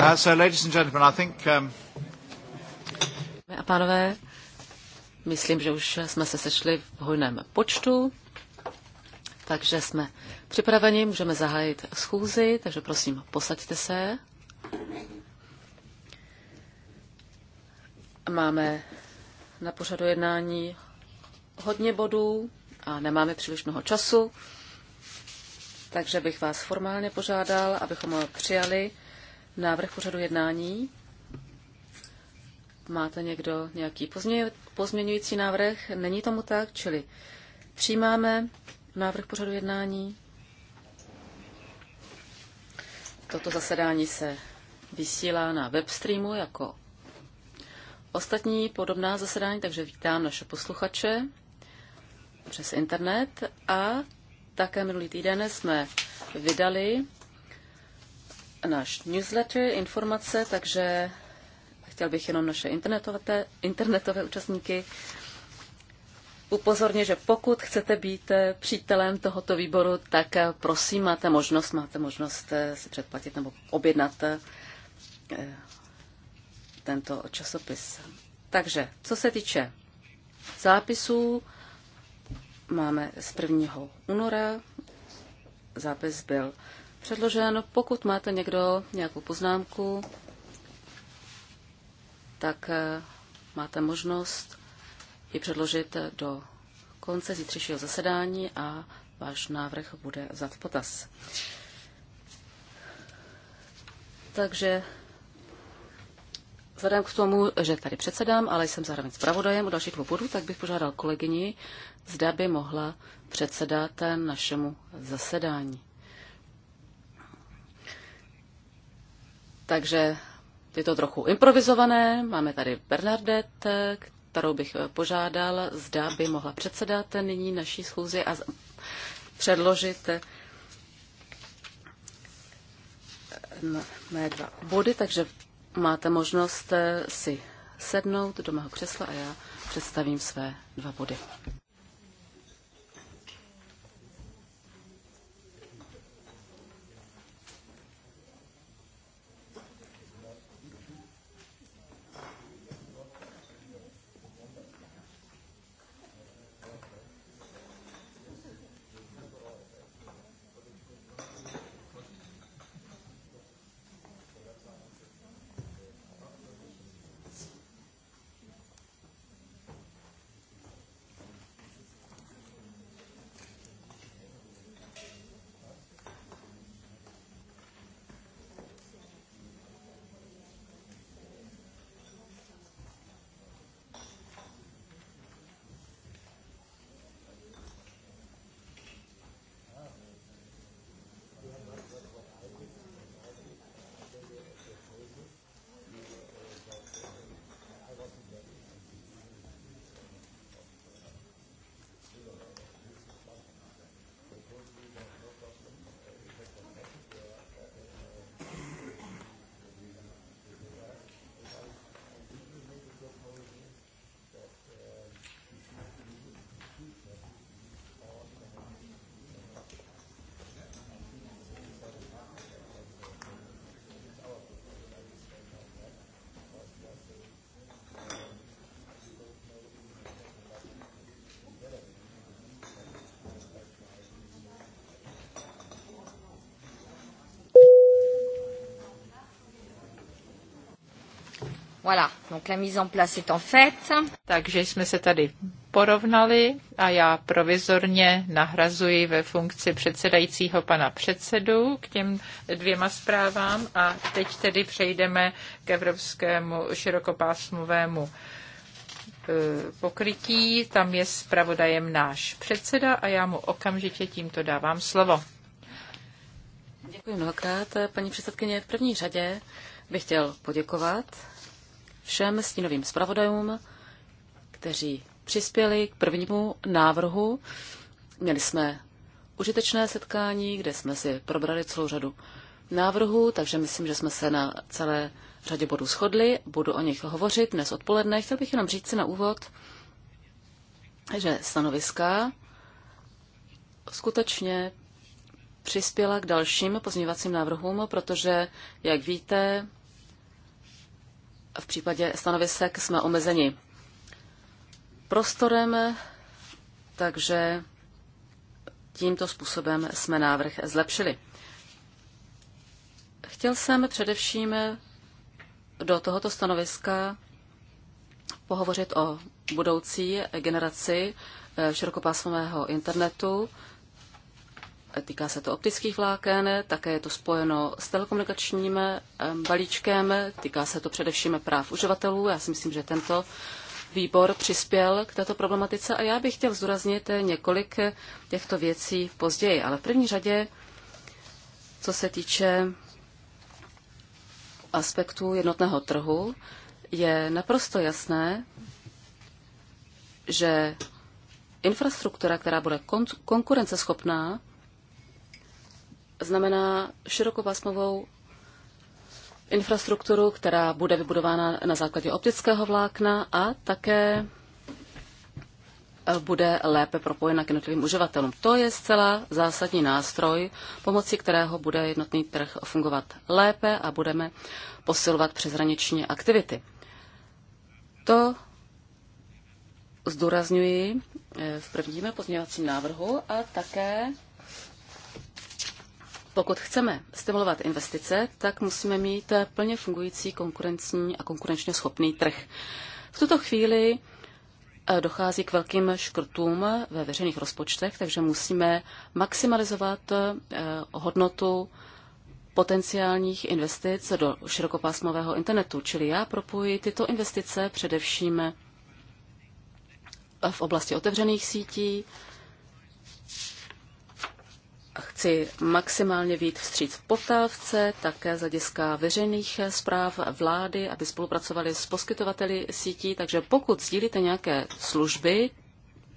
Uh, ladies and gentlemen, I think, um, A pánové, myslím, že už jsme se sešli v hojném počtu, takže jsme připraveni, můžeme zahájit schůzi, takže prosím, posaďte se. Máme na pořadu jednání hodně bodů a nemáme příliš mnoho času, takže bych vás formálně požádal, abychom přijali návrh pořadu jednání? Máte někdo nějaký pozměňující návrh? Není tomu tak, čili přijímáme návrh pořadu jednání. Toto zasedání se vysílá na webstreamu jako ostatní podobná zasedání, takže vítám naše posluchače přes internet a také minulý týden jsme vydali náš newsletter, informace, takže chtěl bych jenom naše internetové, internetové účastníky upozornit, že pokud chcete být přítelem tohoto výboru, tak prosím, máte možnost, máte možnost eh, si předplatit nebo objednat eh, tento časopis. Takže, co se týče zápisů, máme z 1. února. Zápis byl předložen. Pokud máte někdo nějakou poznámku, tak eh, máte možnost ji předložit do konce zítřejšího zasedání a váš návrh bude vzat v potaz. Takže vzhledem k tomu, že tady předsedám, ale jsem zároveň zpravodajem u dalších dvou bodů, tak bych požádal kolegyni, zda by mohla předsedat našemu zasedání. Takže je to trochu improvizované. Máme tady Bernadette, kterou bych požádal, zda by mohla předsedat nyní naší schůzi a předložit eh, mé dva body, takže máte možnost eh, si sednout do mého křesla a já představím své dva body. Voilà, donc la mise en place est en fait. Takže jsme se tady porovnali a já provizorně nahrazuji ve funkci předsedajícího pana předsedu k těm dvěma zprávám a teď tedy přejdeme k evropskému širokopásmovému e, pokrytí. Tam je zpravodajem náš předseda a já mu okamžitě tímto dávám slovo. Děkuji mnohokrát, paní předsedkyně. V první řadě bych chtěl poděkovat všem stínovým zpravodajům, kteří přispěli k prvnímu návrhu. Měli jsme užitečné setkání, kde jsme si probrali celou řadu návrhů, takže myslím, že jsme se na celé řadě bodů shodli. Budu o nich hovořit dnes odpoledne. Chtěl bych jenom říct si na úvod, že stanoviska skutečně přispěla k dalším pozměňovacím návrhům, protože, jak víte, v případě stanovisek jsme omezeni prostorem, takže tímto způsobem jsme návrh zlepšili. Chtěl jsem především do tohoto stanoviska pohovořit o budoucí generaci eh, širokopásmového internetu. Týká se to optických vláken, také je to spojeno s telekomunikačním balíčkem, týká se to především práv uživatelů. Já si myslím, že tento výbor přispěl k této problematice a já bych chtěl zdůraznit několik těchto věcí později. Ale v první řadě, co se týče aspektu jednotného trhu, je naprosto jasné, že infrastruktura, která bude konkurenceschopná, znamená širokopásmovou infrastrukturu, která bude vybudována na základě optického vlákna a také eh, bude lépe propojena k jednotlivým uživatelům. To je zcela zásadní nástroj, pomocí kterého bude jednotný trh fungovat lépe a budeme posilovat přeshraniční aktivity. To zdůrazňuji eh, v prvním pozměňovacím návrhu a také pokud chceme stimulovat investice, tak musíme mít plně fungující konkurenční a konkurenčně schopný trh. V tuto chvíli eh, dochází k velkým škrtům ve veřejných rozpočtech, takže musíme maximalizovat eh, hodnotu potenciálních investic do širokopásmového internetu. Čili já propojuji tyto investice především v oblasti otevřených sítí, chci maximálně vít vstříc poptávce, také z hlediska veřejných zpráv vlády, aby spolupracovali s poskytovateli sítí. Takže pokud sdílíte nějaké služby,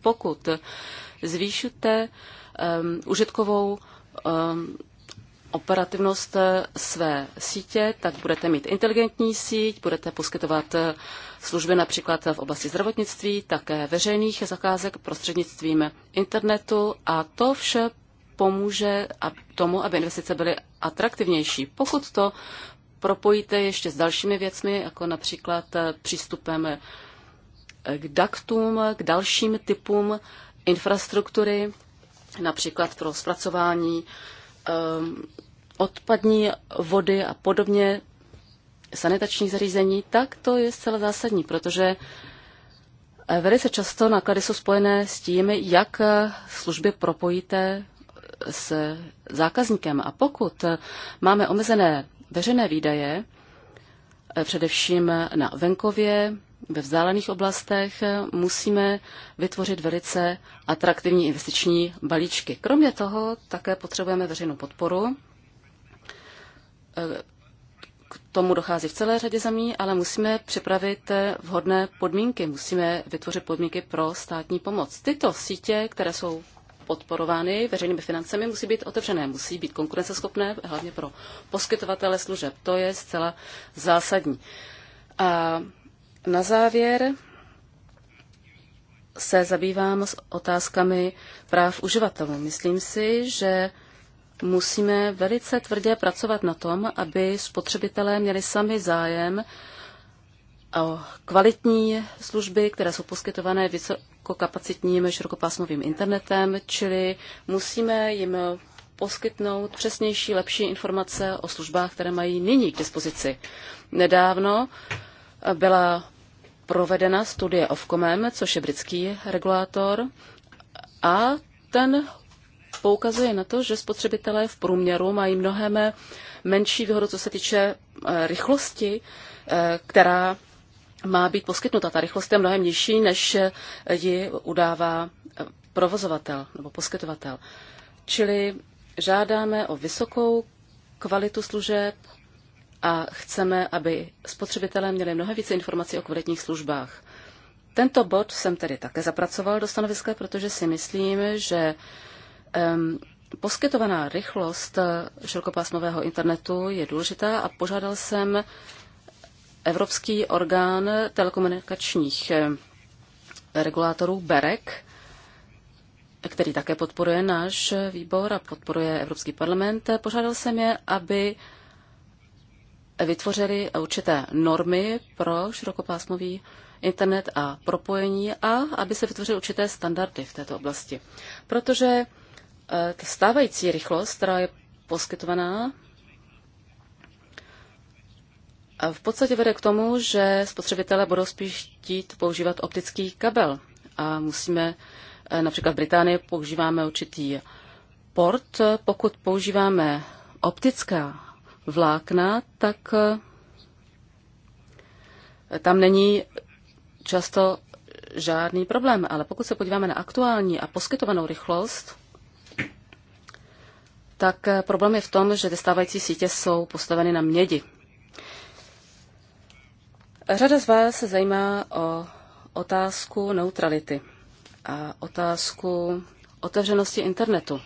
pokud zvýšíte um, užitkovou um, operativnost své sítě, tak budete mít inteligentní síť, budete poskytovat uh, služby například v oblasti zdravotnictví, také veřejných zakázek prostřednictvím internetu a to vše pomůže a tomu, aby investice byly atraktivnější. Pokud to propojíte ještě s dalšími věcmi, jako například eh, přístupem eh, k daktům, k dalším typům infrastruktury, například pro zpracování ehm, odpadní vody a podobně, sanitační zařízení, tak to je zcela zásadní, protože eh, velice často náklady jsou spojené s tím, jak služby propojíte s zákazníkem. A pokud máme omezené veřejné výdaje, eh, především na venkově, ve vzdálených oblastech, musíme vytvořit velice atraktivní investiční balíčky. Kromě toho také potřebujeme veřejnou podporu. Eh, K tomu dochází v celé řadě zemí, ale musíme připravit eh, vhodné podmínky. Musíme vytvořit podmínky pro státní pomoc. Tyto sítě, které jsou podporovány veřejnými financemi, musí být otevřené, musí být konkurenceschopné, hlavně pro poskytovatele služeb. To je zcela zásadní. A na závěr se zabývám s otázkami práv uživatelů. Myslím si, že musíme velice tvrdě pracovat na tom, aby spotřebitelé měli sami zájem kvalitní služby, které jsou poskytované vysokokapacitním širokopásmovým internetem, čili musíme jim poskytnout přesnější, lepší informace o službách, které mají nyní k dispozici. Nedávno byla provedena studie Ofcomem, což je britský regulátor, a ten poukazuje na to, že spotřebitelé v průměru mají mnohem menší výhodu, co se týče eh, rychlosti, eh, která má být poskytnuta. Ta rychlost je mnohem nižší, než ji udává provozovatel nebo poskytovatel. Čili žádáme o vysokou kvalitu služeb a chceme, aby spotřebitelé měli mnohem více informací o kvalitních službách. Tento bod jsem tedy také zapracoval do stanoviska, protože si myslím, že um, poskytovaná rychlost širokopásmového internetu je důležitá a požádal jsem Evropský orgán telekomunikačních eh, regulátorů BEREC, který také podporuje náš výbor a podporuje Evropský parlament, požádal jsem je, aby vytvořili určité normy pro širokopásmový internet a propojení a aby se vytvořily určité standardy v této oblasti. Protože eh, stávající rychlost, která je poskytovaná v podstatě vede k tomu, že spotřebitelé budou spíš chtít používat optický kabel. A musíme, eh, například v Británii používáme určitý port. Pokud používáme optická vlákna, tak eh, tam není často žádný problém. Ale pokud se podíváme na aktuální a poskytovanou rychlost, tak eh, problém je v tom, že ty stávající sítě jsou postaveny na mědi. Řada z vás se zajímá o otázku neutrality a otázku otevřenosti internetu.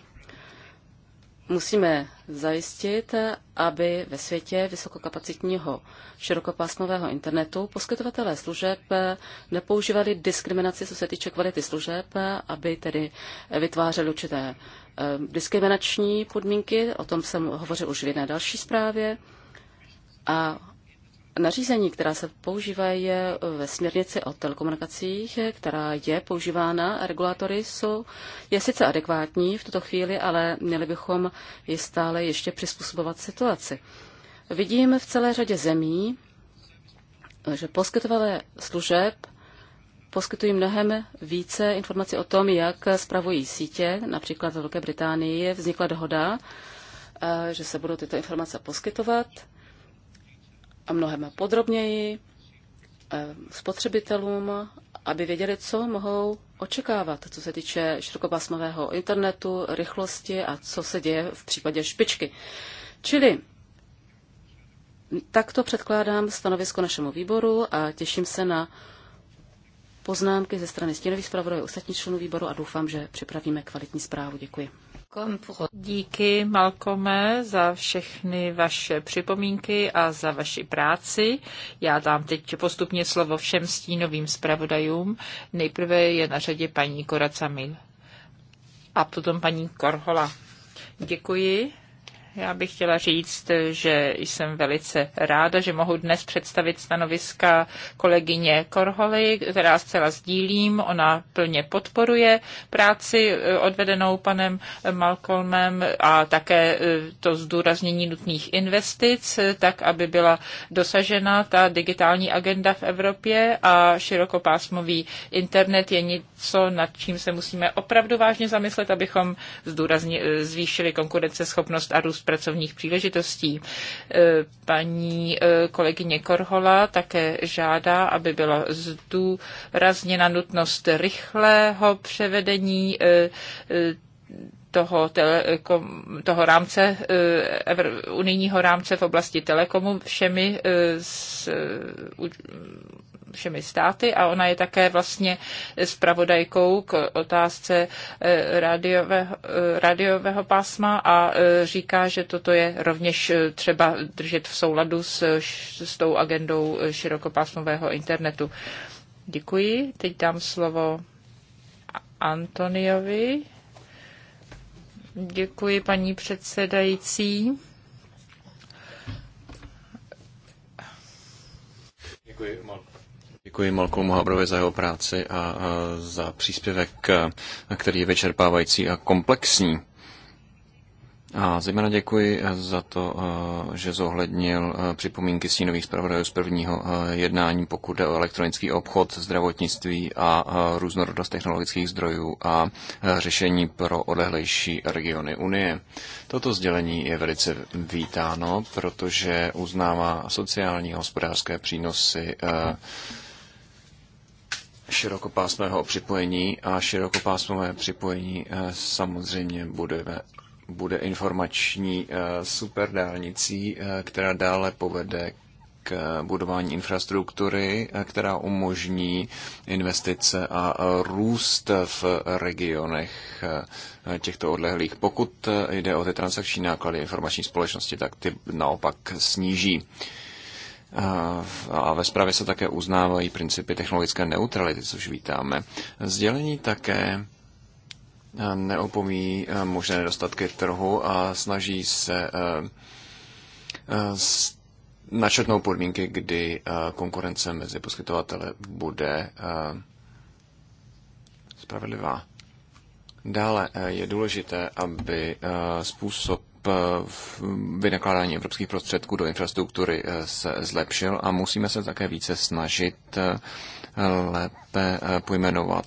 Musíme zajistit, aby ve světě vysokokapacitního širokopásmového internetu poskytovatelé služeb nepoužívali diskriminaci, co se týče kvality služeb, aby tedy vytvářeli určité eh, diskriminační podmínky, o tom jsem hovořil už v jedné další zprávě, a Nařízení, která se používá je ve směrnici o telekomunikacích, která je používána regulátory, jsou, je sice adekvátní v tuto chvíli, ale měli bychom ji stále ještě přizpůsobovat situaci. Vidím v celé řadě zemí, že poskytovalé služeb poskytují mnohem více informací o tom, jak spravují sítě. Například v Velké Británii vznikla dohoda, eh, že se budou tyto informace poskytovat mnohem podrobněji eh, spotřebitelům, aby věděli, co mohou očekávat, co se týče širokopásmového internetu, rychlosti a co se děje v případě špičky. Čili takto předkládám stanovisko našemu výboru a těším se na poznámky ze strany stínových zpravodajů ostatních členů výboru a doufám, že připravíme kvalitní zprávu. Děkuji. Díky, Malkome, za všechny vaše připomínky a za vaši práci. Já dám teď postupně slovo všem stínovým zpravodajům. Nejprve je na řadě paní Koracamil a potom paní Korhola. Děkuji. Já bych chtěla říct, že jsem velice ráda, že mohu dnes představit stanoviska kolegyně Korholy, která zcela sdílím. Ona plně podporuje práci eh, odvedenou panem Malcolmem a také eh, to zdůraznění nutných investic, eh, tak aby byla dosažena ta digitální agenda v Evropě a širokopásmový internet je něco, nad čím se musíme opravdu vážně zamyslet, abychom zvýšili konkurenceschopnost a růst pracovních příležitostí. E, paní e, kolegyně Korhola také žádá, aby byla zdůrazněna nutnost rychlého převedení e, toho, telekom, toho rámce, eh, unijního rámce v oblasti telekomu všemi, eh, s, eh, všemi státy a ona je také vlastně spravodajkou k otázce rádiového, rádiového pásma a říká, že toto je rovněž třeba držet v souladu s, s tou agendou širokopásmového internetu. Děkuji. Teď dám slovo Antoniovi. Děkuji, paní předsedající. Děkuji, Děkuji Malcolmu Habrovi za jeho práci a za příspěvek, který je vyčerpávající a komplexní. A zejména děkuji eh, za to, eh, že zohlednil eh, připomínky stínových zpravodajů z prvního jednání, pokud jde o elektronický obchod, zdravotnictví a různorodost technologických zdrojů a řešení pro odlehlejší regiony Unie. Toto sdělení je velice vítáno, protože uznává sociální a hospodářské přínosy širokopásmového připojení a širokopásmové připojení samozřejmě budeme bude informační eh, superdálnicí, eh, která dále povede k budování infrastruktury, eh, která umožní investice a růst v regionech těchto odlehlých. Pokud jde o ty transakční náklady informační společnosti, tak ty naopak sníží. A ve zprávě se také uznávají principy technologické neutrality, což vítáme. Sdělení také neopomíjí eh, možné nedostatky trhu a snaží se eh, eh, načrtnout podmínky, kdy konkurence mezi poskytovateli bude spravedlivá. Dále je důležité, aby způsob vynakládání evropských prostředků do infrastruktury se zlepšil a musíme se také více snažit lépe pojmenovat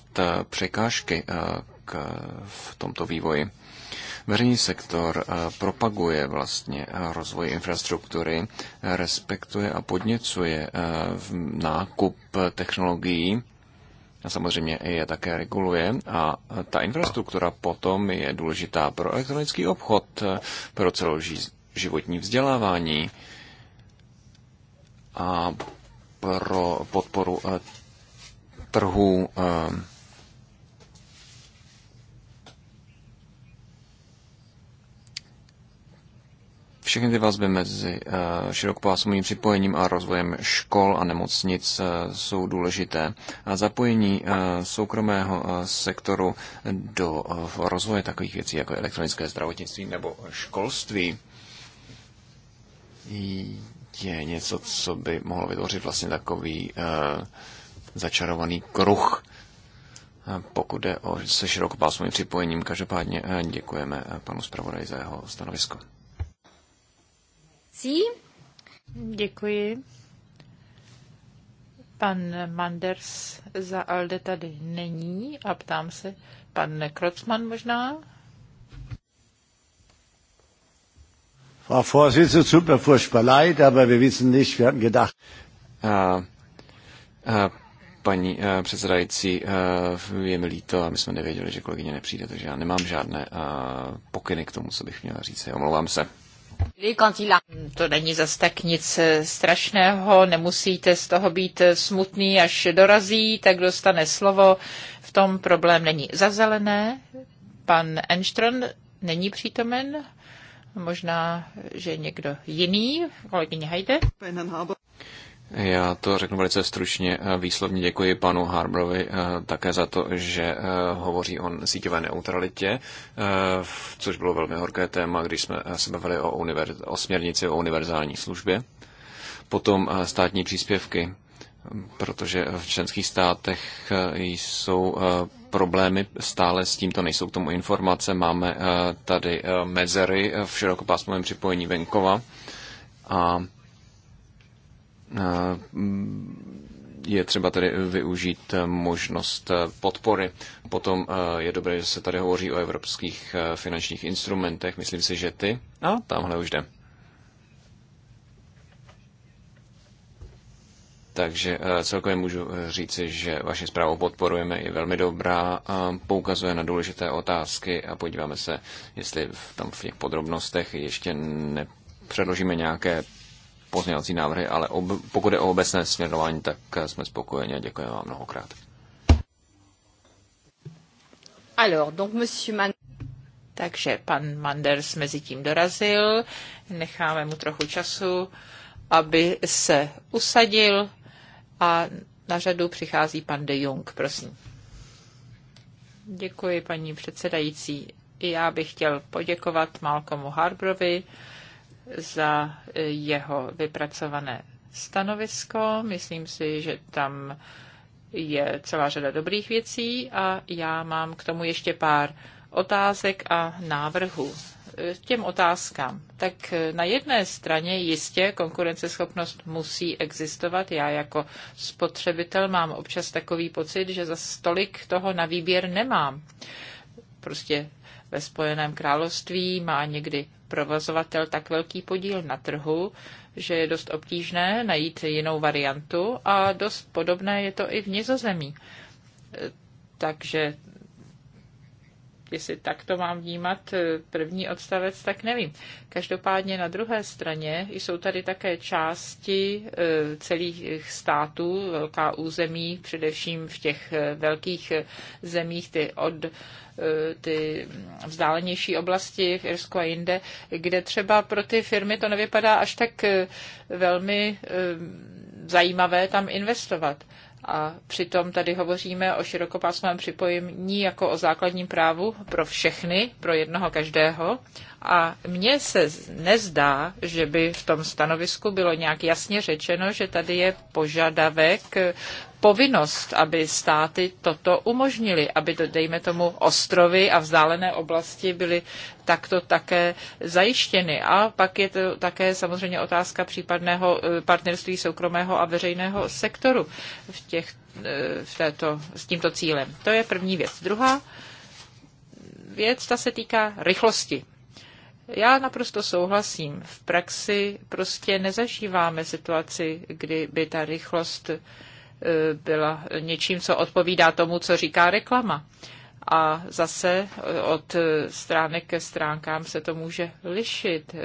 překážky, Eh, v tomto vývoji. Veřejný sektor eh, propaguje vlastně eh, rozvoj infrastruktury, respektuje a podněcuje nákup technologií a samozřejmě je také reguluje. A ta infrastruktura potom je důležitá pro elektronický obchod, pro celoživotní vzdělávání a pro podporu trhů Všechny ty vazby mezi eh, širokopásmovým připojením a rozvojem škol a nemocnic eh, jsou důležité. A zapojení eh, soukromého sektoru do rozvoje takových věcí jako elektronické zdravotnictví nebo školství je něco, co by mohlo vytvořit vlastně takový začarovaný kruh pokud jde o se širokopásmovým připojením. Každopádně děkujeme panu zpravodaji za jeho stanovisko. Merci. Děkuji. Pan Manders za Alde tady není a ptám se, pan Krocman možná? Frau Vorsitzende, tut mir furchtbar leid, aber wir wissen nicht, wir hatten gedacht. A, a, paní a, předsedající, a, je mi líto a my jsme nevěděli, že kolegyně nepřijde, takže já nemám žádné a, pokyny k tomu, co bych měla říct. Omlouvám se. To není zas tak nic eh, strašného, nemusíte z toho být eh, smutný, až dorazí, tak dostane slovo. V tom problém není. Za zelené, pan Enström není přítomen, možná, že někdo jiný, kolegyně Hajde. Já to řeknu velice stručně. Výslovně děkuji panu Harbrovi eh, také za to, že eh, hovoří o síťové neutralitě, eh, což bylo velmi horké téma, když jsme se bavili o, univerz- o směrnici o univerzální službě. Potom státní příspěvky, protože v členských státech jsou problémy stále s tímto, nejsou k tomu informace. Máme tady mezery v širokopásmovém připojení venkova a Mm, je třeba tedy využít možnost podpory. Potom je dobré, že se tady hovoří o evropských finančních instrumentech. Myslím si, že ty. A no, tamhle už jde. Takže celkově můžu e, říci, že vaši zprávu podporujeme, je velmi dobrá, poukazuje na důležité otázky a podíváme se, jestli tam v těch podrobnostech ještě nepředložíme nějaké pozměňovací návrhy, ale ob, pokud je o obecné směrování, tak jsme spokojeni a děkujeme vám mnohokrát. Alors, donc monsieur Man... Takže pan Manders mezi tím dorazil, necháme mu trochu času, aby se usadil a na řadu přichází pan de Jong, prosím. Děkuji, paní předsedající. I já bych chtěl poděkovat Malcolmu Harbrovi za jeho vypracované stanovisko. Myslím si, že tam je celá řada dobrých věcí a já mám k tomu ještě pár otázek a návrhů. Těm otázkám. Tak na jedné straně jistě konkurenceschopnost musí existovat. Já jako spotřebitel mám občas takový pocit, že za stolik toho na výběr nemám. Prostě ve Spojeném království má někdy provozovatel tak velký podíl na trhu, že je dost obtížné najít jinou variantu a dost podobné je to i v Nizozemí. E, takže jestli tak to mám vnímat e, první odstavec, tak nevím. Každopádně na druhé straně jsou tady také části e, celých států, velká území, především v těch e, velkých zemích, ty od ty vzdálenější oblasti v Irsku a jinde, kde třeba pro ty firmy to nevypadá až tak velmi zajímavé tam investovat. A přitom tady hovoříme o širokopásmovém připojení jako o základním právu pro všechny, pro jednoho každého. A mně se nezdá, že by v tom stanovisku bylo nějak jasně řečeno, že tady je požadavek povinnost, aby státy toto umožnili, aby, to, dejme tomu, ostrovy a vzdálené oblasti byly takto také zajištěny. A pak je to také samozřejmě otázka případného eh, partnerství soukromého a veřejného sektoru v, těch, eh, v této, s tímto cílem. To je první věc. Druhá věc, ta se týká rychlosti. Já naprosto souhlasím. V praxi prostě nezažíváme situaci, kdy by ta rychlost byla něčím, co odpovídá tomu, co říká reklama. A zase od stránek ke stránkám se to může lišit.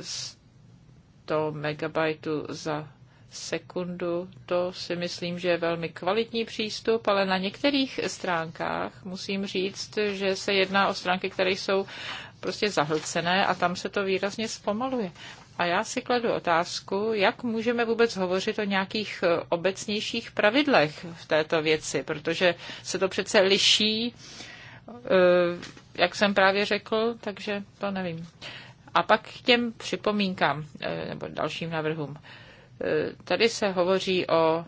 100 megabajtů za sekundu, to si myslím, že je velmi kvalitní přístup, ale na některých stránkách musím říct, že se jedná o stránky, které jsou prostě zahlcené a tam se to výrazně zpomaluje. A já si kladu otázku, jak můžeme vůbec hovořit o nějakých eh, obecnějších pravidlech v této věci, protože se to přece liší, eh, jak jsem právě řekl, takže to nevím. A pak k těm připomínkám eh, nebo dalším návrhům. Tady se hovoří o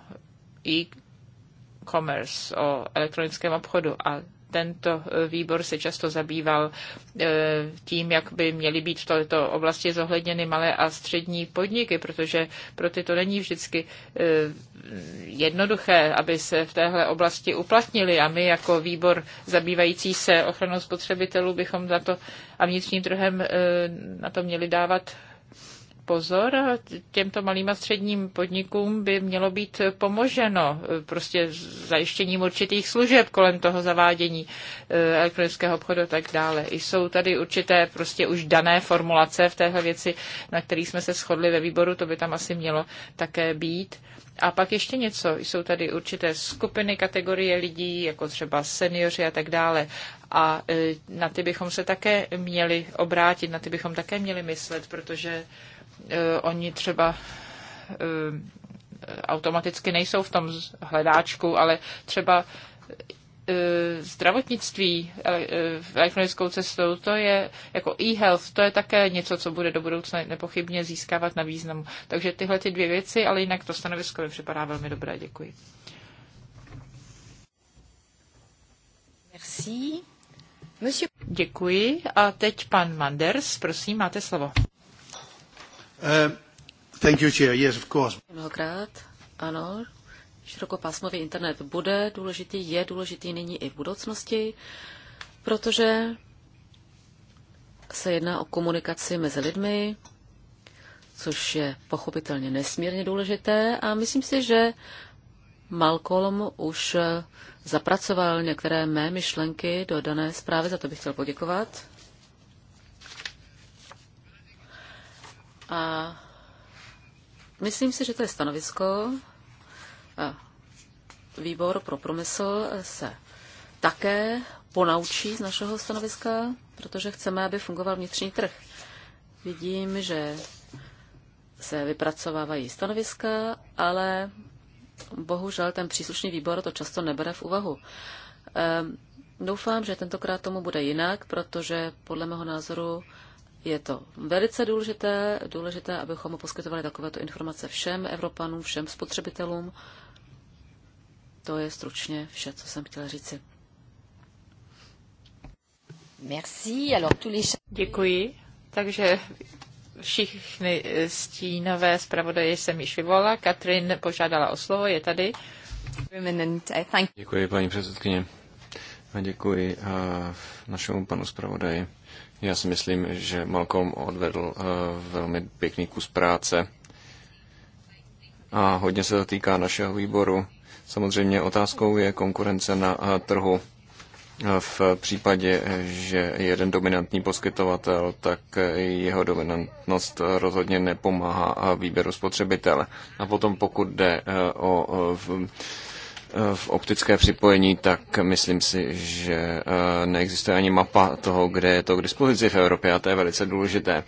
e-commerce, o elektronickém obchodu a tento e, výbor se často zabýval e, tím, jak by měly být v této oblasti zohledněny malé a střední podniky, protože pro ty to není vždycky e, jednoduché, aby se v téhle oblasti uplatnili a my jako výbor zabývající se ochranou spotřebitelů bychom za to a vnitřním trhem na to měli dávat pozor těmto malým a středním podnikům by mělo být pomoženo eh, prostě zajištěním určitých služeb kolem toho zavádění eh, elektronického obchodu a tak dále. I jsou tady určité prostě už dané formulace v téhle věci, na kterých jsme se shodli ve výboru, to by tam asi mělo také být. A pak ještě něco, jsou tady určité skupiny, kategorie lidí, jako třeba seniori a tak dále. A eh, na ty bychom se také měli obrátit, na ty bychom také měli myslet, protože E, oni třeba e, automaticky nejsou v tom hledáčku, ale třeba e, zdravotnictví elektronickou cestou, to je jako e-health, to je také něco, co bude do budoucna nepochybně získávat na významu. Takže tyhle ty dvě věci, ale jinak to stanovisko mi připadá velmi dobré. Děkuji. Merci. Děkuji. A teď pan Manders, prosím, máte slovo. Uh, thank you, Chair. Yes, of course. Mnohokrát, ano. Širokopásmový internet bude důležitý, je důležitý nyní i v budoucnosti, protože se jedná o komunikaci mezi lidmi, což je pochopitelně nesmírně důležité a myslím si, že Malcolm už zapracoval některé mé myšlenky do dané zprávy, za to bych chtěl poděkovat. A myslím si, že to je stanovisko. Eh, výbor pro promysl se také ponaučí z našeho stanoviska, protože chceme, aby fungoval vnitřní trh. Vidím, že se vypracovávají stanoviska, ale bohužel ten příslušný výbor to často nebere v úvahu. Ehm, doufám, že tentokrát tomu bude jinak, protože podle mého názoru je to velice důležité, důležité, abychom poskytovali takovéto informace všem Evropanům, všem spotřebitelům. To je stručně vše, co jsem chtěla říci. Merci. Alors, les... Děkuji. Takže všichni stínové zpravodaje jsem již vyvolala. Katrin požádala o slovo, je tady. Eh, Děkuji, paní předsedkyně. Děkuji eh, našemu panu zpravodaji. Já si myslím, že Malcolm odvedl eh, velmi pěkný kus práce a hodně se to týká našeho výboru. Samozřejmě otázkou je konkurence na eh, trhu. V případě, že jeden dominantní poskytovatel, tak jeho dominantnost rozhodně nepomáhá výběru spotřebitele. A potom pokud jde o v optické připojení, tak myslím si, že eh, neexistuje ani mapa toho, kde je to k dispozici v Evropě a to je velice důležité.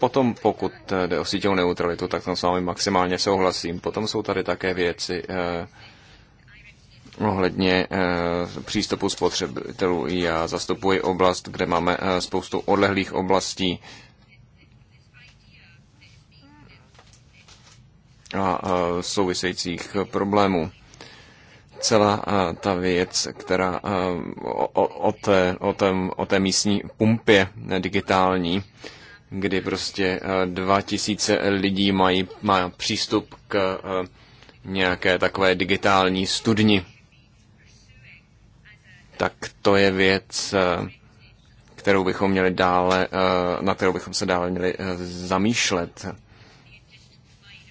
Potom, pokud eh, jde o síťovou neutralitu, tak tam s vámi maximálně souhlasím. Potom jsou tady také věci eh, ohledně přístupu spotřebitelů. Já zastupuji oblast, kde máme spoustu odlehlých oblastí, a souvisejících problémů celá ta věc, která o, o, té, o, té, o té místní pumpě digitální, kdy prostě dva tisíce lidí mají, má přístup k nějaké takové digitální studni. Tak to je věc, kterou bychom měli dále, na kterou bychom se dále měli zamýšlet.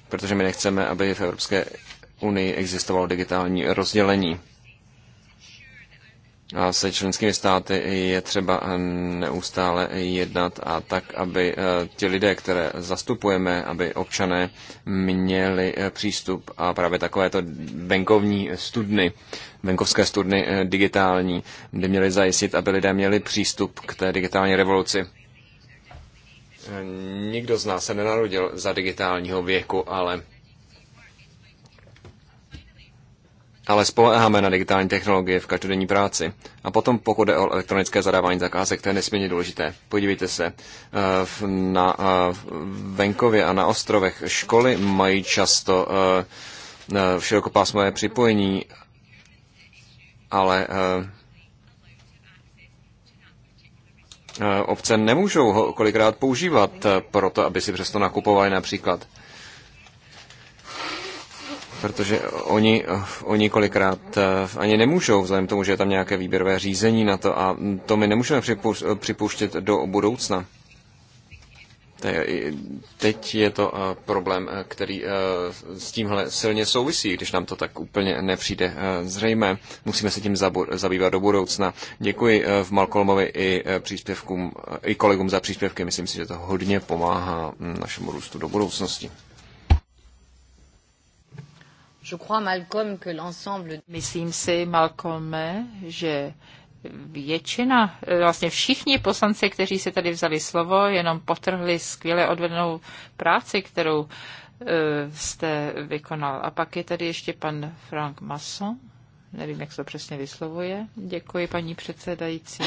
Protože my nechceme, aby v Evropské unii existovalo digitální rozdělení. A se členskými státy je třeba neustále jednat a tak, aby eh, ti lidé, které zastupujeme, aby občané měli eh, přístup a právě takovéto venkovní studny, venkovské studny eh, digitální, by měli zajistit, aby lidé měli přístup k té digitální revoluci. Nikdo z nás se nenarodil za digitálního věku, ale ale spoleháme na digitální technologie v každodenní práci. A potom, pokud je o elektronické zadávání zakázek, to je nesmírně důležité. Podívejte se, eh, na eh, venkově a na ostrovech školy mají často eh, širokopásmové připojení, ale obce nemůžou ho kolikrát používat proto, aby si přesto nakupovali například protože oni, oni kolikrát eh, ani nemůžou, vzhledem tomu, že je tam nějaké výběrové řízení na to a to my nemůžeme připouštět do budoucna. Teď je to eh, problém, eh, který s tímhle silně souvisí, když nám to tak úplně nepřijde zřejmé. Musíme se tím zabývat do budoucna. Děkuji v Malcolmovi i, příspěvkům, i kolegům za příspěvky. Myslím si, že to hodně pomáhá mm, našemu růstu do budoucnosti. Je crois, Malcolm, que l'ensemble... Myslím si, Malcolm, že většina, eh, vlastně všichni poslanci, kteří se tady vzali slovo, jenom potrhli skvěle odvedenou práci, kterou eh, jste vykonal. A pak je tady ještě pan Frank Masson. Nevím, jak se to přesně vyslovuje. Děkuji, paní předsedající.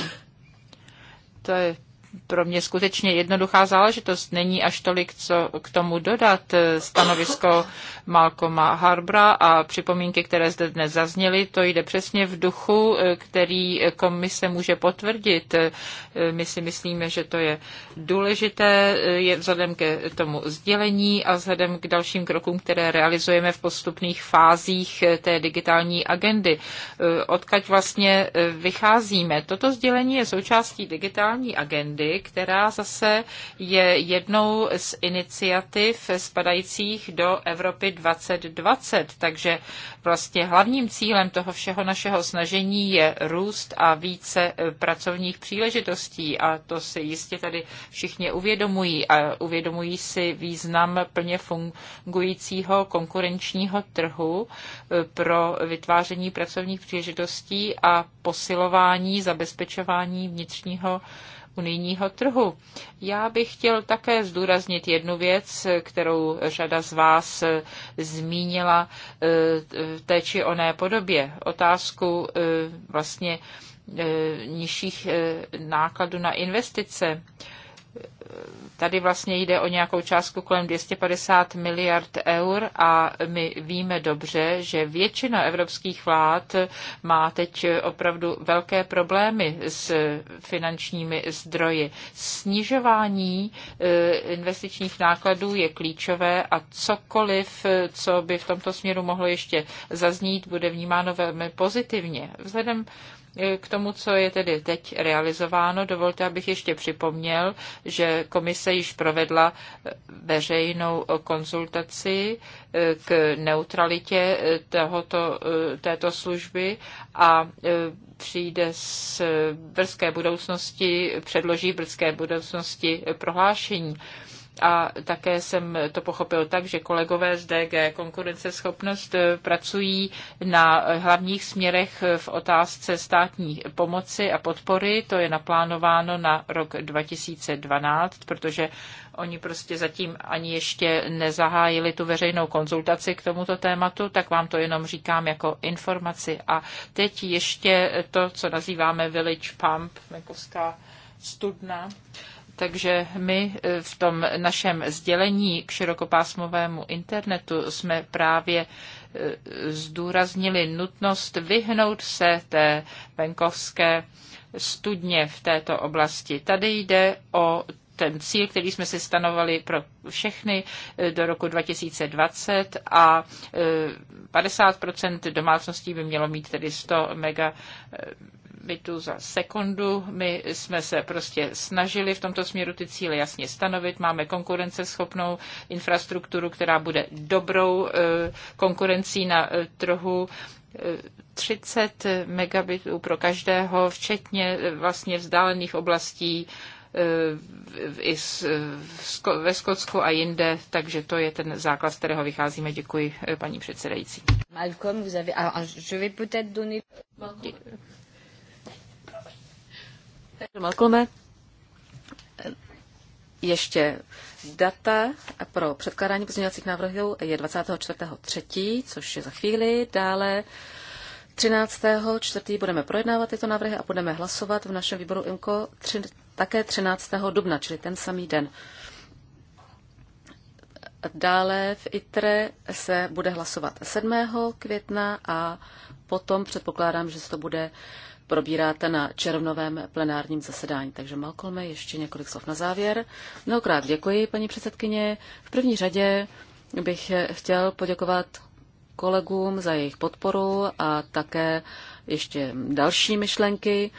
To je pro mě skutečně jednoduchá záležitost. Není až tolik, co k tomu dodat. Eh, stanovisko Malcolma Harbra a připomínky, které zde dnes zazněly, to jde přesně v duchu, eh, který komise může potvrdit. Eh, my si myslíme, že to je důležité je vzhledem ke tomu sdělení a vzhledem k dalším krokům, které realizujeme v postupných fázích té digitální agendy. Odkaď vlastně vycházíme? Toto sdělení je součástí digitální agendy 3, která zase je jednou z iniciativ spadajících do Evropy 2020. Takže vlastně hlavním cílem toho všeho našeho snažení je růst a více eh, pracovních příležitostí. A to si jistě tady všichni uvědomují a uvědomují si význam plně fungujícího konkurenčního trhu eh, pro vytváření pracovních příležitostí a posilování, zabezpečování vnitřního unijního trhu. Já bych chtěl také zdůraznit jednu věc, kterou řada z vás eh, zmínila v eh, té či oné podobě. Otázku eh, vlastně nižších nákladů na investice. Tady vlastně jde o nějakou částku kolem 250 miliard eur a my víme dobře, že většina evropských vlád má teď opravdu velké problémy s finančními zdroji. Snižování eh, investičních nákladů je klíčové a cokoliv, co by v tomto směru mohlo ještě zaznít, bude vnímáno velmi pozitivně. Vzhledem Eh, k tomu, co je tedy teď realizováno, dovolte, abych ještě připomněl, že komise již provedla eh, veřejnou eh, konzultaci k neutralitě tohoto, této služby a přijde z brzké budoucnosti, předloží brzké budoucnosti prohlášení a také jsem to pochopil tak, že kolegové z DG konkurenceschopnost eh, pracují na eh, hlavních směrech v otázce státní pomoci a podpory. To je naplánováno na rok 2012, protože oni prostě zatím ani ještě nezahájili tu veřejnou konzultaci k tomuto tématu, tak vám to jenom říkám jako informaci. A teď ještě to, co nazýváme Village Pump, venkovská studna. Uh, takže my eh, v tom našem sdělení k širokopásmovému internetu jsme právě eh, zdůraznili nutnost vyhnout se té venkovské studně v této oblasti. Tady jde o ten cíl, který jsme si stanovali pro všechny eh, do roku 2020 a 50 domácností by mělo mít tedy 100 mega bitu za sekundu. My jsme se prostě snažili v tomto směru ty cíle jasně stanovit. Máme konkurenceschopnou infrastrukturu, která bude dobrou eh, konkurencí na eh, trhu. 30 eh, megabitů pro každého, včetně vlastně vzdálených oblastí i ve Skotsku a jinde, takže to je ten základ, z kterého vycházíme. Děkuji, paní předsedající. Malcolm, vous avez... Alors, je vais peut-être donner... Takže ještě data pro předkládání pozměňovacích návrhů je 24.3., což je za chvíli. Dále 13. 4. budeme projednávat tyto návrhy a budeme hlasovat v našem výboru IMCO tři, také 13. dubna, čili ten samý den. Dále v ITRE se bude hlasovat 7. května a potom předpokládám, že se to bude probíráte na červnovém plenárním zasedání. Takže Malcolme, ještě několik slov na závěr. Mnohokrát děkuji, paní předsedkyně. V první řadě bych chtěl poděkovat kolegům za jejich podporu a také ještě další myšlenky.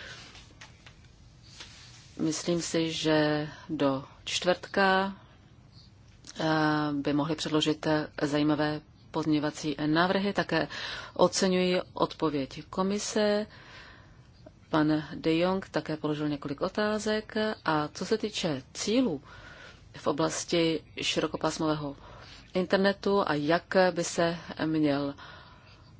Myslím si, že do čtvrtka eh, by mohli předložit zajímavé pozměňovací návrhy. Také oceňuji odpověď komise. Pan De Jong také položil několik otázek a co se týče cílů v oblasti širokopásmového internetu a jak by se měl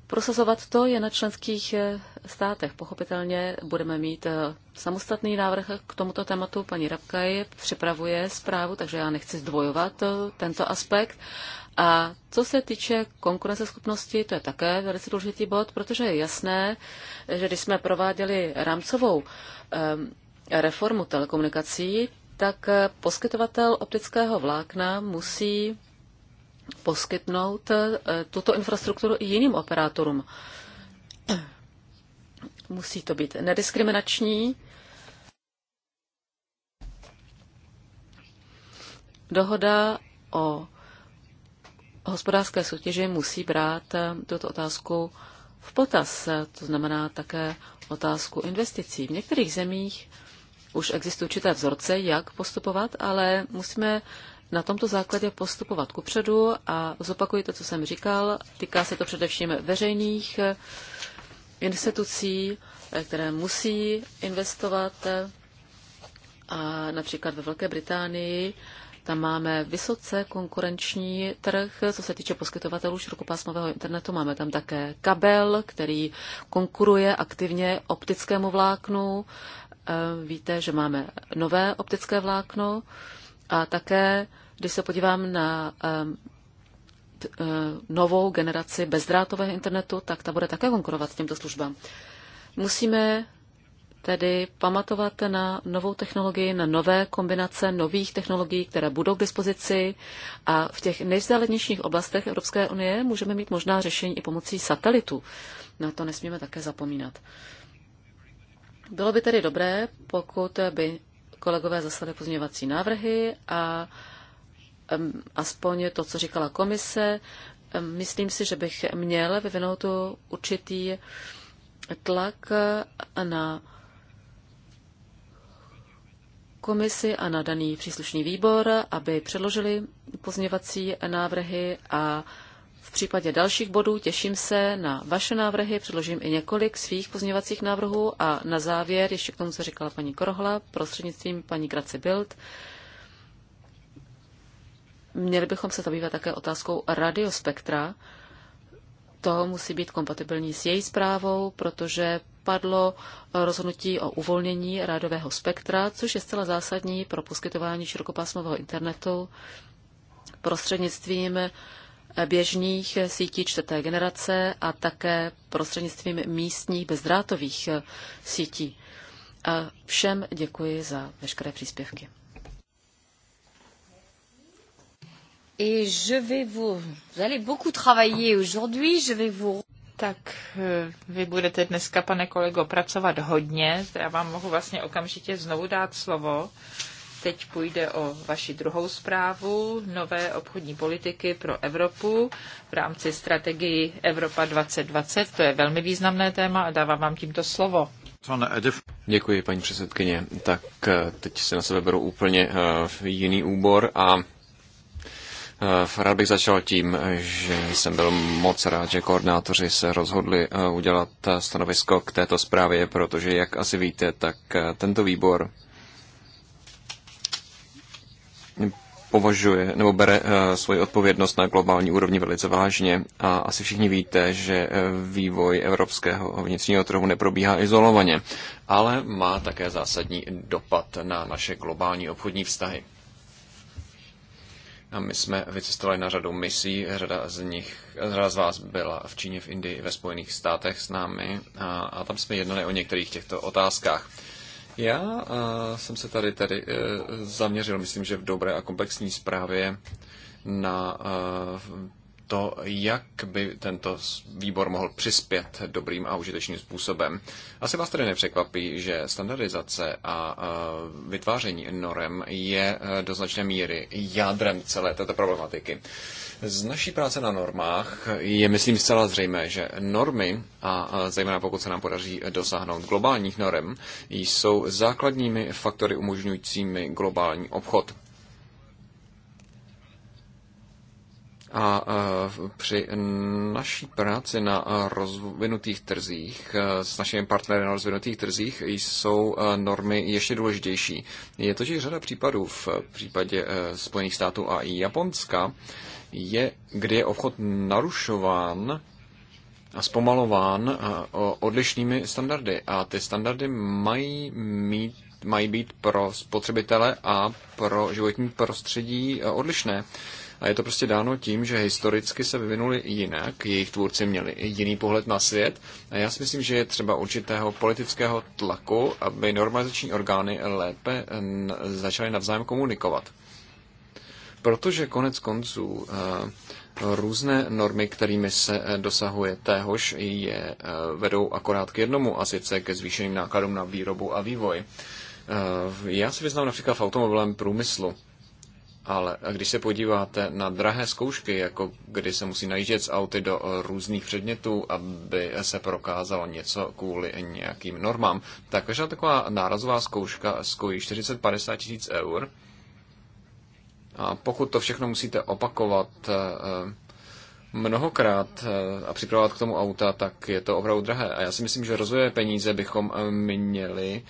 prosazovat, to je na členských eh, státech. Pochopitelně budeme mít eh, samostatný návrh k tomuto tématu. Paní Rabkaj připravuje zprávu, takže já nechci zdvojovat eh, tento aspekt, a co se týče konkurenceschopnosti, to je také velice důležitý bod, protože je jasné, že když jsme prováděli rámcovou ehm, reformu telekomunikací, tak eh, poskytovatel optického vlákna musí poskytnout eh, tuto infrastrukturu i jiným operátorům. Musí to být nediskriminační. Dohoda o hospodářské soutěži musí brát eh, tuto otázku v potaz, eh, to znamená také otázku investicí. V některých zemích už existují určité vzorce, jak postupovat, ale musíme na tomto základě postupovat kupředu a zopakuji to, co jsem říkal. Týká se to především veřejných eh, institucí, které musí investovat a například ve Velké Británii tam máme vysoce konkurenční trh, co se týče poskytovatelů širokopásmového internetu. Máme tam také kabel, který konkuruje aktivně optickému vláknu. Eh, víte, že máme nové optické vlákno a také, když se podívám na ehm, eh, novou generaci bezdrátového internetu, tak ta bude také konkurovat těmto službám. Musíme tedy pamatovat na novou technologii, na nové kombinace nových technologií, které budou k dispozici a v těch nejvzdálenějších oblastech Evropské unie můžeme mít možná řešení i pomocí satelitu. Na to nesmíme také zapomínat. Bylo by tedy dobré, pokud by kolegové zaslali pozměňovací návrhy a um, aspoň to, co říkala komise, um, myslím si, že bych měl vyvinout určitý tlak na komisi a na daný příslušný výbor, aby předložili pozměvací návrhy a v případě dalších bodů těším se na vaše návrhy, předložím i několik svých pozměvacích návrhů a na závěr ještě k tomu, co říkala paní Korhla, prostřednictvím paní Grace Bild. Měli bychom se zabývat také otázkou radiospektra. To musí být kompatibilní s její zprávou, protože padlo eh, rozhodnutí o uvolnění rádového spektra, což je zcela zásadní pro poskytování širokopásmového internetu prostřednictvím eh, běžných eh, sítí čtvrté generace a také prostřednictvím místních bezdrátových sítí. A všem děkuji za veškeré příspěvky. Et je vais vous, vous allez beaucoup travailler aujourd'hui, je vais vous tak eh, vy budete dneska, pane kolego, pracovat hodně. Já vám mohu vlastně okamžitě znovu dát slovo. Teď půjde o vaši druhou zprávu nové obchodní politiky pro Evropu v rámci strategii Evropa 2020. To je velmi významné téma a dávám vám tímto slovo. Děkuji, paní předsedkyně. Tak eh, teď se na sebe beru úplně eh, jiný úbor a Eh, rád bych začal tím, že jsem byl moc rád, že koordinátoři se rozhodli eh, udělat eh, stanovisko k této zprávě, protože, jak asi víte, tak tento výbor považuje nebo bere svoji odpovědnost na globální úrovni velice vážně. A asi všichni víte, že vývoj evropského vnitřního trhu neprobíhá izolovaně, ale má také zásadní dopad na naše globální obchodní vztahy. A my jsme vycestovali na řadu misí, řada z nich, řada z vás byla v Číně, v Indii, ve Spojených státech s námi a, a tam jsme jednali o některých těchto otázkách. Já a, jsem se tady tedy e, zaměřil, myslím, že v dobré a komplexní zprávě na e, to, jak by tento výbor mohl přispět dobrým a užitečným způsobem. Asi vás tedy nepřekvapí, že standardizace a vytváření norem je e, do značné míry jádrem celé této problematiky. Z naší práce na normách je, myslím, zcela zřejmé, že normy, a zejména pokud se nám podaří dosáhnout globálních norem, jsou základními faktory umožňujícími globální obchod. A při naší práci na rozvinutých trzích e, s našimi partnery na rozvinutých trzích jsou e, normy ještě důležitější. Je to, že řada případů v případě e, Spojených států a i Japonska, je, kdy je obchod narušován a zpomalován odlišnými standardy. A ty standardy mají mít mají být pro spotřebitele a pro životní prostředí odlišné. A je to prostě dáno tím, že historicky se vyvinuli jinak, jejich tvůrci měli jiný pohled na svět. A já si myslím, že je třeba určitého politického tlaku, aby normalizační orgány lépe začaly navzájem komunikovat. Protože konec konců eh, různé normy, kterými se eh, dosahuje téhož, je eh, vedou akorát k jednomu, a sice ke zvýšeným nákladům na výrobu a vývoj. Já si vyznám například v automobilovém průmyslu. Ale když se podíváte na drahé zkoušky, jako kdy se musí najíždět z auty do eh, různých předmětů, aby se prokázalo něco kvůli nějakým normám, tak každá taková nárazová zkouška skojí 40-50 tisíc eur. A pokud to všechno musíte opakovat eh, eh, mnohokrát a připravovat k tomu auta, tak je to opravdu drahé. A já si myslím, že rozvoje peníze bychom měli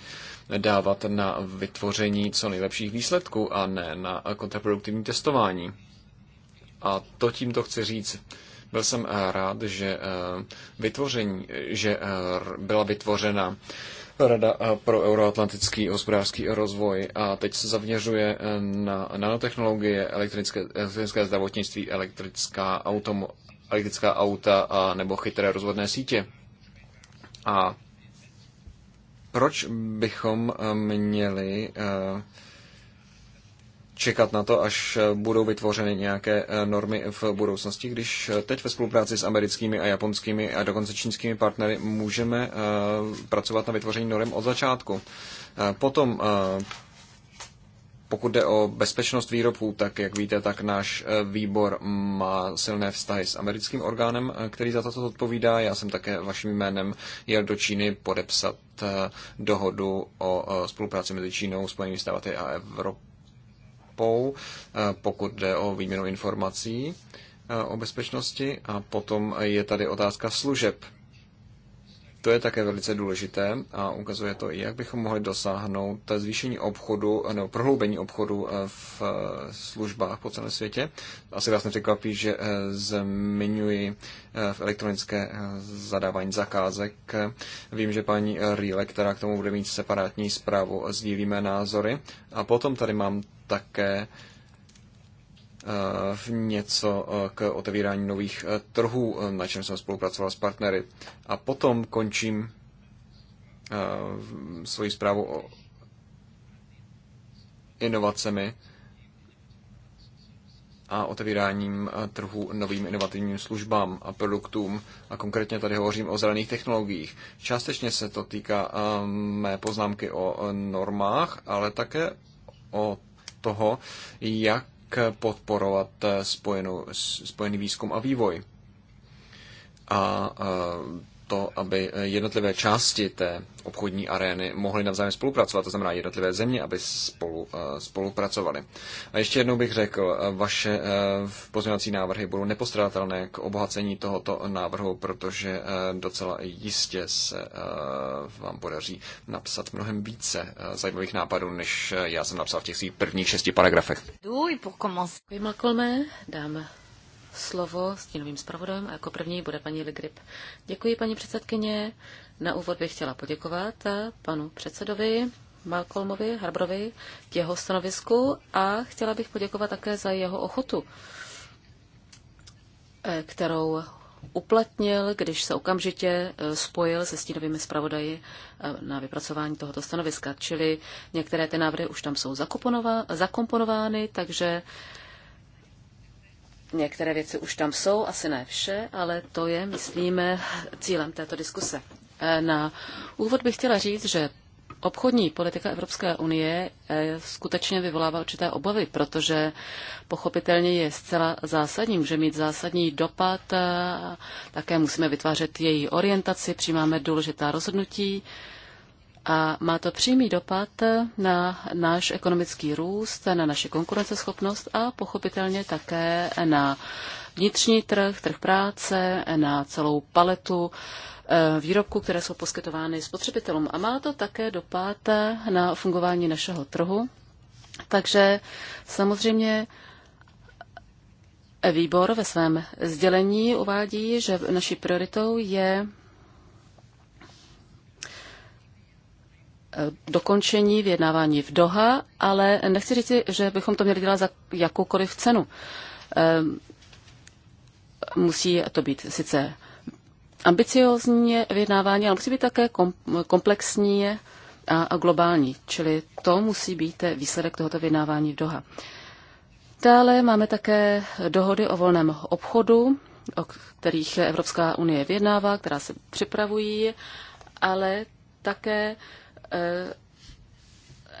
dávat na vytvoření co nejlepších výsledků a ne na kontraproduktivní testování. A to tímto chci říct. Byl jsem eh, rád, že, eh, vytvoření, že eh, byla vytvořena Rada pro euroatlantický hospodářský rozvoj a teď se zaměřuje na nanotechnologie, elektronické, elektronické zdravotnictví, elektrická, automo, elektrická auta a nebo chytré rozvodné sítě. A proč bychom eh, měli eh, čekat na to, až eh, budou vytvořeny nějaké normy v budoucnosti, když teď ve spolupráci s americkými a japonskými a dokonce čínskými partnery můžeme pracovat na vytvoření norm od začátku. Potom pokud jde o bezpečnost výrobků, tak jak víte, tak náš eh, výbor má silné vztahy s americkým orgánem, eh, který za toto odpovídá. Já jsem také vaším jménem jel do Číny podepsat eh, dohodu o spolupráci mezi Čínou, Spojenými státy a Evropou, pokud jde o výměnu informací o bezpečnosti. A potom je tady otázka služeb to je také velice důležité a ukazuje to, jak bychom mohli dosáhnout zvýšení obchodu nebo prohloubení obchodu eh, v eh, službách po celém světě. Asi vás nepřekvapí, že eh, zmiňuji v elektronické zadávání zakázek. Vím, že paní Rýle, která k tomu bude mít separátní zprávu, sdílíme názory. A potom tady mám také v něco eh, k otevírání nových eh, trhů, eh, na čem jsem spolupracoval s partnery. A potom končím svoji zprávu o inovacemi a otevíráním trhu novým inovativním službám a produktům. A konkrétně tady hovořím o zelených technologiích. Částečně se to týká mé poznámky o normách, ale také o toho, jak podporovat eh, spojenou, spojený výzkum a vývoj. A eh, to, aby eh, jednotlivé části té obchodní arény mohly navzájem spolupracovat, to znamená jednotlivé země, aby spolu, eh, spolupracovaly. A ještě jednou bych řekl, eh, vaše pozměňovací návrhy budou nepostradatelné k obohacení tohoto návrhu, protože docela jistě se vám podaří napsat mnohem více zajímavých nápadů, než já jsem napsal v těch svých prvních šesti paragrafech. Vymakleme, dáme slovo s tím novým zpravodajem a jako první bude paní Legrip. Děkuji, paní předsedkyně. Na úvod bych chtěla poděkovat panu předsedovi Malcolmovi Harbrovi k jeho stanovisku a chtěla bych poděkovat také za jeho ochotu, eh, kterou uplatnil, když se okamžitě eh, spojil se stínovými zpravodaji eh, na vypracování tohoto stanoviska. Čili některé ty návrhy už tam jsou zakomponovány, takže Některé věci už tam jsou, asi ne vše, ale to je, myslíme, cílem této diskuse. E, na úvod bych chtěla říct, že obchodní politika Evropské unie e, skutečně vyvolává určité obavy, protože pochopitelně je zcela zásadní, může mít zásadní dopad, e, také musíme vytvářet její orientaci, přijímáme důležitá rozhodnutí, a má to přímý dopad na náš ekonomický růst, na naši konkurenceschopnost a pochopitelně také na vnitřní trh, trh práce, na celou paletu eh, výrobků, které jsou poskytovány spotřebitelům. A má to také dopad na fungování našeho trhu. Takže samozřejmě eh, výbor ve svém sdělení uvádí, že naší prioritou je Eh, dokončení vyjednávání v Doha, ale nechci říct, že bychom to měli dělat za jakoukoliv cenu. Eh, musí to být sice ambiciozní vyjednávání, ale musí být také komplexní a globální. Čili to musí být výsledek tohoto vyjednávání v Doha. Dále máme také dohody o volném obchodu, o kterých Evropská unie vyjednává, která se připravují, ale také Eh,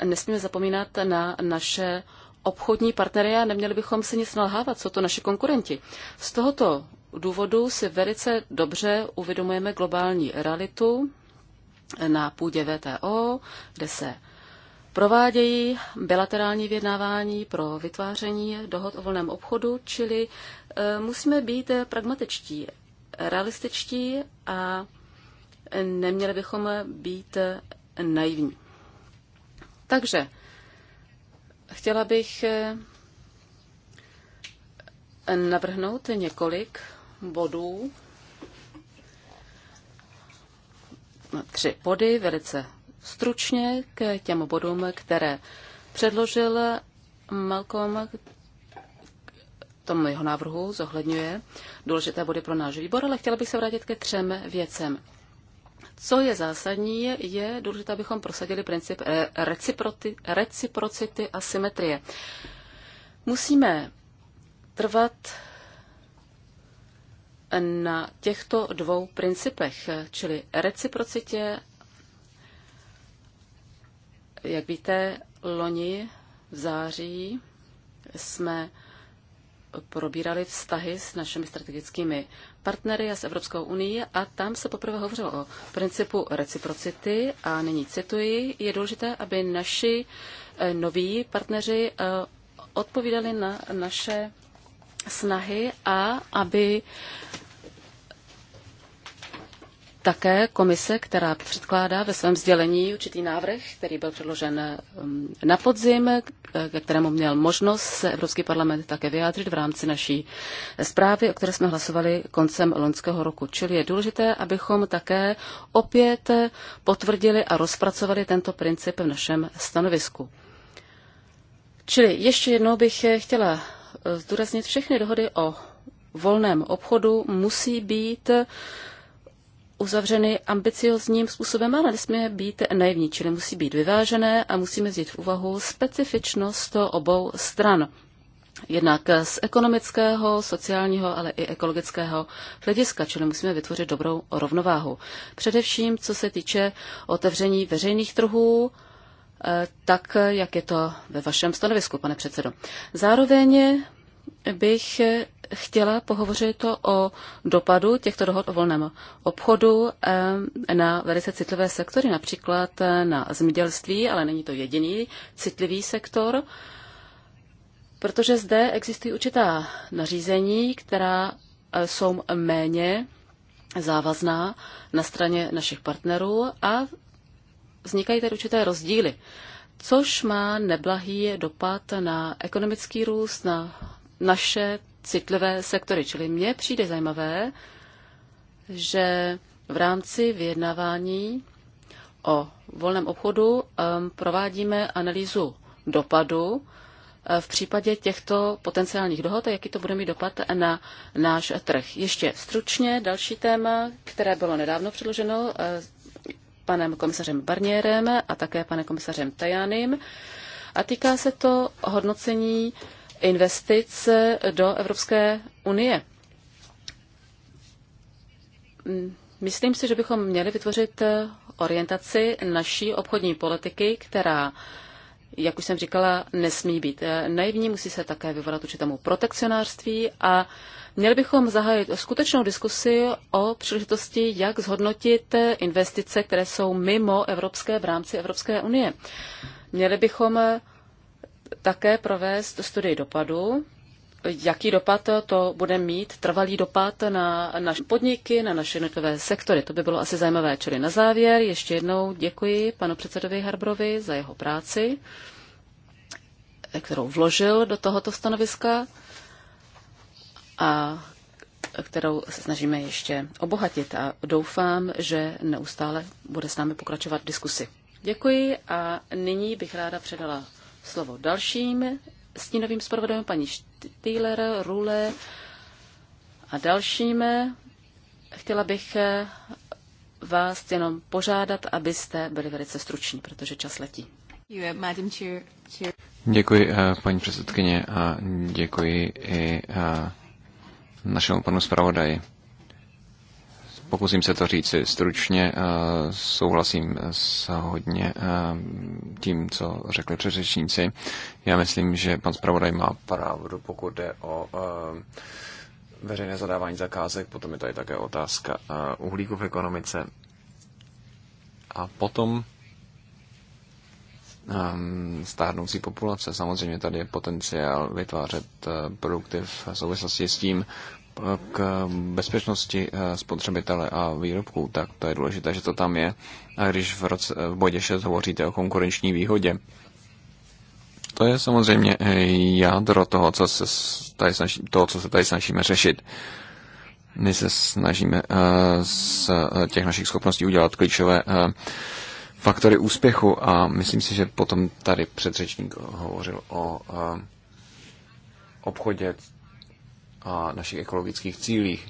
nesmíme zapomínat na naše obchodní partnery a neměli bychom se nic nalhávat, co to naši konkurenti. Z tohoto důvodu si velice dobře uvědomujeme globální realitu na půdě VTO, kde se provádějí bilaterální vyjednávání pro vytváření dohod o volném obchodu, čili eh, musíme být pragmatičtí, realističtí a neměli bychom být naivní. Takže chtěla bych eh, navrhnout několik bodů, no, tři body, velice stručně k těm bodům, které předložil Malcolm, tomu jeho návrhu zohledňuje důležité body pro náš výbor, ale chtěla bych se vrátit ke třem věcem. Co je zásadní, je důležité, abychom prosadili princip reciprocity a symetrie. Musíme trvat na těchto dvou principech, čili reciprocitě. Jak víte, loni v září jsme probírali vztahy s našimi strategickými partnery a s Evropskou unii a tam se poprvé hovořilo o principu reciprocity a nyní cituji, je důležité, aby naši eh, noví partneři eh, odpovídali na naše snahy a aby také komise, která předkládá ve svém sdělení určitý návrh, který byl předložen um, na podzim, ke kterému měl možnost se Evropský parlament také vyjádřit v rámci naší zprávy, o které jsme hlasovali koncem loňského roku. Čili je důležité, abychom také opět potvrdili a rozpracovali tento princip v našem stanovisku. Čili ještě jednou bych chtěla eh, zdůraznit všechny dohody o volném obchodu musí být uzavřeny ambiciozním způsobem, ale nesmí být naivní, čili musí být vyvážené a musíme vzít v úvahu specifičnost obou stran. Jednak z ekonomického, sociálního, ale i ekologického hlediska, čili musíme vytvořit dobrou rovnováhu. Především, co se týče otevření veřejných trhů, eh, tak jak je to ve vašem stanovisku, pane předsedo. Zároveň bych chtěla pohovořit o dopadu těchto dohod o volném obchodu eh, na velice citlivé sektory, například eh, na zemědělství, ale není to jediný citlivý sektor, protože zde existují určitá nařízení, která eh, jsou méně závazná na straně našich partnerů a vznikají tady určité rozdíly, což má neblahý dopad na ekonomický růst, na naše citlivé sektory. Čili mně přijde zajímavé, že v rámci vyjednávání o volném obchodu um, provádíme analýzu dopadu uh, v případě těchto potenciálních dohod a jaký to bude mít dopad na náš trh. Ještě stručně další téma, které bylo nedávno předloženo uh, panem komisařem Barnierem a také panem komisařem Tajanem. A týká se to hodnocení investic do Evropské unie. Myslím si, že bychom měli vytvořit orientaci naší obchodní politiky, která, jak už jsem říkala, nesmí být naivní, musí se také vyvolat určitému protekcionářství a měli bychom zahájit skutečnou diskusi o příležitosti, jak zhodnotit investice, které jsou mimo evropské v rámci Evropské unie. Měli bychom také provést studii dopadu, jaký dopad to bude mít, trvalý dopad na naše podniky, na naše jednotlivé sektory. To by bylo asi zajímavé. Čili na závěr ještě jednou děkuji panu předsedovi Harbrovi za jeho práci, kterou vložil do tohoto stanoviska a kterou se snažíme ještě obohatit a doufám, že neustále bude s námi pokračovat v diskusi. Děkuji a nyní bych ráda předala slovo dalším stínovým zpravodajem paní Stýler, Rule a dalším. Chtěla bych vás jenom požádat, abyste byli velice struční, protože čas letí. Děkuji, eh, paní předsedkyně, a děkuji i eh, našemu panu zpravodaji. Pokusím se to říci stručně. Eh, souhlasím s hodně eh, tím, co řekli předřečníci. Já myslím, že pan zpravodaj má pravdu, pokud jde o eh, veřejné zadávání zakázek, potom je tady také otázka uhlíku v ekonomice. A potom ehm, stárnoucí populace. Samozřejmě tady je potenciál vytvářet produkty v souvislosti s tím k bezpečnosti eh, spotřebitele a výrobků, tak to je důležité, že to tam je. A když v, roce, v bodě 6 hovoříte o konkurenční výhodě, to je samozřejmě eh, jádro toho, co se tady, snaží, toho, co se tady snažíme řešit. My se snažíme z eh, těch našich schopností udělat klíčové faktory úspěchu a myslím si, že potom tady předřečník hovořil o obchodě a našich ekologických cílích.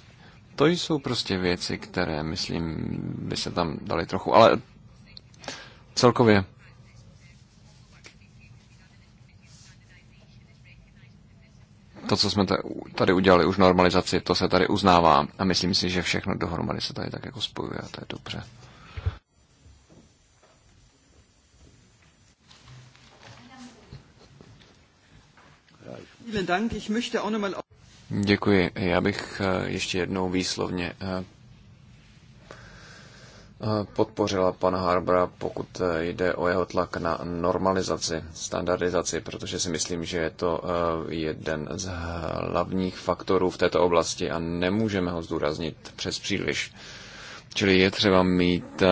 To jsou prostě věci, které, myslím, by se tam dali trochu, ale celkově to, co jsme tady udělali už normalizaci, to se tady uznává a myslím si, že všechno dohromady se tady tak jako spojuje a to je dobře. Vielen Dank. Ich möchte auch nochmal Děkuji. Já bych eh, ještě jednou výslovně eh, eh, podpořila pana Harbra, pokud jde o jeho tlak na normalizaci, standardizaci, protože si myslím, že je to jeden z hlavních faktorů v této oblasti a nemůžeme ho zdůraznit přes příliš. Čili je třeba mít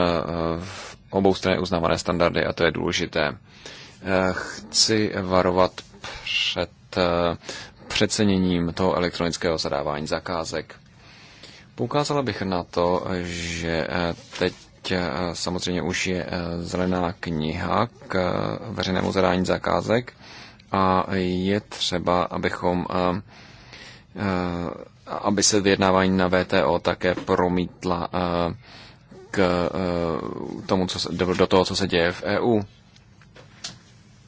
obou strany uznávané standardy a to je důležité. Chci varovat před přeceněním toho elektronického zadávání zakázek. Poukázala bych na to, že eh, teď eh, samozřejmě už je eh, zelená kniha k veřejnému zadání zakázek a je třeba, abychom aby se vyjednávání na VTO také promítla k tomu, co se, do toho, co se děje v EU.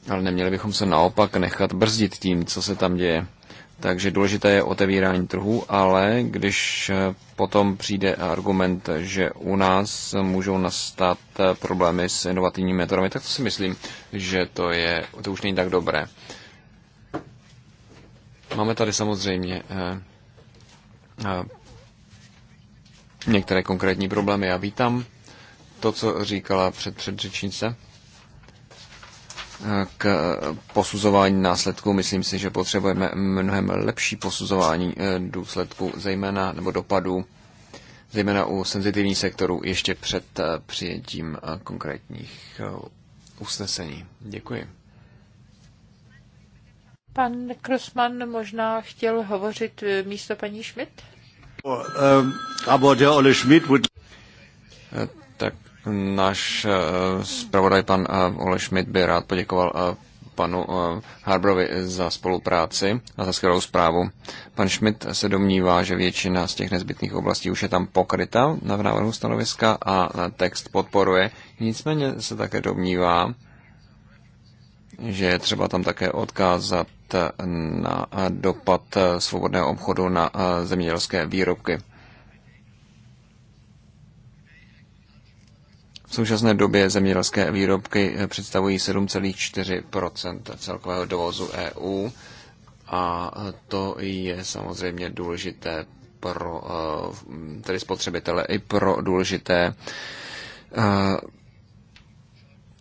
Ale neměli bychom se naopak nechat brzdit tím, co se tam děje. Takže důležité je otevírání trhu, ale když eh, potom přijde argument, že u nás můžou nastat eh, problémy s inovativními metodami, tak to si myslím, že to, je, to už není tak dobré. Máme tady samozřejmě eh, některé konkrétní problémy. Já vítám to, co říkala před předřečnice k posuzování následků. Myslím si, že potřebujeme mnohem lepší posuzování eh, důsledků, zejména nebo dopadů, zejména u senzitivních sektorů, ještě před eh, přijetím eh, konkrétních usnesení. Děkuji. Pan Krosman možná chtěl hovořit místo paní Schmidt? Oh, um, Schmidt would... Tak Náš eh, zpravodaj pan eh, Ole Schmidt by rád poděkoval eh, panu Harbrovi za spolupráci a za skvělou zprávu. Pan Schmidt se domnívá, že většina z těch nezbytných oblastí už je tam pokryta na návrhu stanoviska a text podporuje. Nicméně se také domnívá, že je třeba tam také odkázat na dopad svobodného obchodu na zemědělské výrobky. V současné době zemědělské výrobky eh, představují 7,4 celkového dovozu EU a eh, to je samozřejmě důležité pro eh, tedy spotřebitele i pro důležité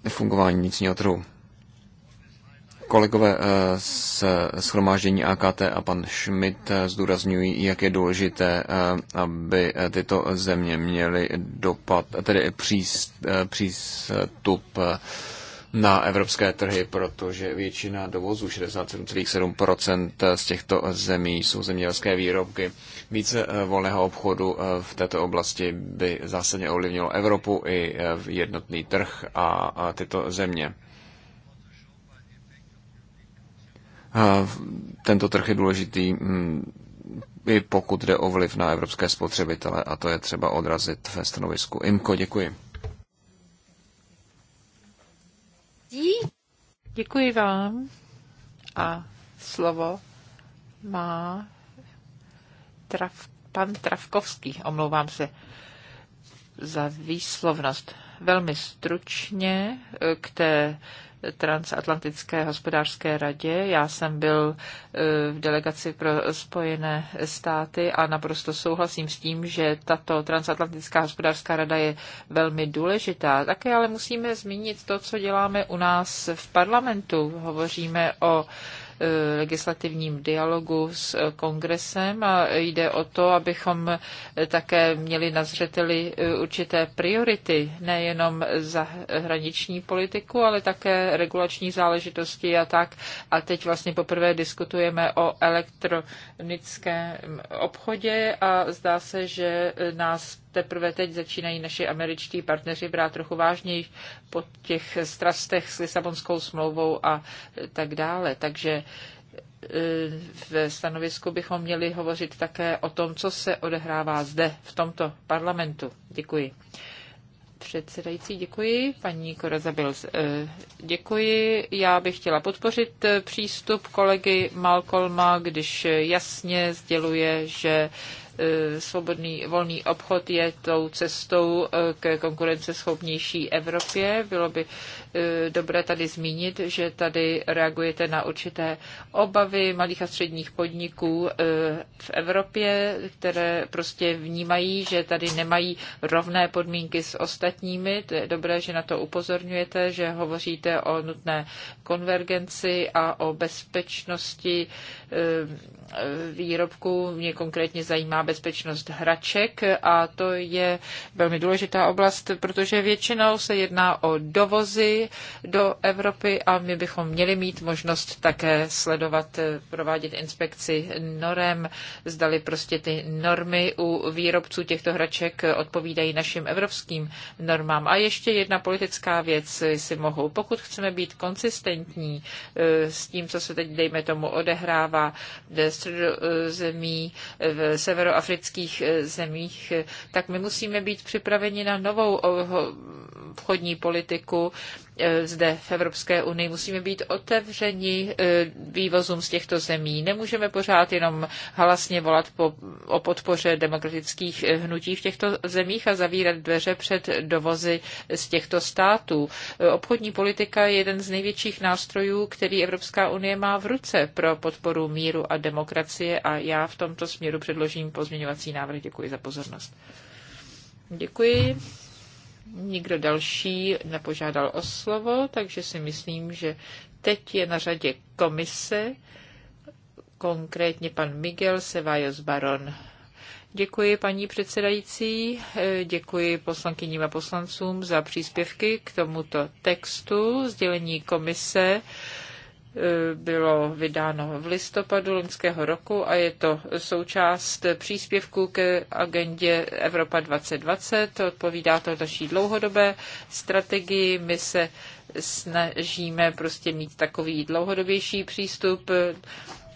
fungování vnitřního trhu. Kolegové z eh, schromáždění AKT a pan Schmidt eh, zdůrazňují, jak je důležité, eh, aby tyto země měly dopad, tedy přístup na evropské trhy, protože většina dovozů, 67,7% z těchto zemí jsou zemědělské výrobky. Více volného obchodu v této oblasti by zásadně ovlivnilo Evropu i jednotný trh a tyto země. Tento trh je důležitý mm, i pokud jde o vliv na evropské spotřebitele a to je třeba odrazit ve stanovisku. Imko, děkuji. Děkuji vám a slovo má traf, pan Travkovský, omlouvám se za výslovnost. Velmi stručně k té transatlantické hospodářské radě. Já jsem byl e, v delegaci pro Spojené státy a naprosto souhlasím s tím, že tato transatlantická hospodářská rada je velmi důležitá. Také ale musíme zmínit to, co děláme u nás v parlamentu. Hovoříme o Eh, legislativním dialogu s eh, kongresem a jde o to, abychom eh, také měli na zřeteli určité priority, nejenom zahraniční politiku, ale také regulační záležitosti a tak. A teď vlastně poprvé diskutujeme o elektronickém obchodě a zdá se, že nás teprve teď začínají naši američtí partneři brát trochu vážněji po těch strastech s Lisabonskou smlouvou a tak dále. Takže e, ve stanovisku bychom měli hovořit také o tom, co se odehrává zde, v tomto parlamentu. Děkuji. Předsedající, děkuji. Paní Korazabil, e, děkuji. Já bych chtěla podpořit e, přístup kolegy Malcolma, když jasně sděluje, že Eh, svobodný volný obchod je tou cestou eh, k konkurenceschopnější Evropě. Bylo by Eh, dobré tady zmínit, že tady reagujete na určité obavy malých a středních podniků eh, v Evropě, které prostě vnímají, že tady nemají rovné podmínky s ostatními. To je dobré, že na to upozorňujete, že hovoříte o nutné konvergenci a o bezpečnosti eh, výrobků. Mě konkrétně zajímá bezpečnost hraček a to je velmi důležitá oblast, protože většinou se jedná o dovozy do Evropy a my bychom měli mít možnost také sledovat, eh, provádět inspekci norem, zdali prostě ty normy u výrobců těchto hraček eh, odpovídají našim evropským normám. A ještě jedna politická věc eh, si mohou. Pokud chceme být konsistentní s tím, co se teď, dejme tomu, odehrává v středozemí, v severoafrických zemích, tak my musíme být připraveni na novou obchodní politiku eh, zde v Evropské unii. Musíme být otevřeni eh, vývozům z těchto zemí. Nemůžeme pořád jenom halasně volat po, o podpoře demokratických eh, hnutí v těchto zemích a zavírat dveře před dovozy z těchto států. Obchodní politika je jeden z největších nástrojů, který Evropská unie má v ruce pro podporu míru a demokracie a já v tomto směru předložím pozměňovací návrh. Děkuji za pozornost. Děkuji. Nikdo další nepožádal o slovo, takže si myslím, že teď je na řadě komise, konkrétně pan Miguel Sevajos Baron. Děkuji paní předsedající, děkuji poslankyním a poslancům za příspěvky k tomuto textu sdělení komise Eh, bylo vydáno v listopadu loňského roku a je to součást příspěvku ke agendě Evropa 2020. To odpovídá to naší dlouhodobé strategii. My se snažíme prostě mít takový dlouhodobější přístup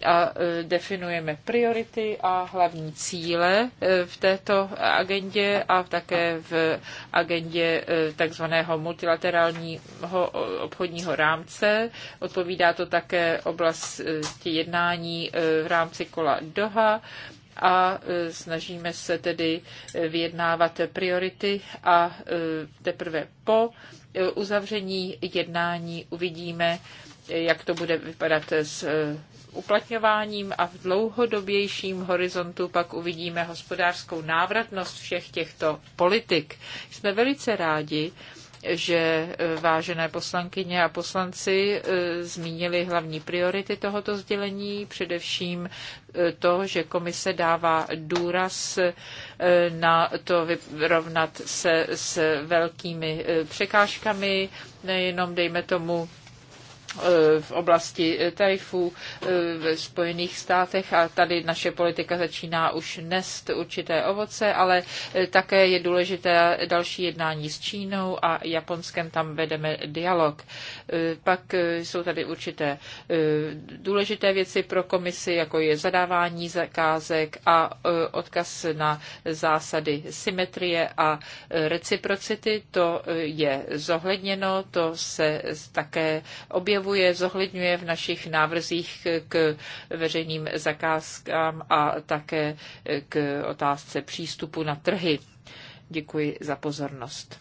a e, definujeme priority a hlavní cíle e, v této agendě a také v agendě e, takzvaného multilaterálního obchodního rámce. Odpovídá to také oblasti jednání v rámci kola Doha a snažíme se tedy vyjednávat priority a teprve po uzavření jednání uvidíme, jak to bude vypadat s uplatňováním a v dlouhodobějším horizontu pak uvidíme hospodářskou návratnost všech těchto politik. Jsme velice rádi, že e, vážené poslankyně a poslanci e, zmínili hlavní priority tohoto sdělení, především e, to, že komise dává důraz na to vyrovnat se s velkými překážkami, nejenom, dejme tomu, Eh, v oblasti tarifů eh, v Spojených státech a tady naše politika začíná už nest určité ovoce, ale eh, také je důležité další jednání s Čínou a Japonskem, tam vedeme dialog. Pak jsou tady určité důležité věci pro komisi, jako je zadávání zakázek a odkaz na zásady symetrie a reciprocity. To je zohledněno, to se také objevuje stanovuje, zohledňuje v našich návrzích k veřejným zakázkám a také k otázce přístupu na trhy. Děkuji za pozornost.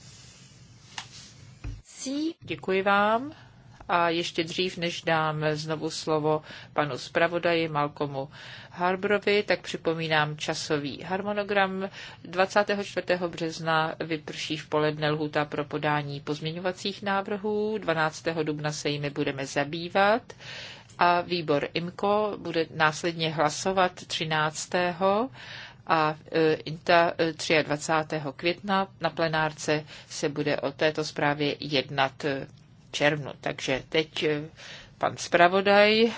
Děkuji vám a ještě dřív, než dám znovu slovo panu zpravodaji Malcolmu Harbrovi, tak připomínám časový harmonogram. 24. března vyprší v poledne lhuta pro podání pozměňovacích návrhů, 12. dubna se jimi budeme zabývat a výbor IMCO bude následně hlasovat 13. a e, INTA 23. E, května na plenárce se bude o této zprávě jednat červnu. Takže teď eh, pan zpravodaj, eh,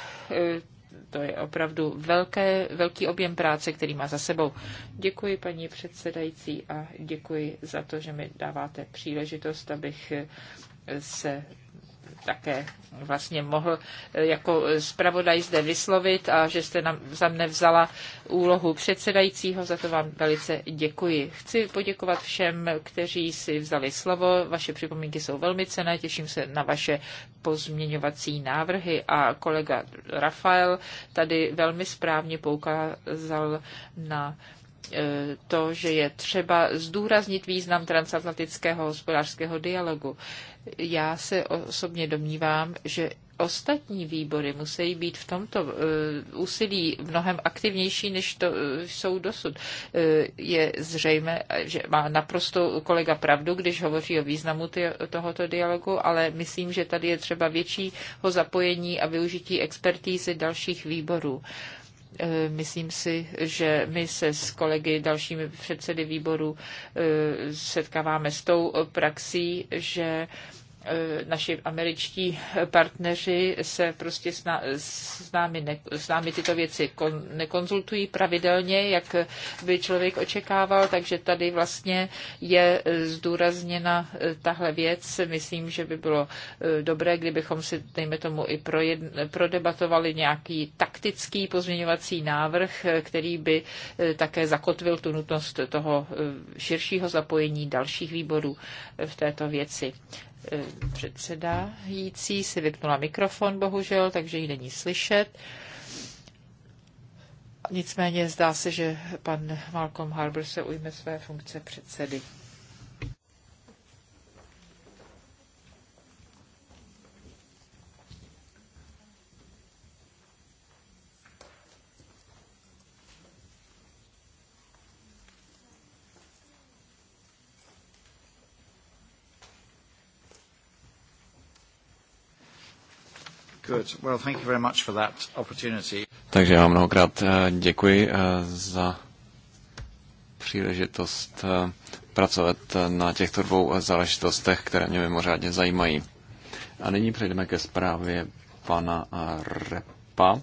to je opravdu velké, velký objem práce, který má za sebou. Děkuji paní předsedající a děkuji za to, že mi dáváte příležitost, abych eh, se také vlastně mohl eh, jako zpravodaj zde vyslovit a že jste nám za mne vzala úlohu předsedajícího, za to vám velice děkuji. Chci poděkovat všem, kteří si vzali slovo, vaše připomínky jsou velmi cené, těším se na vaše pozměňovací návrhy a kolega Rafael tady velmi správně poukázal na Eh, to, že je třeba zdůraznit význam transatlantického hospodářského dialogu. Já se osobně domnívám, že ostatní výbory musí být v tomto eh, úsilí mnohem aktivnější, než to eh, jsou dosud. Je zřejmé, že má naprosto kolega pravdu, když hovoří o významu tohoto dialogu, ale myslím, že tady je třeba většího zapojení a využití expertízy dalších výborů. Eh, myslím si, že my se s kolegy dalšími předsedy výboru eh, setkáváme s tou praxí, že Eh, naši američtí partneři se prostě s, námi, ne, s námi tyto věci kon, nekonzultují pravidelně, jak by člověk očekával, takže tady vlastně je eh, zdůrazněna eh, tahle věc. Myslím, že by bylo dobré, kdybychom si, dejme tomu, i projedn, prodebatovali nějaký taktický pozměňovací návrh, který by také zakotvil tu nutnost toho širšího zapojení dalších výborů v této věci předsedající si vypnula mikrofon, bohužel, takže ji není slyšet. Nicméně zdá se, že pan Malcolm Harbour se ujme své funkce předsedy. Good. Well, thank you very much for that opportunity. Takže já vám mnohokrát eh, děkuji eh, za příležitost eh, pracovat na těchto dvou záležitostech, které mě mimořádně zajímají. A nyní přejdeme ke zprávě pana Repa.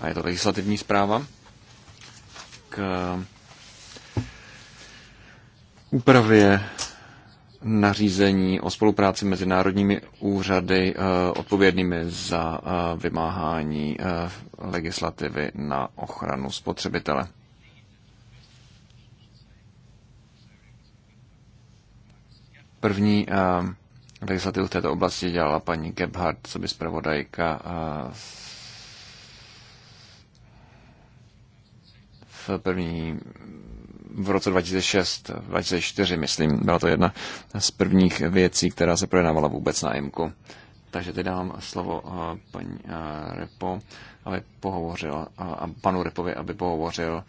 A je to legislativní zpráva k úpravě nařízení o spolupráci mezi národními úřady eh, odpovědnými za eh, vymáhání eh, legislativy na ochranu spotřebitele. První legislativu v této oblasti dělala paní Gebhardt, co by zpravodajka v první v roce 2006, 2004, myslím, byla to jedna z prvních věcí, která se projednávala vůbec na IMKU. Takže teď dávám slovo eh, paní eh, Repo, aby pohovořil, eh, a panu Repovi, aby pohovořil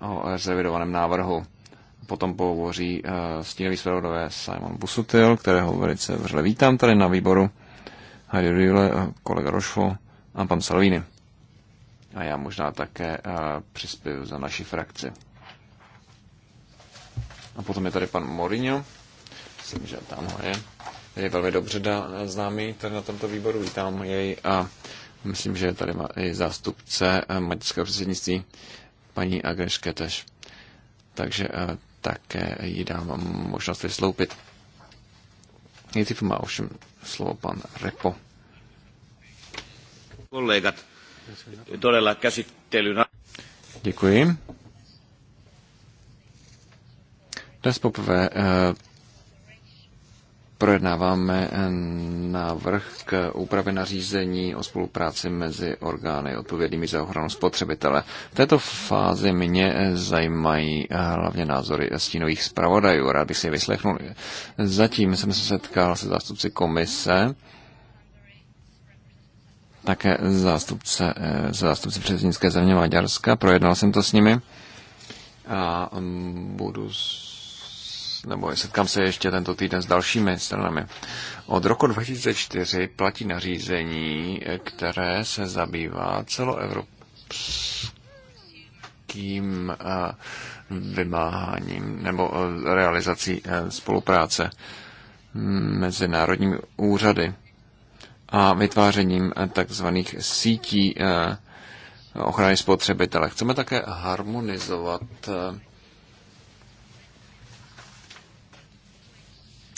o zrevidovaném návrhu. Potom pohovoří stínový svědodové Simon Busutil, kterého velice vřele vítám tady na výboru. Harry Rühle, kolega Rošvo a pan Salvini. A já možná také přispěju za naši frakci. A potom je tady pan Mourinho, myslím, že tam je. Je velmi dobře dá, známý tady na tomto výboru, vítám jej a myslím, že tady má i zástupce eh, maďarského předsednictví, paní Agreš Keteš. Takže eh, také jí dám možnost vysloupit. Nejdřív má ovšem slovo pan Repo. Kollegat, tohle Děkuji. Dnes poprvé eh, projednáváme eh, návrh k úpravě nařízení o spolupráci mezi orgány odpovědnými za ochranu spotřebitele. V této fázi mě eh, zajímají hlavně názory stínových zpravodajů. Rád bych si je vyslechnul. Zatím jsem se setkal se zástupci komise, také zástupce, zástupce předsednické země Maďarska. Projednal jsem to s nimi a mm, budu nebo setkám se ještě tento týden s dalšími stranami. Od roku 2004 platí nařízení, které se zabývá celoevropským eh, vymáháním nebo eh, realizací eh, spolupráce mm, mezi národními úřady a vytvářením takzvaných sítí ochrany spotřebitele. Chceme také harmonizovat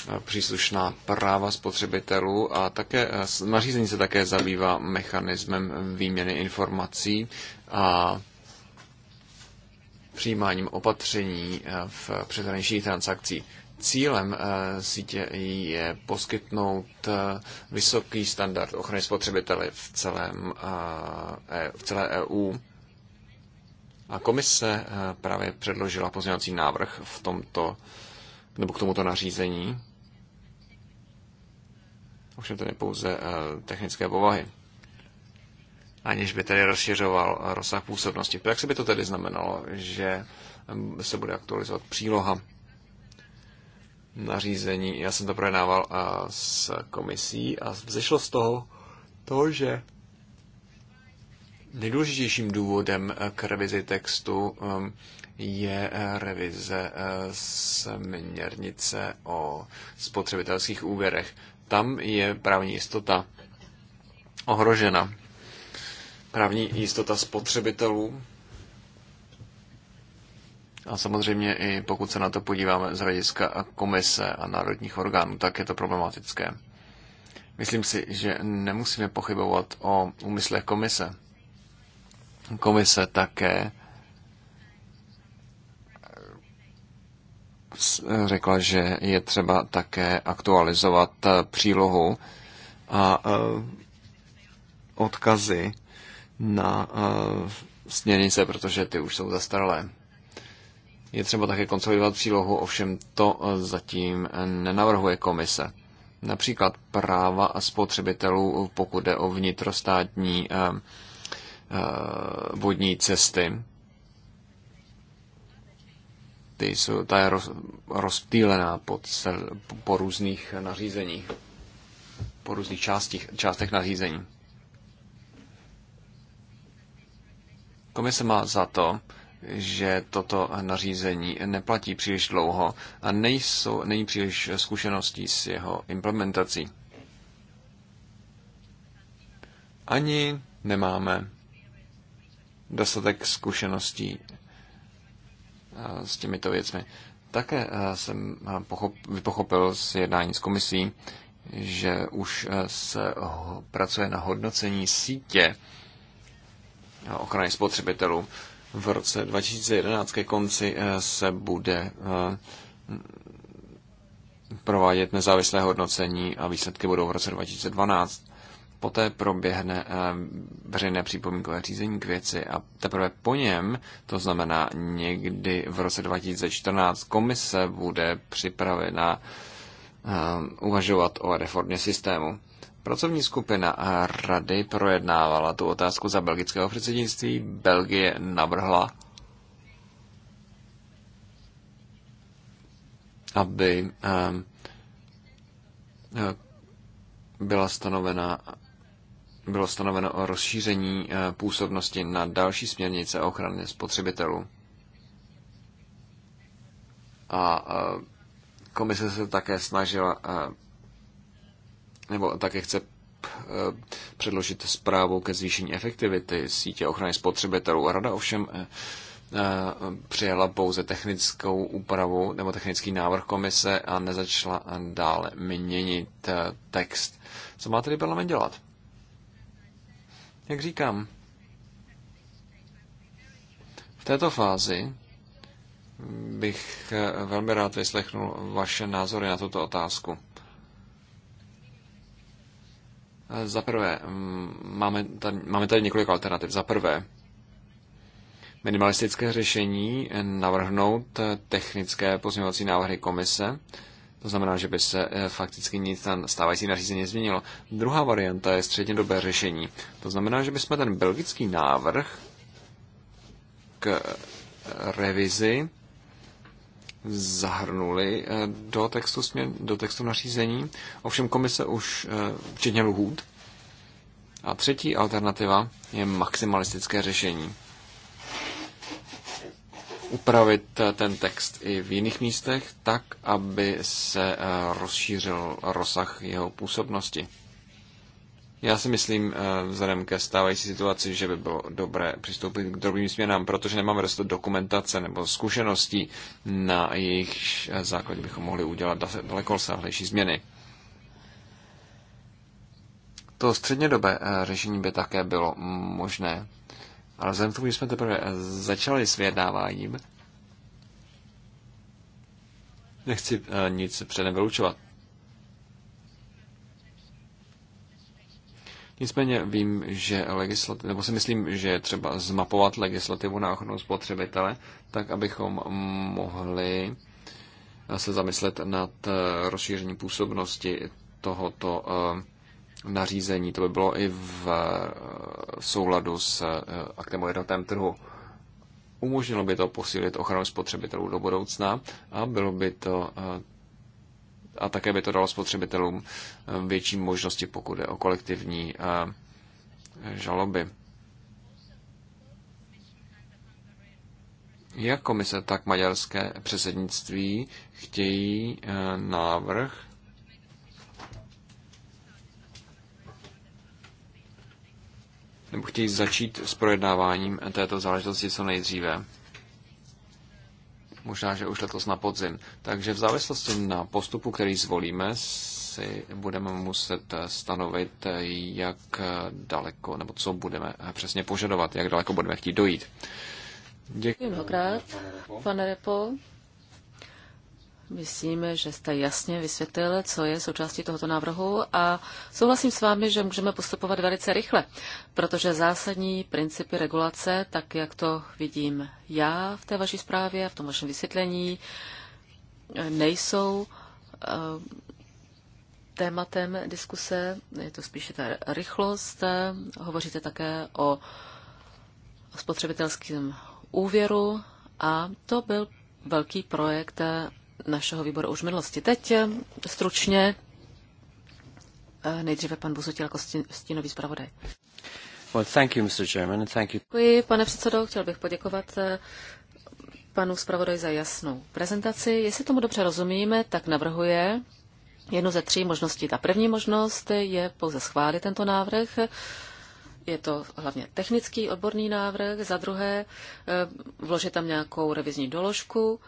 Eh, příslušná práva spotřebitelů a také eh, nařízení se také zabývá mechanismem výměny informací a přijímáním opatření eh, v přeshraničních transakcích. Cílem sítě je poskytnout vysoký standard ochrany spotřebitele v, celém, e- v celé EU. A komise právě předložila pozměňovací návrh v tomto, nebo k tomuto nařízení. Ovšem to je pouze eh, technické povahy. Aniž by tedy rozšiřoval rozsah působnosti. Jak se by to tedy znamenalo, že se bude aktualizovat příloha nařízení. Já jsem to projednával eh, s komisí a vzešlo z toho to, že nejdůležitějším důvodem eh, k revizi textu je revize směrnice o spotřebitelských úvěrech tam je právní jistota ohrožena. Právní jistota spotřebitelů. A samozřejmě i pokud se na to podíváme z hlediska komise a národních orgánů, tak je to problematické. Myslím si, že nemusíme pochybovat o úmyslech komise. Komise také řekla, že je třeba také aktualizovat eh, přílohu a eh, odkazy na eh, směrnice, protože ty už jsou zastaralé. Je třeba také konsolidovat přílohu, ovšem to zatím nenavrhuje komise. Například práva a spotřebitelů, pokud jde o vnitrostátní vodní cesty, ty jsou, ta je roz, rozptýlená po, po různých nařízeních, po různých částích, částech nařízení. Komise má za to, že toto nařízení neplatí příliš dlouho a nejsou, není příliš zkušeností s jeho implementací. Ani nemáme dostatek zkušeností s těmito věcmi. Také jsem vypochopil z jednání s komisí, že už se pracuje na hodnocení sítě ochrany spotřebitelů. V roce 2011 ke konci se bude provádět nezávislé hodnocení a výsledky budou v roce 2012 poté proběhne eh, veřejné připomínkové řízení k věci a teprve po něm, to znamená někdy v roce 2014, komise bude připravena eh, uvažovat o reformě systému. Pracovní skupina rady projednávala tu otázku za belgického předsednictví. Belgie navrhla, aby eh, byla stanovena bylo stanoveno o rozšíření eh, působnosti na další směrnice ochrany spotřebitelů. A eh, komise se také snažila, eh, nebo také chce předložit zprávu ke zvýšení efektivity sítě ochrany spotřebitelů. Rada ovšem Eh, přijela pouze technickou úpravu nebo technický návrh komise a nezačala dále měnit eh, text. Co má tedy parlament dělat? Jak říkám, v této fázi bych eh, velmi rád vyslechnul vaše názory na tuto otázku. Za prvé, mm, máme tady, máme tady několik alternativ. Za prvé, minimalistické řešení eh, navrhnout eh, technické pozměňovací návrhy komise. To znamená, že by se eh, fakticky nic na stávající nařízení změnilo. Druhá varianta je střednědobé řešení. To znamená, že bychom ten belgický návrh k revizi zahrnuli do textu, směr, do textu nařízení. Ovšem komise už včetně lhůt. A třetí alternativa je maximalistické řešení upravit eh, ten text i v jiných místech, tak, aby se eh, rozšířil rozsah jeho působnosti. Já si myslím, eh, vzhledem ke stávající situaci, že by bylo dobré přistoupit k drobným změnám, protože nemáme dost dokumentace nebo zkušeností, na jejich základě bychom mohli udělat daleko změny. To střednědobé řešení by také bylo možné. Ale vzhledem k tomu, že jsme teprve začali s vyjednáváním, nechci eh, nic předem vylučovat. Nicméně vím, že legislativ, nebo si myslím, že je třeba zmapovat legislativu na ochranu spotřebitele, tak abychom mohli eh, se zamyslet nad eh, rozšířením působnosti tohoto uh, nařízení. To by bylo i v eh, souladu s eh, aktem o jednotném trhu. Umožnilo by to posílit ochranu spotřebitelů do budoucna a bylo by to eh, a také by to dalo spotřebitelům větší možnosti, pokud je o kolektivní žaloby. Jak komise, tak maďarské předsednictví chtějí návrh nebo chtějí začít s projednáváním této záležitosti co nejdříve. Možná, že už letos na podzim. Takže v závislosti na postupu, který zvolíme, si budeme muset stanovit, jak daleko, nebo co budeme přesně požadovat, jak daleko budeme chtít dojít. Děkuji mnohokrát, pane Repo. Myslím, že jste jasně vysvětlil, co je součástí tohoto návrhu a souhlasím s vámi, že můžeme postupovat velice rychle, protože zásadní principy regulace, tak jak to vidím já v té vaší zprávě, v tom vašem vysvětlení, nejsou eh, tématem diskuse, je to spíše ta rychlost. Hovoříte také o spotřebitelském úvěru a to byl velký projekt našeho výboru už v minulosti. Teď eh, stručně eh, nejdříve pan Buzutil jako stínový zpravodaj. Well, thank you, Mr. Chairman, and thank you. Děkuji, pane předsedo. Chtěl bych poděkovat eh, panu zpravodaj za jasnou prezentaci. Jestli tomu dobře rozumíme, tak navrhuje jednu ze tří možností. Ta první možnost je pouze schválit tento návrh. Je to hlavně technický odborný návrh. Za druhé vložit tam nějakou revizní doložku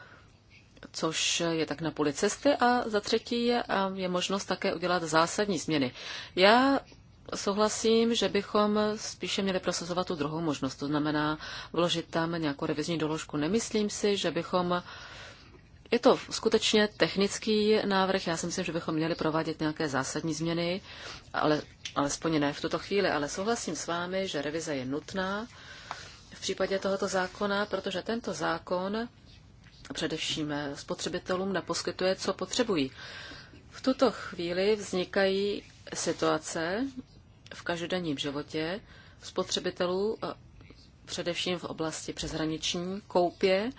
což je tak na půli cesty. A za třetí je, je možnost také udělat zásadní změny. Já souhlasím, že bychom spíše měli prosazovat tu druhou možnost, to znamená vložit tam nějakou revizní doložku. Nemyslím si, že bychom. Je to skutečně technický návrh, já si myslím, že bychom měli provádět nějaké zásadní změny, ale alespoň ne v tuto chvíli, ale souhlasím s vámi, že revize je nutná v případě tohoto zákona, protože tento zákon především eh, spotřebitelům neposkytuje, co potřebují. V tuto chvíli vznikají situace v každodenním životě spotřebitelů, eh, především v oblasti přeshraniční koupě,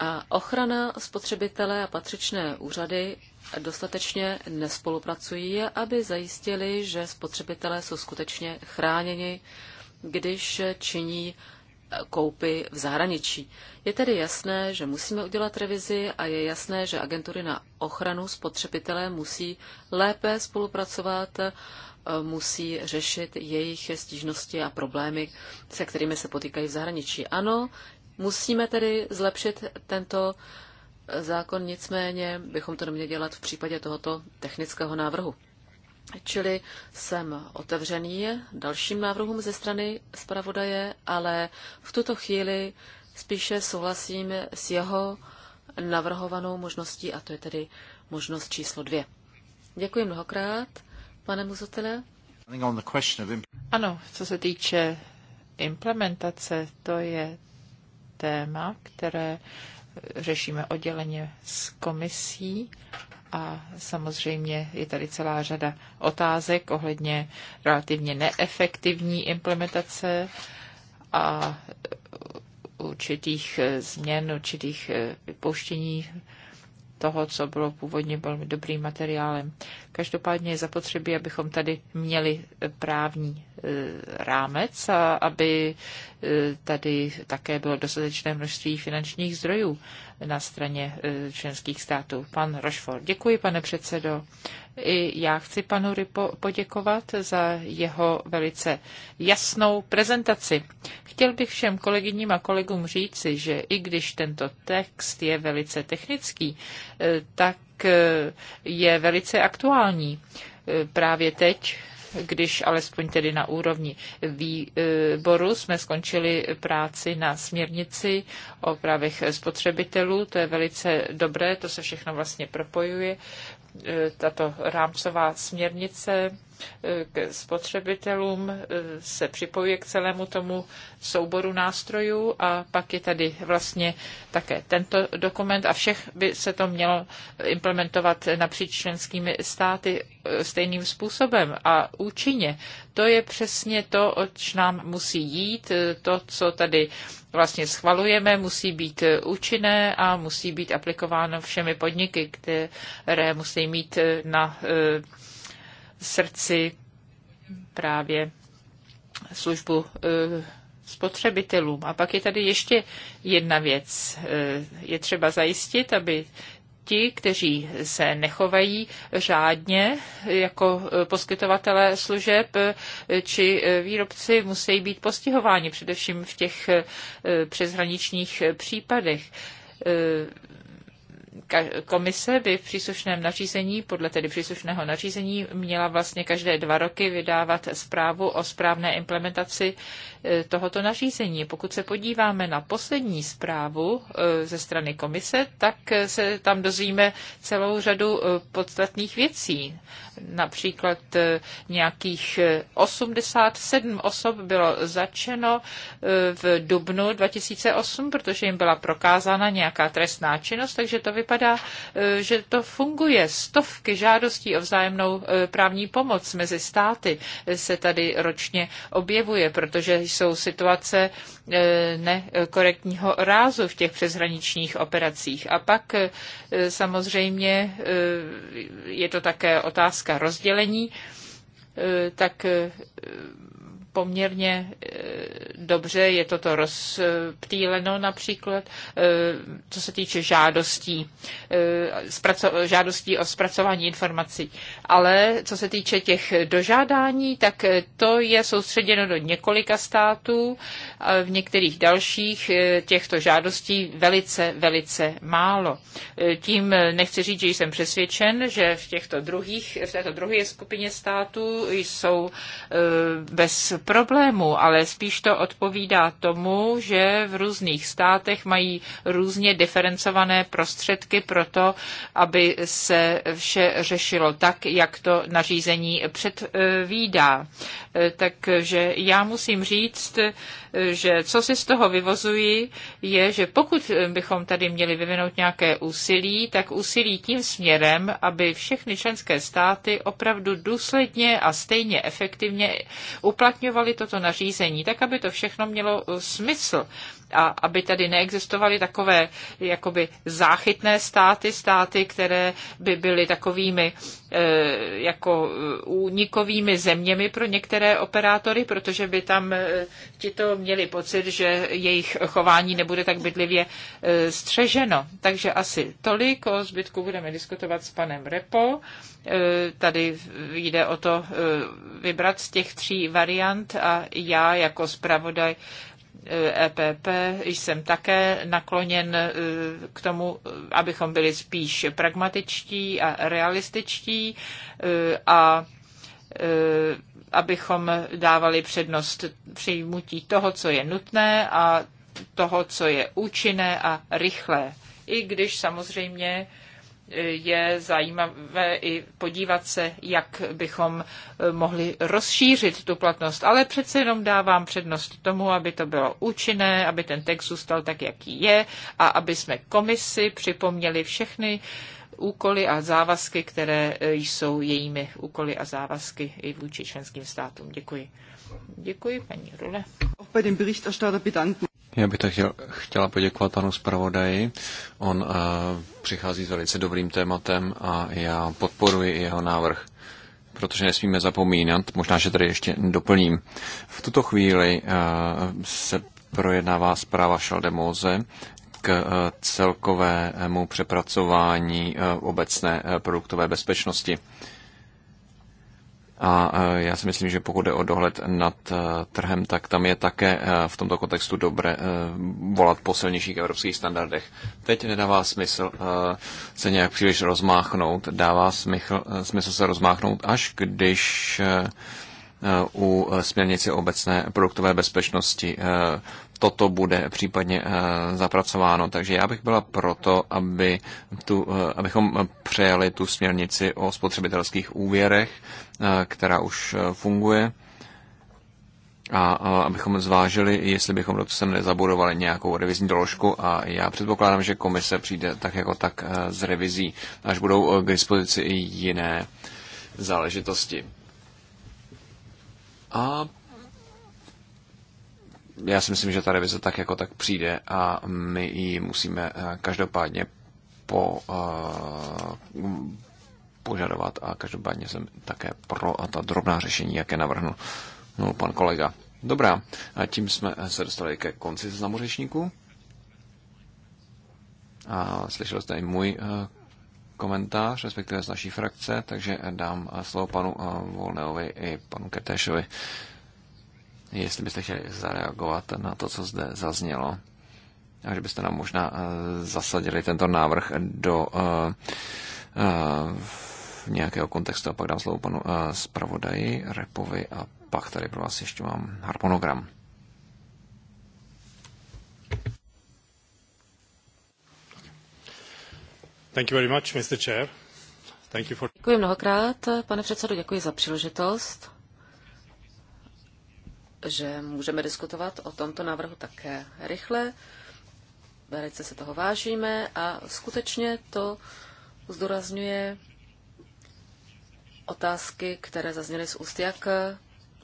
a ochrana spotřebitele a patřičné úřady dostatečně nespolupracují, aby zajistili, že spotřebitelé jsou skutečně chráněni, když činí koupy v zahraničí. Je tedy jasné, že musíme udělat revizi a je jasné, že agentury na ochranu spotřebitele musí lépe spolupracovat, eh, musí řešit jejich stížnosti a problémy, se kterými se potýkají v zahraničí. Ano, musíme tedy zlepšit tento eh, zákon, nicméně bychom to neměli dělat v případě tohoto technického návrhu. Čili jsem otevřený dalším návrhům ze strany zpravodaje, ale v tuto chvíli spíše souhlasím s jeho navrhovanou možností, a to je tedy možnost číslo dvě. Děkuji mnohokrát, pane Muzotele. Ano, co se týče implementace, to je téma, které řešíme odděleně s komisí a samozřejmě je tady celá řada otázek ohledně relativně neefektivní implementace a určitých změn, určitých vypouštění toho, co bylo původně velmi dobrým materiálem. Každopádně je zapotřebí, abychom tady měli eh, právní eh, rámec a aby eh, tady také bylo dostatečné množství finančních zdrojů na straně členských států. Pan Rochefort, děkuji, pane předsedo. I já chci panu Rypo poděkovat za jeho velice jasnou prezentaci. Chtěl bych všem kolegyním a kolegům říci, že i když tento text je velice technický, tak Eh, je velice aktuální eh, právě teď, když alespoň tedy na úrovni výboru jsme skončili práci na směrnici o právech spotřebitelů. To je velice dobré, to se všechno vlastně propojuje. E, tato rámcová směrnice e, k spotřebitelům e, se připojuje k celému tomu souboru nástrojů a pak je tady vlastně také tento dokument a všech by se to mělo implementovat napříč členskými státy stejným způsobem a účinně. To je přesně to, oč nám musí jít, to, co tady vlastně schvalujeme, musí být eh, účinné a musí být aplikováno všemi podniky, které musí mít eh, na eh, srdci právě službu spotřebitelům. A pak je tady ještě jedna věc. Je třeba zajistit, aby ti, kteří se nechovají řádně jako eh, poskytovatelé služeb eh, či eh, výrobci, musí být postihováni, především v těch přeshraničních případech komise by v příslušném nařízení, podle tedy příslušného nařízení, měla vlastně každé dva roky vydávat zprávu o správné implementaci e, tohoto nařízení. Pokud se podíváme na poslední zprávu e, ze strany komise, tak e, se tam dozvíme celou řadu podstatných věcí. Například nějakých 87 osob bylo začeno v dubnu 2008, protože jim byla prokázána nějaká trestná činnost, takže to vypadá vypadá, eh, že to funguje. Stovky žádostí o vzájemnou eh, právní pomoc mezi státy eh, se tady ročně objevuje, protože jsou situace nekorektního rázu v těch přeshraničních operacích. A pak samozřejmě je to také otázka rozdělení tak poměrně e, dobře, je toto rozptýleno například, e, co se týče žádostí, e, žádostí o zpracování informací. Ale co se týče těch dožádání, tak to je soustředěno do několika států, v některých dalších těchto žádostí velice, velice málo. Tím nechci říct, že jsem přesvědčen, že v těchto druhých, v této druhé skupině států jsou bez problému, ale spíš to odpovídá tomu, že v různých státech mají různě diferencované prostředky pro to, aby se vše řešilo tak, jak to nařízení předvídá. E, takže já musím říct, že co si z toho vyvozuji, je, že pokud bychom tady měli vyvinout nějaké úsilí, tak úsilí tím směrem, aby všechny členské státy opravdu důsledně a stejně efektivně uplatňovaly toto nařízení, tak aby to všechno mělo smysl a aby tady neexistovaly takové jakoby záchytné státy, státy, které by byly takovými eh, jako eh, únikovými zeměmi pro některé operátory, protože by tam eh, tito měli pocit, že jejich chování nebude tak bydlivě střeženo. Takže asi tolik, o zbytku budeme diskutovat s panem Repo. Tady jde o to vybrat z těch tří variant a já jako zpravodaj EPP eh, e jsem také nakloněn eh, k tomu, eh, abychom byli spíš pragmatičtí a realističtí a abychom dávali přednost přijmutí toho, co je nutné a toho, co je účinné a rychlé. I když samozřejmě je zajímavé i podívat se, jak bychom eh, mohli rozšířit tu platnost. Ale přece jenom dávám přednost tomu, aby to bylo účinné, aby ten text zůstal tak, jaký je a aby jsme komisi připomněli všechny úkoly a závazky, které eh, jsou jejími úkoly a závazky i vůči členským státům. Děkuji. Děkuji, paní Rule. Já bych tak chtěl, chtěla poděkovat panu zpravodaji. On uh, přichází s velice dobrým tématem a já podporuji jeho návrh, protože nesmíme zapomínat, možná, že tady ještě doplním. V tuto chvíli uh, se projednává zpráva Šaldemóze k uh, celkovému přepracování uh, obecné uh, produktové bezpečnosti. Uh, a e, já si myslím, že pokud jde o dohled nad e, trhem, tak tam je také e, v tomto kontextu dobré volat po silnějších evropských standardech. Teď nedává smysl se nějak příliš rozmáchnout, dává smysl, smysl se rozmáchnout, až když u směrnici obecné produktové bezpečnosti toto bude případně eh, zapracováno. Takže já bych byla proto, aby tu, eh, abychom přejali tu směrnici o spotřebitelských úvěrech, eh, která už funguje a, abychom zvážili, jestli bychom do toho sem nezabudovali nějakou revizní doložku a já předpokládám, že komise přijde tak jako tak z revizí, až budou k dispozici i jiné záležitosti. A já si myslím, že ta revize tak jako tak přijde a my ji musíme eh, každopádně po, uh, požadovat a každopádně jsem také pro a ta drobná řešení, jaké navrhnu no, pan kolega. Dobrá, a tím jsme se dostali ke konci seznamu řečníků. A slyšel jste i můj uh, komentář, respektive z naší frakce, takže dám slovo panu uh, Volneovi i panu Ketešovi. Uh, jestli byste chtěli zareagovat na to, co zde zaznělo a že byste nám možná eh, zasadili tento návrh do uh, uh, nějakého kontextu a pak dám slovo panu uh, zpravodaji Repovi a pak tady pro vás ještě mám harmonogram. Thank you very much, Mr. Chair. Thank you for... Děkuji mnohokrát, pane předsedo, děkuji za příležitost že můžeme diskutovat o tomto návrhu také rychle. Velice se toho vážíme a skutečně to zdůrazňuje otázky, které zazněly z úst jak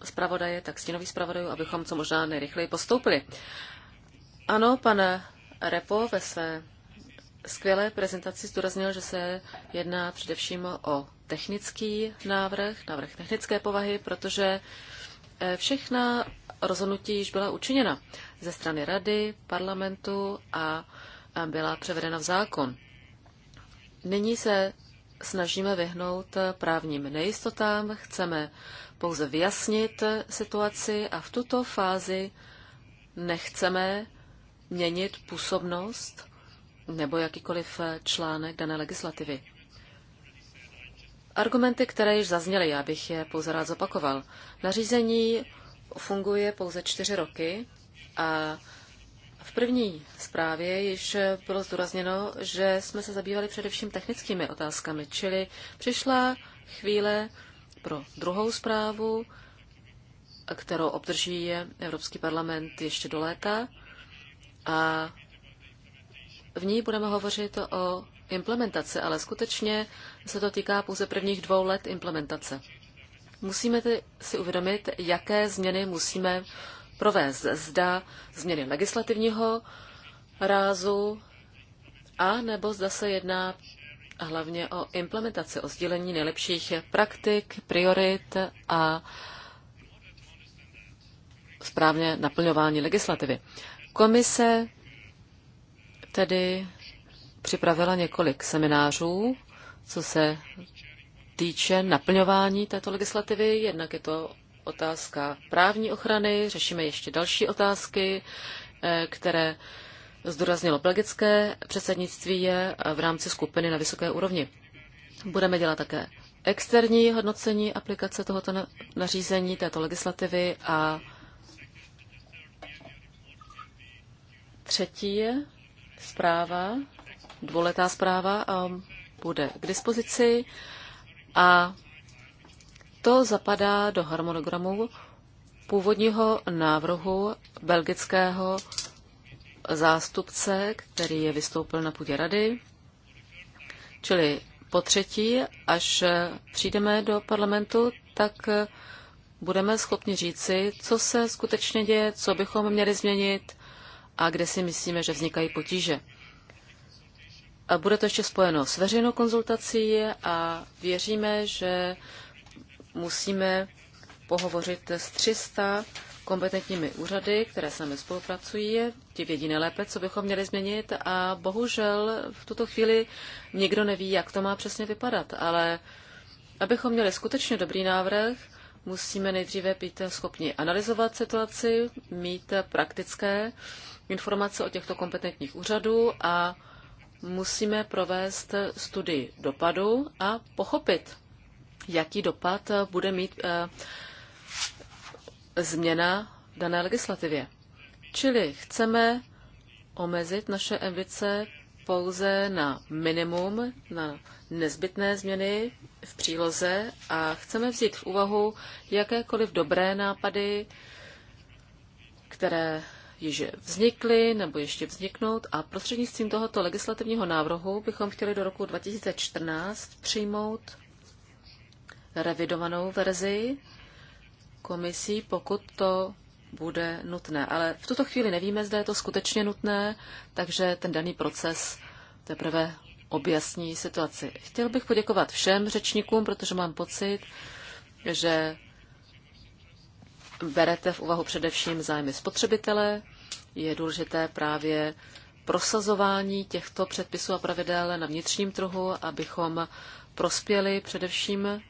zpravodaje, tak stínových zpravodajů, abychom co možná nejrychleji postoupili. Ano, pane Repo ve své skvělé prezentaci zdůraznil, že se jedná především o technický návrh, návrh technické povahy, protože Eh, všechna rozhodnutí již byla učiněna ze strany rady, parlamentu a eh, byla převedena v zákon. Nyní se snažíme vyhnout eh, právním nejistotám, chceme pouze vyjasnit situaci a v tuto fázi nechceme měnit působnost nebo jakýkoliv článek dané legislativy. Argumenty, které již zazněly, já bych je pouze rád zopakoval. Nařízení funguje pouze čtyři roky a v první zprávě již bylo zdůrazněno, že jsme se zabývali především technickými otázkami, čili přišla chvíle pro druhou zprávu, kterou obdrží Evropský parlament ještě do léta a v ní budeme hovořit o implementace, ale skutečně se to týká pouze prvních dvou let implementace. Musíme si uvědomit, jaké změny musíme provést. Zda změny legislativního rázu, a nebo zda se jedná hlavně o implementaci, o sdílení nejlepších praktik, priorit a správně naplňování legislativy. Komise tedy připravila několik seminářů, co se týče naplňování této legislativy. Jednak je to otázka právní ochrany, řešíme ještě další otázky, eh, které zdůraznilo belgické předsednictví je eh, v rámci skupiny na vysoké úrovni. Budeme dělat také externí hodnocení aplikace tohoto nařízení, této legislativy a třetí je zpráva dvouletá zpráva um, bude k dispozici a to zapadá do harmonogramu původního návrhu belgického zástupce, který je vystoupil na půdě rady. Čili po třetí, až přijdeme do parlamentu, tak budeme schopni říci, co se skutečně děje, co bychom měli změnit a kde si myslíme, že vznikají potíže. Bude to ještě spojeno s veřejnou konzultací a věříme, že musíme pohovořit s 300 kompetentními úřady, které s námi spolupracují. Ti vědí nejlépe, co bychom měli změnit a bohužel v tuto chvíli nikdo neví, jak to má přesně vypadat, ale abychom měli skutečně dobrý návrh, musíme nejdříve být schopni analyzovat situaci, mít praktické informace o těchto kompetentních úřadů a musíme provést studii dopadu a pochopit, jaký dopad eh, bude mít eh, změna dané legislativě. Čili chceme omezit naše ambice pouze na minimum, na nezbytné změny v příloze a chceme vzít v úvahu jakékoliv dobré nápady, které již vznikly nebo ještě vzniknout a prostřednictvím tohoto legislativního návrhu bychom chtěli do roku 2014 přijmout revidovanou verzi komisí, pokud to bude nutné. Ale v tuto chvíli nevíme, zda je to skutečně nutné, takže ten daný proces teprve objasní situaci. Chtěl bych poděkovat všem řečníkům, protože mám pocit, že berete v úvahu především zájmy spotřebitele, je důležité právě prosazování těchto předpisů a pravidel na vnitřním trhu, abychom prospěli především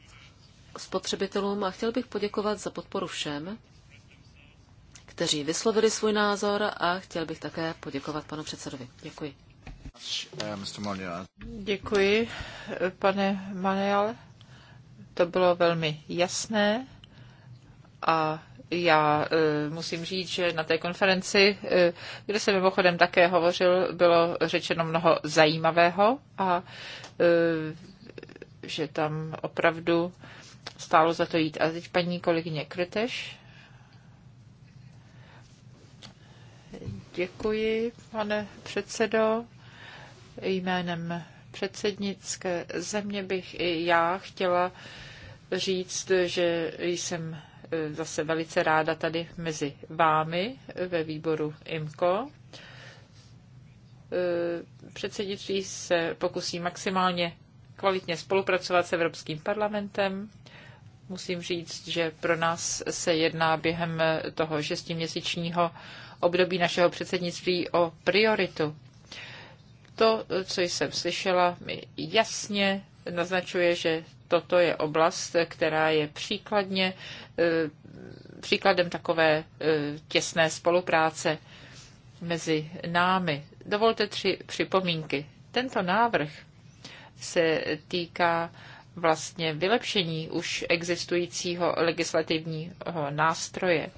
spotřebitelům a chtěl bych poděkovat za podporu všem, kteří vyslovili svůj názor a chtěl bych také poděkovat panu předsedovi. Děkuji. Děkuji, pane Manuel. To bylo velmi jasné a já e, musím říct, že na té konferenci, e, kde se mimochodem také hovořil, bylo řečeno mnoho zajímavého a e, že tam opravdu stálo za to jít. A teď paní kolegyně Kryteš. Děkuji, pane předsedo. Jménem předsednické země bych i já chtěla říct, že jsem Eh, zase velice ráda tady mezi vámi ve výboru IMCO. Eh, předsednictví se pokusí maximálně kvalitně spolupracovat s Evropským parlamentem. Musím říct, že pro nás se jedná během toho šestiměsíčního období našeho předsednictví o prioritu. To, co jsem slyšela, mi jasně naznačuje, že toto je oblast, která je příkladně, eh, příkladem takové eh, těsné spolupráce mezi námi. Dovolte tři připomínky. Tento návrh se týká vlastně vylepšení už existujícího legislativního nástroje.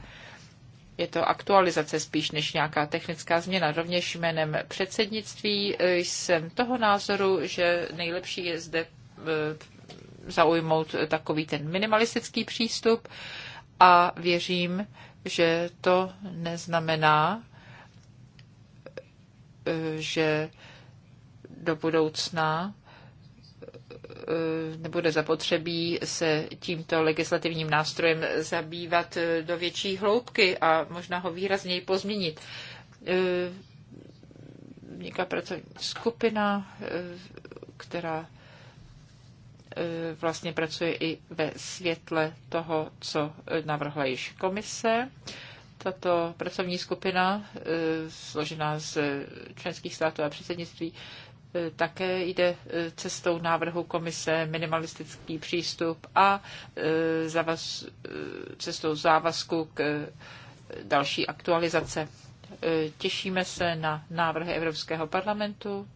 Je to aktualizace spíš než nějaká technická změna. Rovněž jménem předsednictví jsem toho názoru, že nejlepší je zde eh, zaujmout takový ten minimalistický přístup a věřím, že to neznamená, že do budoucna eh, nebude zapotřebí se tímto legislativním nástrojem zabývat eh, do větší hloubky a možná ho výrazněji pozměnit. Vzniká eh, pracovní skupina, která Eh, vlastně pracuje i ve světle toho, co navrhla již komise. Tato pracovní skupina, eh, složená z členských států a předsednictví, eh, také jde cestou návrhu komise minimalistický přístup a zavaz, cestou závazku k další aktualizace. Těšíme se na návrhy Evropského parlamentu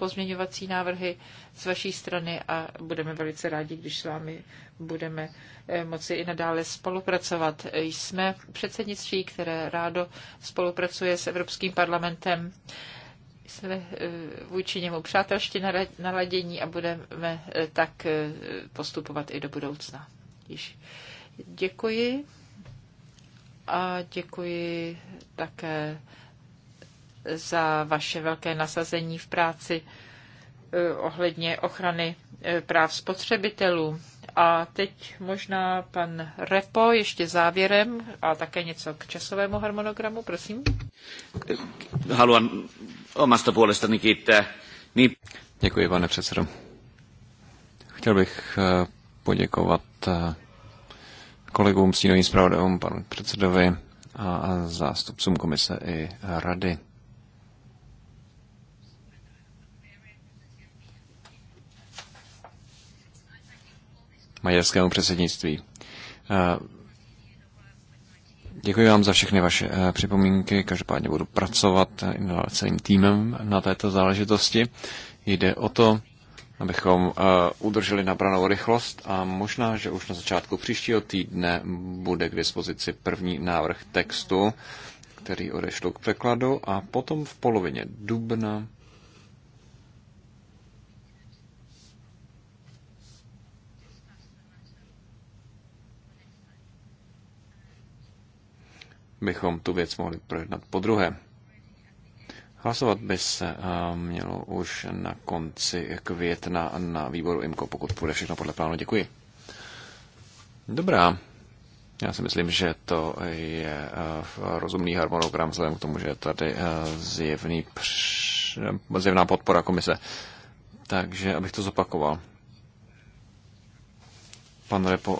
pozměňovací návrhy z vaší strany a budeme velice rádi, když s vámi budeme eh, moci i nadále spolupracovat. Jsme předsednictví, které rádo spolupracuje s Evropským parlamentem jsme eh, vůči němu přátelště naladění a budeme eh, tak postupovat i do budoucna. Již. Děkuji a děkuji také za vaše velké nasazení v práci eh, ohledně ochrany eh, práv spotřebitelů. A teď možná pan Repo ještě závěrem a také něco k časovému harmonogramu, prosím. Haluan omasta puolestani kiittää. Niin... Děkuji, pane předsedo. Chtěl bych eh, poděkovat kolegům, tím zpravodajům, panu předsedovi a zástupcům komise i rady. maďarskému předsednictví. Eh, děkuji vám za všechny vaše eh, připomínky. Každopádně budu pracovat eh, celým týmem na této záležitosti. Jde o to, abychom udrželi nabranou rychlost a možná, že už na začátku příštího týdne bude k dispozici první návrh textu, který odešlo k překladu a potom v polovině dubna bychom tu věc mohli projednat po druhé. Hlasovat by se eh, mělo už na konci května na výboru IMKO, pokud půjde všechno podle plánu. Děkuji. Dobrá. Já si myslím, že to je eh, rozumný harmonogram vzhledem k tomu, že je tady eh, zjevný, zjevná podpora komise. Takže, abych to zopakoval. Pan Repo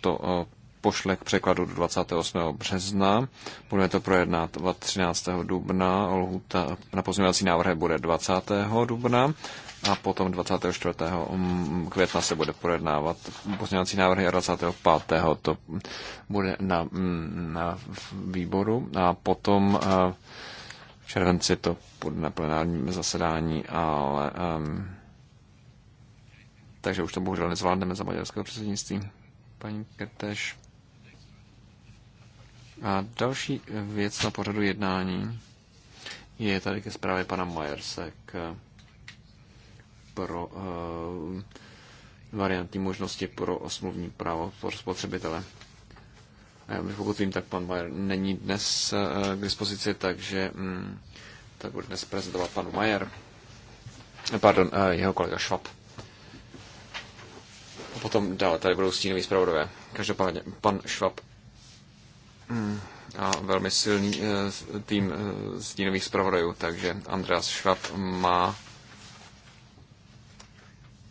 to pošle k překladu do 28. března. Budeme to projednat 13. dubna. Lhuta na pozměňovací návrhy bude 20. dubna a potom 24. května se bude projednávat pozměňovací návrhy a 25. to bude na, na výboru a potom eh, v červenci to bude na plenárním zasedání, ale um, takže už to bohužel nezvládneme za maďarského předsednictví. Paní Kerteš, a další věc na pořadu jednání je tady ke zprávě pana Majerse k pro uh, variantní možnosti pro osmluvní právo pro spotřebitele. A Pokud vím, tak pan Majer není dnes uh, k dispozici, takže um, tak bude dnes prezentovat pan Majer. Pardon, uh, jeho kolega Švab. A potom dále tady budou stínoví zpravodové. Každopádně pan Švab a velmi silný eh, tým eh, stínových zpravodajů, takže Andreas Schwab má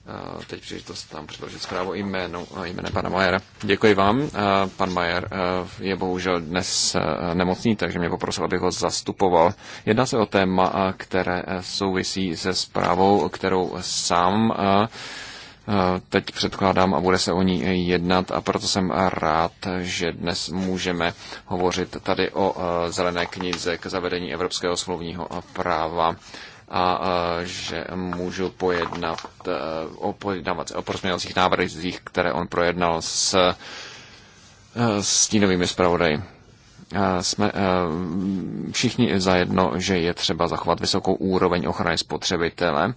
eh, teď příležitost tam předložit zprávu jménu, jméne pana Majera. Děkuji vám. Pan Majer je bohužel dnes nemocný, takže mě poprosil, abych ho zastupoval. Jedná se o téma, které souvisí se zprávou, kterou sám teď předkládám a bude se o ní jednat a proto jsem rád, že dnes můžeme hovořit tady o e, zelené knize k zavedení evropského smluvního práva a e, že můžu pojednat e, o, pojednávat, o pozměňovacích návrzích, které on projednal s stínovými zpravodaji jsme všichni zajedno, že je třeba zachovat vysokou úroveň ochrany spotřebitele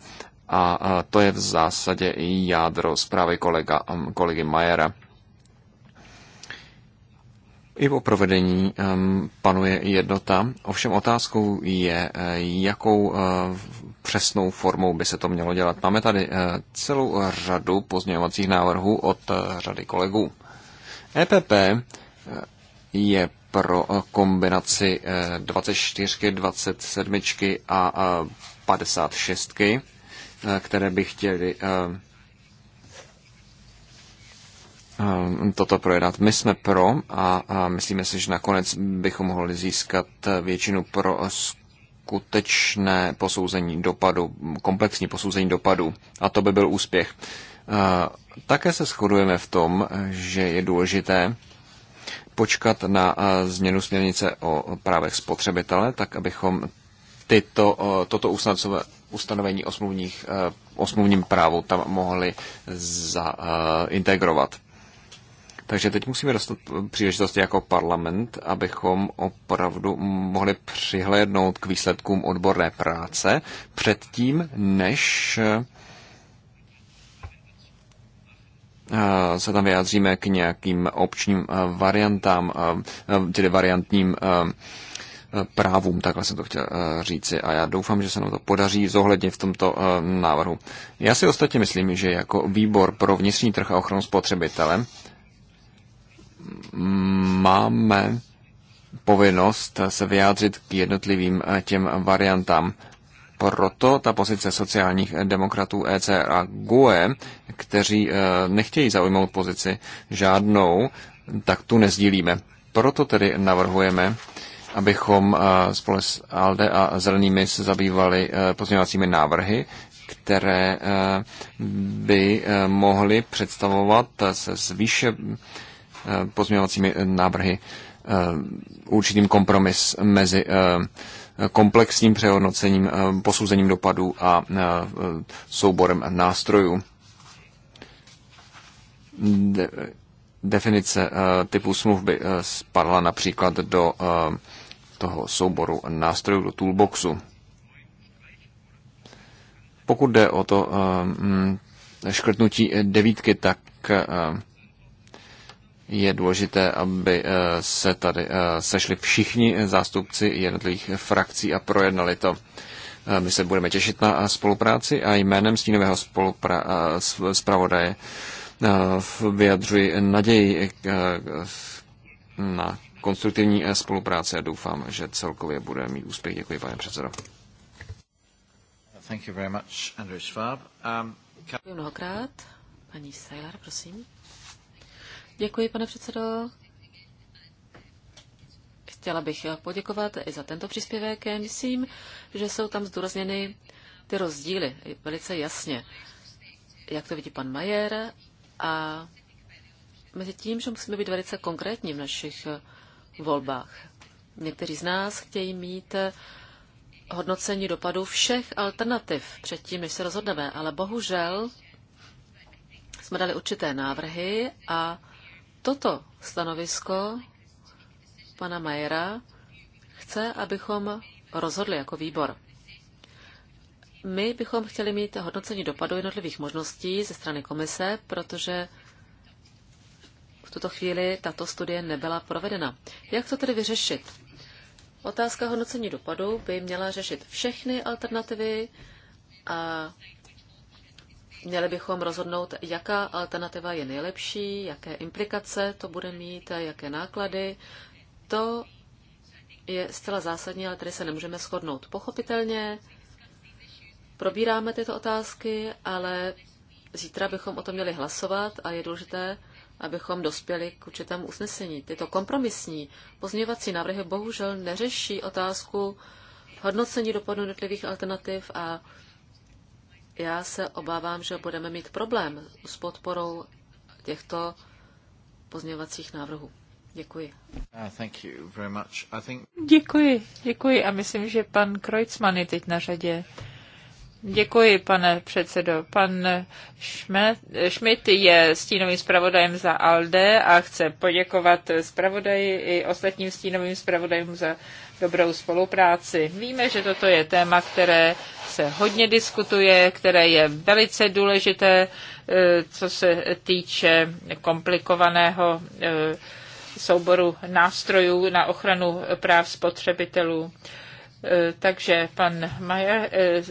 a to je v zásadě i jádro zprávy kolega, um, kolegy Majera. I po provedení um, panuje jednota, ovšem otázkou je, eh, jakou eh, přesnou formou by se to mělo dělat. Máme tady eh, celou řadu pozměňovacích návrhů od řady kolegů. EPP je pro kombinaci 24, 27 a 56 Eh, které by chtěli eh, eh, toto projednat. My jsme pro a, myslíme si, že nakonec bychom mohli získat většinu pro skutečné posouzení dopadu, komplexní posouzení dopadu. A to by byl úspěch. Také se shodujeme v tom, že je důležité počkat na změnu směrnice o právech spotřebitele, tak abychom tyto, toto ustanovení o, smluvních, eh, o smluvním právu tam mohli zaintegrovat. Eh, Takže teď musíme dostat příležitosti jako parlament, abychom opravdu mohli přihlédnout k výsledkům odborné práce předtím, než eh, se tam vyjádříme k nějakým občním variantám, tedy variantním právům, takhle jsem to chtěl eh, říci a já doufám, že se nám to podaří zohlednit v tomto eh, návrhu. Já si ostatně myslím, že jako výbor pro vnitřní trh a ochranu spotřebitele mm, máme povinnost se vyjádřit k jednotlivým eh, těm variantám. Proto ta pozice sociálních demokratů ECR a GUE, kteří nechtějí zaujmout pozici žádnou, tak tu nezdílíme. Proto tedy navrhujeme, abychom eh, spolu s ALDE a Zelenými se zabývali eh, pozměňovacími návrhy, které eh, by mohly představovat se zvýše pozměňovacími návrhy určitým kompromis mezi komplexním přehodnocením, posouzením dopadů a souborem nástrojů. De, definice typu smluv by spadla například do toho souboru nástrojů do toolboxu. Pokud jde o to eh, mm, škrtnutí devítky, tak eh, je důležité, aby eh, se tady sešli všichni zástupci jednotlivých frakcí a projednali to. My se budeme těšit na spolupráci a jménem stínového zpravodaje vyjadřuji naději na konstruktivní eh, spolupráce. a doufám, že celkově bude mít úspěch. Děkuji, pane předsedo. Thank you very much, Andrew Schwab. Um, can... Mnohokrát. Paní Seilar, prosím. Děkuji, pane předsedo. Chtěla bych poděkovat i za tento příspěvek. Myslím, že jsou tam zdůrazněny ty rozdíly velice jasně. Jak to vidí pan Majer a mezi tím, že musíme být velice konkrétní v našich volbách. Někteří z nás chtějí mít hodnocení dopadu všech alternativ předtím, než se rozhodneme, ale bohužel jsme dali určité návrhy a toto stanovisko pana Majera chce, abychom rozhodli jako výbor. My bychom chtěli mít hodnocení dopadu jednotlivých možností ze strany komise, protože tuto chvíli tato studie nebyla provedena. Jak to tedy vyřešit? Otázka hodnocení dopadu by měla řešit všechny alternativy a měli bychom rozhodnout, jaká alternativa je nejlepší, jaké implikace to bude mít, jaké náklady. To je zcela zásadní, ale tady se nemůžeme shodnout. Pochopitelně probíráme tyto otázky, ale zítra bychom o tom měli hlasovat a je důležité, abychom dospěli k určitému usnesení. Tyto kompromisní pozměňovací návrhy bohužel neřeší otázku hodnocení dopadu jednotlivých alternativ a já se obávám, že budeme mít problém s podporou těchto pozměňovacích návrhů. Děkuji. Uh, think... Děkuji, děkuji a myslím, že pan Kreutzmann je teď na řadě. Děkuji, pane předsedo. Pan Schmidt je stínovým zpravodajem za ALDE a chce poděkovat zpravodaji i ostatním stínovým zpravodajům za dobrou spolupráci. Víme, že toto je téma, které se hodně diskutuje, které je velice důležité, eh, co se týče komplikovaného eh, souboru nástrojů na ochranu práv spotřebitelů. Eh, takže pan Majer eh,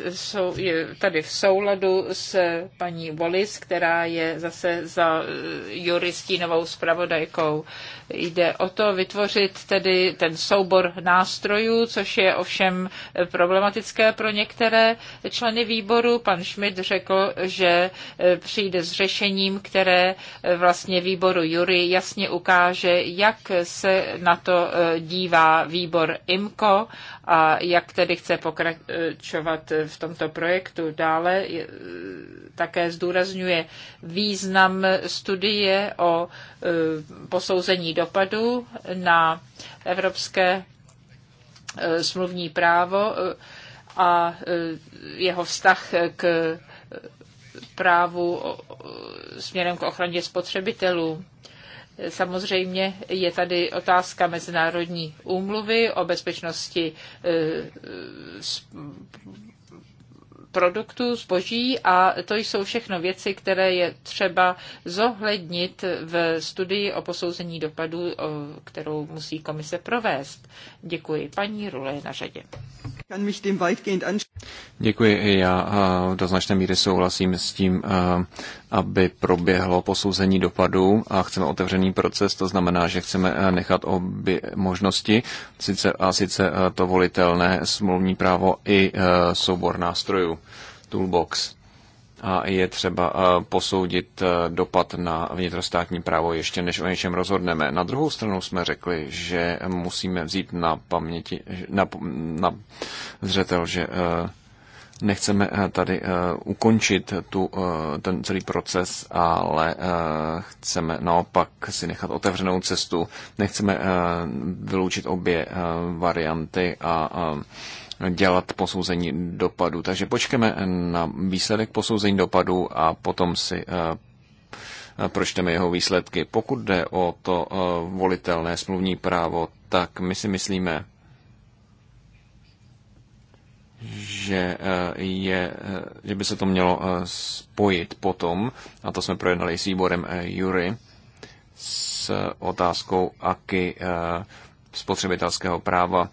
je tady v souladu s paní Wallis, která je zase za eh, juristínovou zpravodajkou. Jde o to vytvořit tedy ten soubor nástrojů, což je ovšem problematické pro některé členy výboru. Pan Schmidt řekl, že e, přijde s řešením, které e, vlastně výboru Jury jasně ukáže, jak se na to e, dívá výbor IMCO a jak tedy chce pokračovat v tomto projektu. Dále také zdůrazňuje význam studie o posouzení do dopadu na evropské eh, smluvní právo eh, a eh, jeho vztah k právu směrem k ochraně spotřebitelů. Samozřejmě je tady otázka Mezinárodní úmluvy o bezpečnosti produktů, zboží a to jsou všechno věci, které je třeba zohlednit v studii o posouzení dopadů, kterou musí komise provést. Děkuji. Paní Rule je na řadě. Děkuji. Já eh, do značné míry souhlasím s tím, eh, aby proběhlo posouzení dopadů a chceme otevřený proces, to znamená, že chceme eh, nechat obě možnosti, sice a sice to volitelné smluvní právo i soubor nástrojů, toolbox a je třeba eh, posoudit eh, dopad na vnitrostátní právo ještě než o něčem rozhodneme. Na druhou stranu jsme řekli, že musíme vzít na paměti, na, na zřetel, že eh, nechceme tady ukončit tu, ten celý proces, ale chceme naopak si nechat otevřenou cestu. Nechceme vyloučit obě varianty a dělat posouzení dopadu. Takže počkeme na výsledek posouzení dopadu a potom si eh, eh, pročteme jeho výsledky. Pokud jde o to eh, volitelné smluvní právo, tak my si myslíme, že, je, že by se to mělo spojit potom, a to jsme projednali s výborem Jury, s otázkou AKY spotřebitelského práva.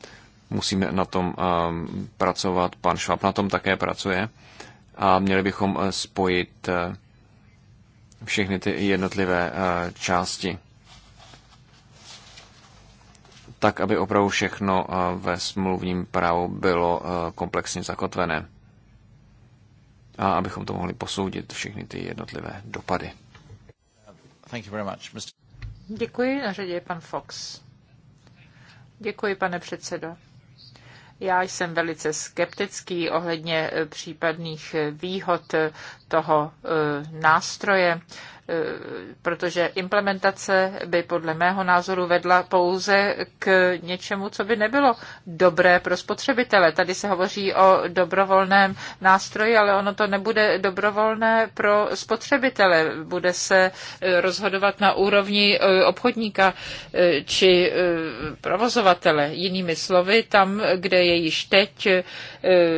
Musíme na tom eh, pracovat. Pan Švab na tom také pracuje. A měli bychom eh, spojit eh, všechny ty jednotlivé části. Tak, aby opravdu všechno ve smluvním právu bylo komplexně zakotvené. A abychom to mohli posoudit, všechny ty jednotlivé dopady. Thank you very much. Mr. Děkuji, na řadě je pan Fox. Děkuji, pane předsedo. Já jsem velice skeptický ohledně eh, případných eh, výhod eh, toho nástroje Eh, protože implementace by podle mého názoru vedla pouze k něčemu, co by nebylo dobré pro spotřebitele. Tady se hovoří o dobrovolném nástroji, ale ono to nebude dobrovolné pro spotřebitele. Bude se eh, rozhodovat na úrovni eh, obchodníka či provozovatele. Jinými slovy, tam, kde je již teď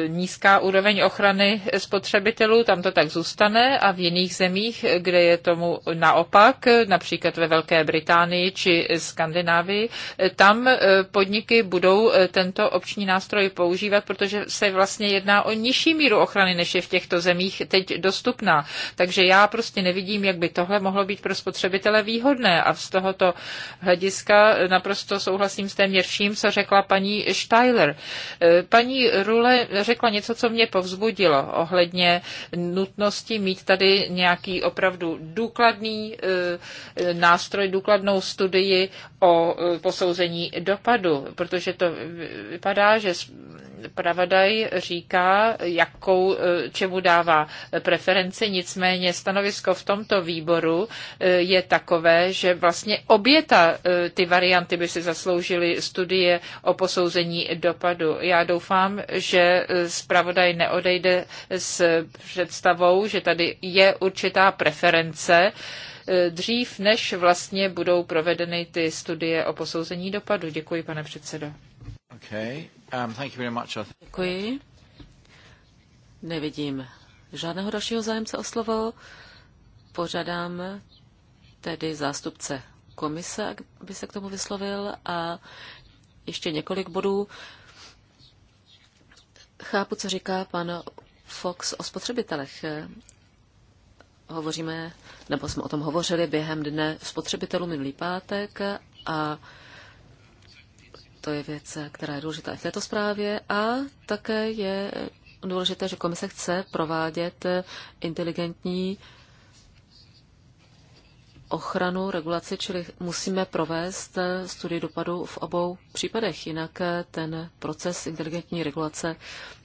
nízká úroveň ochrany spotřebitelů, tam to tak zůstane a v jiných zemích, kde je tomu tomu naopak, například ve Velké Británii či Skandinávii, tam eh, podniky budou eh, tento opční nástroj používat, protože se vlastně jedná o nižší míru ochrany, než je v těchto zemích teď dostupná. Takže já prostě nevidím, jak by tohle mohlo být pro spotřebitele výhodné a z tohoto hlediska naprosto souhlasím s téměř vším, co řekla paní Steiler. Eh, paní Rule řekla něco, co mě povzbudilo ohledně nutnosti mít tady nějaký opravdu důkaz důkladný eh, nástroj, důkladnou studii o eh, posouzení dopadu, protože to vypadá, že pravodaj říká, jakou, e, čemu dává preference, nicméně stanovisko v tomto výboru e, je takové, že vlastně obě ta, e, ty varianty by si zasloužily studie o posouzení dopadu. Já doufám, že zpravodaj neodejde s představou, že tady je určitá preference, dřív, než vlastně budou provedeny ty studie o posouzení dopadu. Děkuji, pane předsedo. Okay. Um, Děkuji. Nevidím žádného dalšího zájemce o slovo. Pořadám tedy zástupce komise, aby se k tomu vyslovil, a ještě několik bodů. Chápu, co říká pan Fox o spotřebitelech. Hovoříme, nebo jsme o tom hovořili během dne spotřebitelů minulý pátek a to je věc, která je důležitá v této zprávě a také je důležité, že komise chce provádět inteligentní ochranu, regulaci, čili musíme provést studii dopadu v obou případech, jinak ten proces inteligentní regulace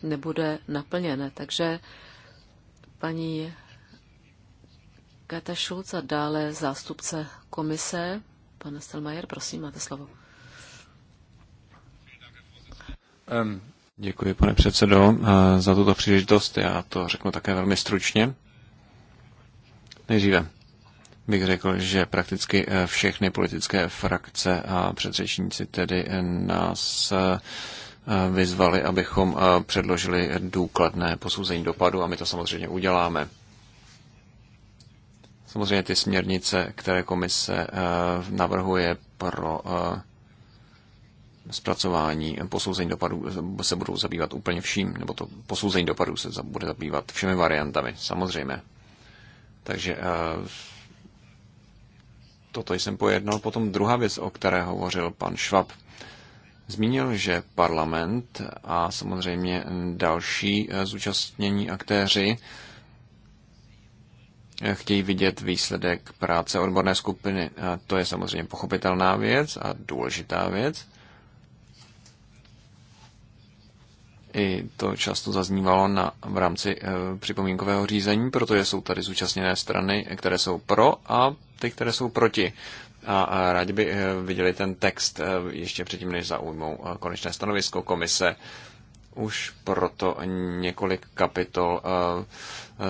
nebude naplněn. Takže paní Kata Šulc a dále zástupce komise, pan Stelmajer, prosím, máte slovo. Um. Děkuji, pane předsedo, eh, za tuto příležitost. Já to řeknu také velmi stručně. Nejdříve bych řekl, že prakticky eh, všechny politické frakce a předřečníci tedy eh, nás vyzvali, abychom předložili důkladné posouzení dopadu a my to samozřejmě uděláme. Samozřejmě ty směrnice, které komise navrhuje pro zpracování posouzení dopadů se budou zabývat úplně vším, nebo to posouzení dopadů se bude zabývat všemi variantami, samozřejmě. Takže eh, toto jsem pojednal. Potom druhá věc, o které hovořil pan Švab, zmínil, že parlament a samozřejmě další eh, zúčastnění aktéři eh, chtějí vidět výsledek práce odborné skupiny. A to je samozřejmě pochopitelná věc a důležitá věc. I to často zaznívalo na, v rámci e, připomínkového řízení, protože jsou tady zúčastněné strany, které jsou pro a ty, které jsou proti. A, a rádi by e, viděli ten text e, ještě předtím, než zaujmou konečné stanovisko komise. Už proto několik kapitol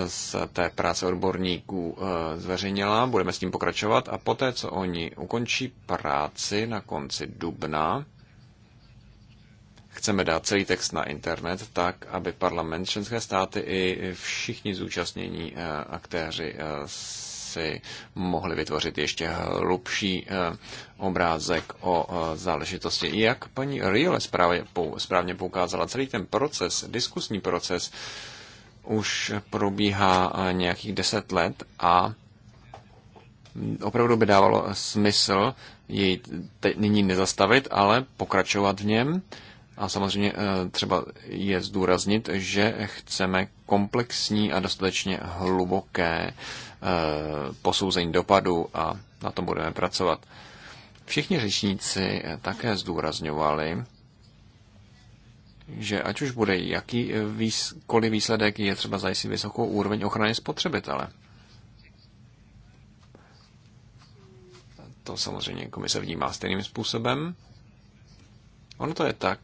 z té práce odborníků zveřejnila. Budeme s tím pokračovat a poté, co oni ukončí práci na konci dubna, chceme dát celý text na internet, tak aby parlament, členské státy i všichni zúčastnění eh, aktéři eh, si mohli vytvořit ještě hlubší eh, obrázek o záležitosti. Jak paní Riole správně poukázala, celý ten proces, diskusní proces, už probíhá nějakých deset let a opravdu by dávalo smysl jej teď nyní nezastavit, ale pokračovat v něm a samozřejmě eh, třeba je zdůraznit, že chceme komplexní a dostatečně hluboké eh, posouzení dopadu a na tom budeme pracovat. Všichni řečníci eh, také zdůrazňovali, že ať už bude jaký výs, výsledek, je třeba zajistit vysokou úroveň ochrany spotřebitele. To samozřejmě komise vnímá stejným způsobem. Ono to je tak,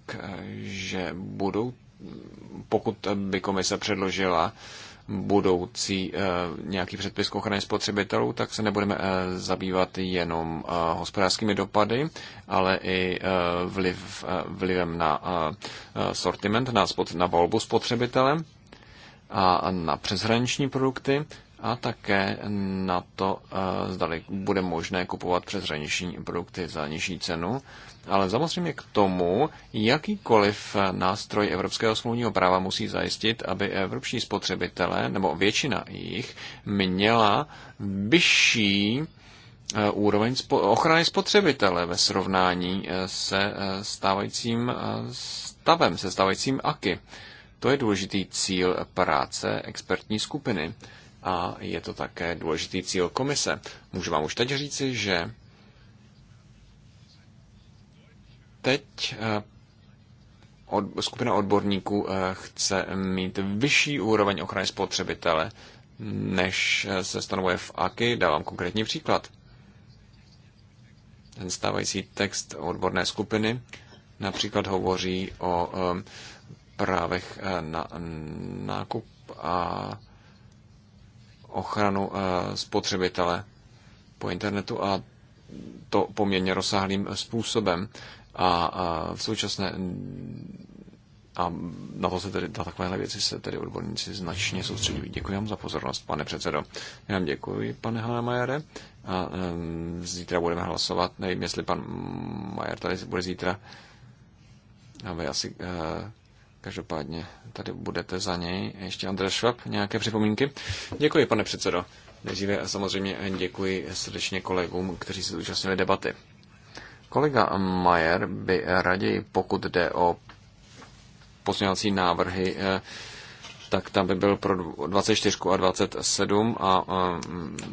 že budou, pokud by komise předložila budoucí eh, nějaký předpis k ochraně spotřebitelů, tak se nebudeme eh, zabývat jenom eh, hospodářskými dopady, ale i vliv, vlivem na sortiment, na, spot, na volbu spotřebitelem a na přeshraniční produkty a také na to, zdali bude možné kupovat přeshraniční produkty za nižší cenu ale samozřejmě k tomu jakýkoliv nástroj evropského smluvního práva musí zajistit, aby evropští spotřebitelé, nebo většina jich, měla vyšší eh, úroveň ochrany spotřebitele ve srovnání eh, se eh, stávajícím stavem, se stávajícím AKY. To je důležitý cíl práce expertní skupiny a je to také důležitý cíl komise. Můžu vám už teď říci, že teď eh, od, skupina odborníků eh, chce mít vyšší úroveň ochrany spotřebitele, než eh, se stanovuje v AKI. Dávám konkrétní příklad. Ten stávající text odborné skupiny například hovoří o právech na nákup a ochranu spotřebitele po internetu a to poměrně rozsáhlým způsobem. A, a v současné a na, to se tedy, na takovéhle věci se tedy odborníci značně soustředují. Děkuji vám za pozornost, pane předsedo. Já vám děkuji, pane Majere. A um, zítra budeme hlasovat. Nevím, jestli pan Majer tady bude zítra. A vy asi uh, každopádně tady budete za něj. Ještě Andrej Švab, nějaké připomínky? Děkuji, pane předsedo. Nejdříve samozřejmě děkuji srdečně kolegům, kteří se zúčastnili debaty. Kolega Majer by raději, pokud jde o pozměňovací návrhy, eh, tak tam by byl pro 24 a 27, a, a, eh,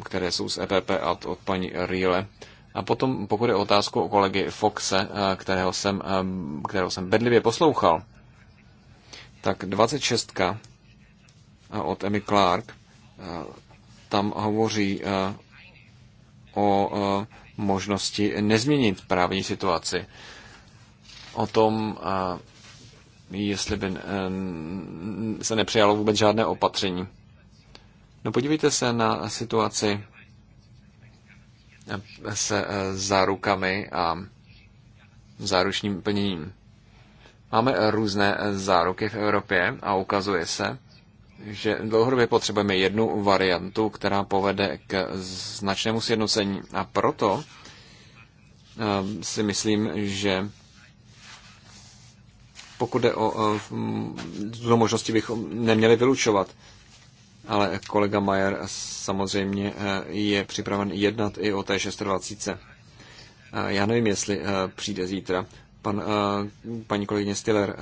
které jsou z EPP a od paní Riele. A potom, pokud je otázku o kolegy Foxe, eh, kterého jsem, kterého jsem bedlivě poslouchal, tak 26 od Emmy Clark tam hovoří o možnosti nezměnit právní situaci. O tom, jestli by e, se nepřijalo vůbec žádné opatření. No podívejte se na situaci e, se e, zárukami a záručním plněním. Máme různé záruky v Evropě a ukazuje se, že dlouhodobě potřebujeme jednu variantu, která povede k značnému sjednocení. A proto um, si myslím, že pokud jde o uh, tuto možnosti, bychom neměli vylučovat. Ale kolega Majer samozřejmě uh, je připraven jednat i o té 26. Uh, já nevím, jestli přijde zítra. Pan, paní kolegyně Stiller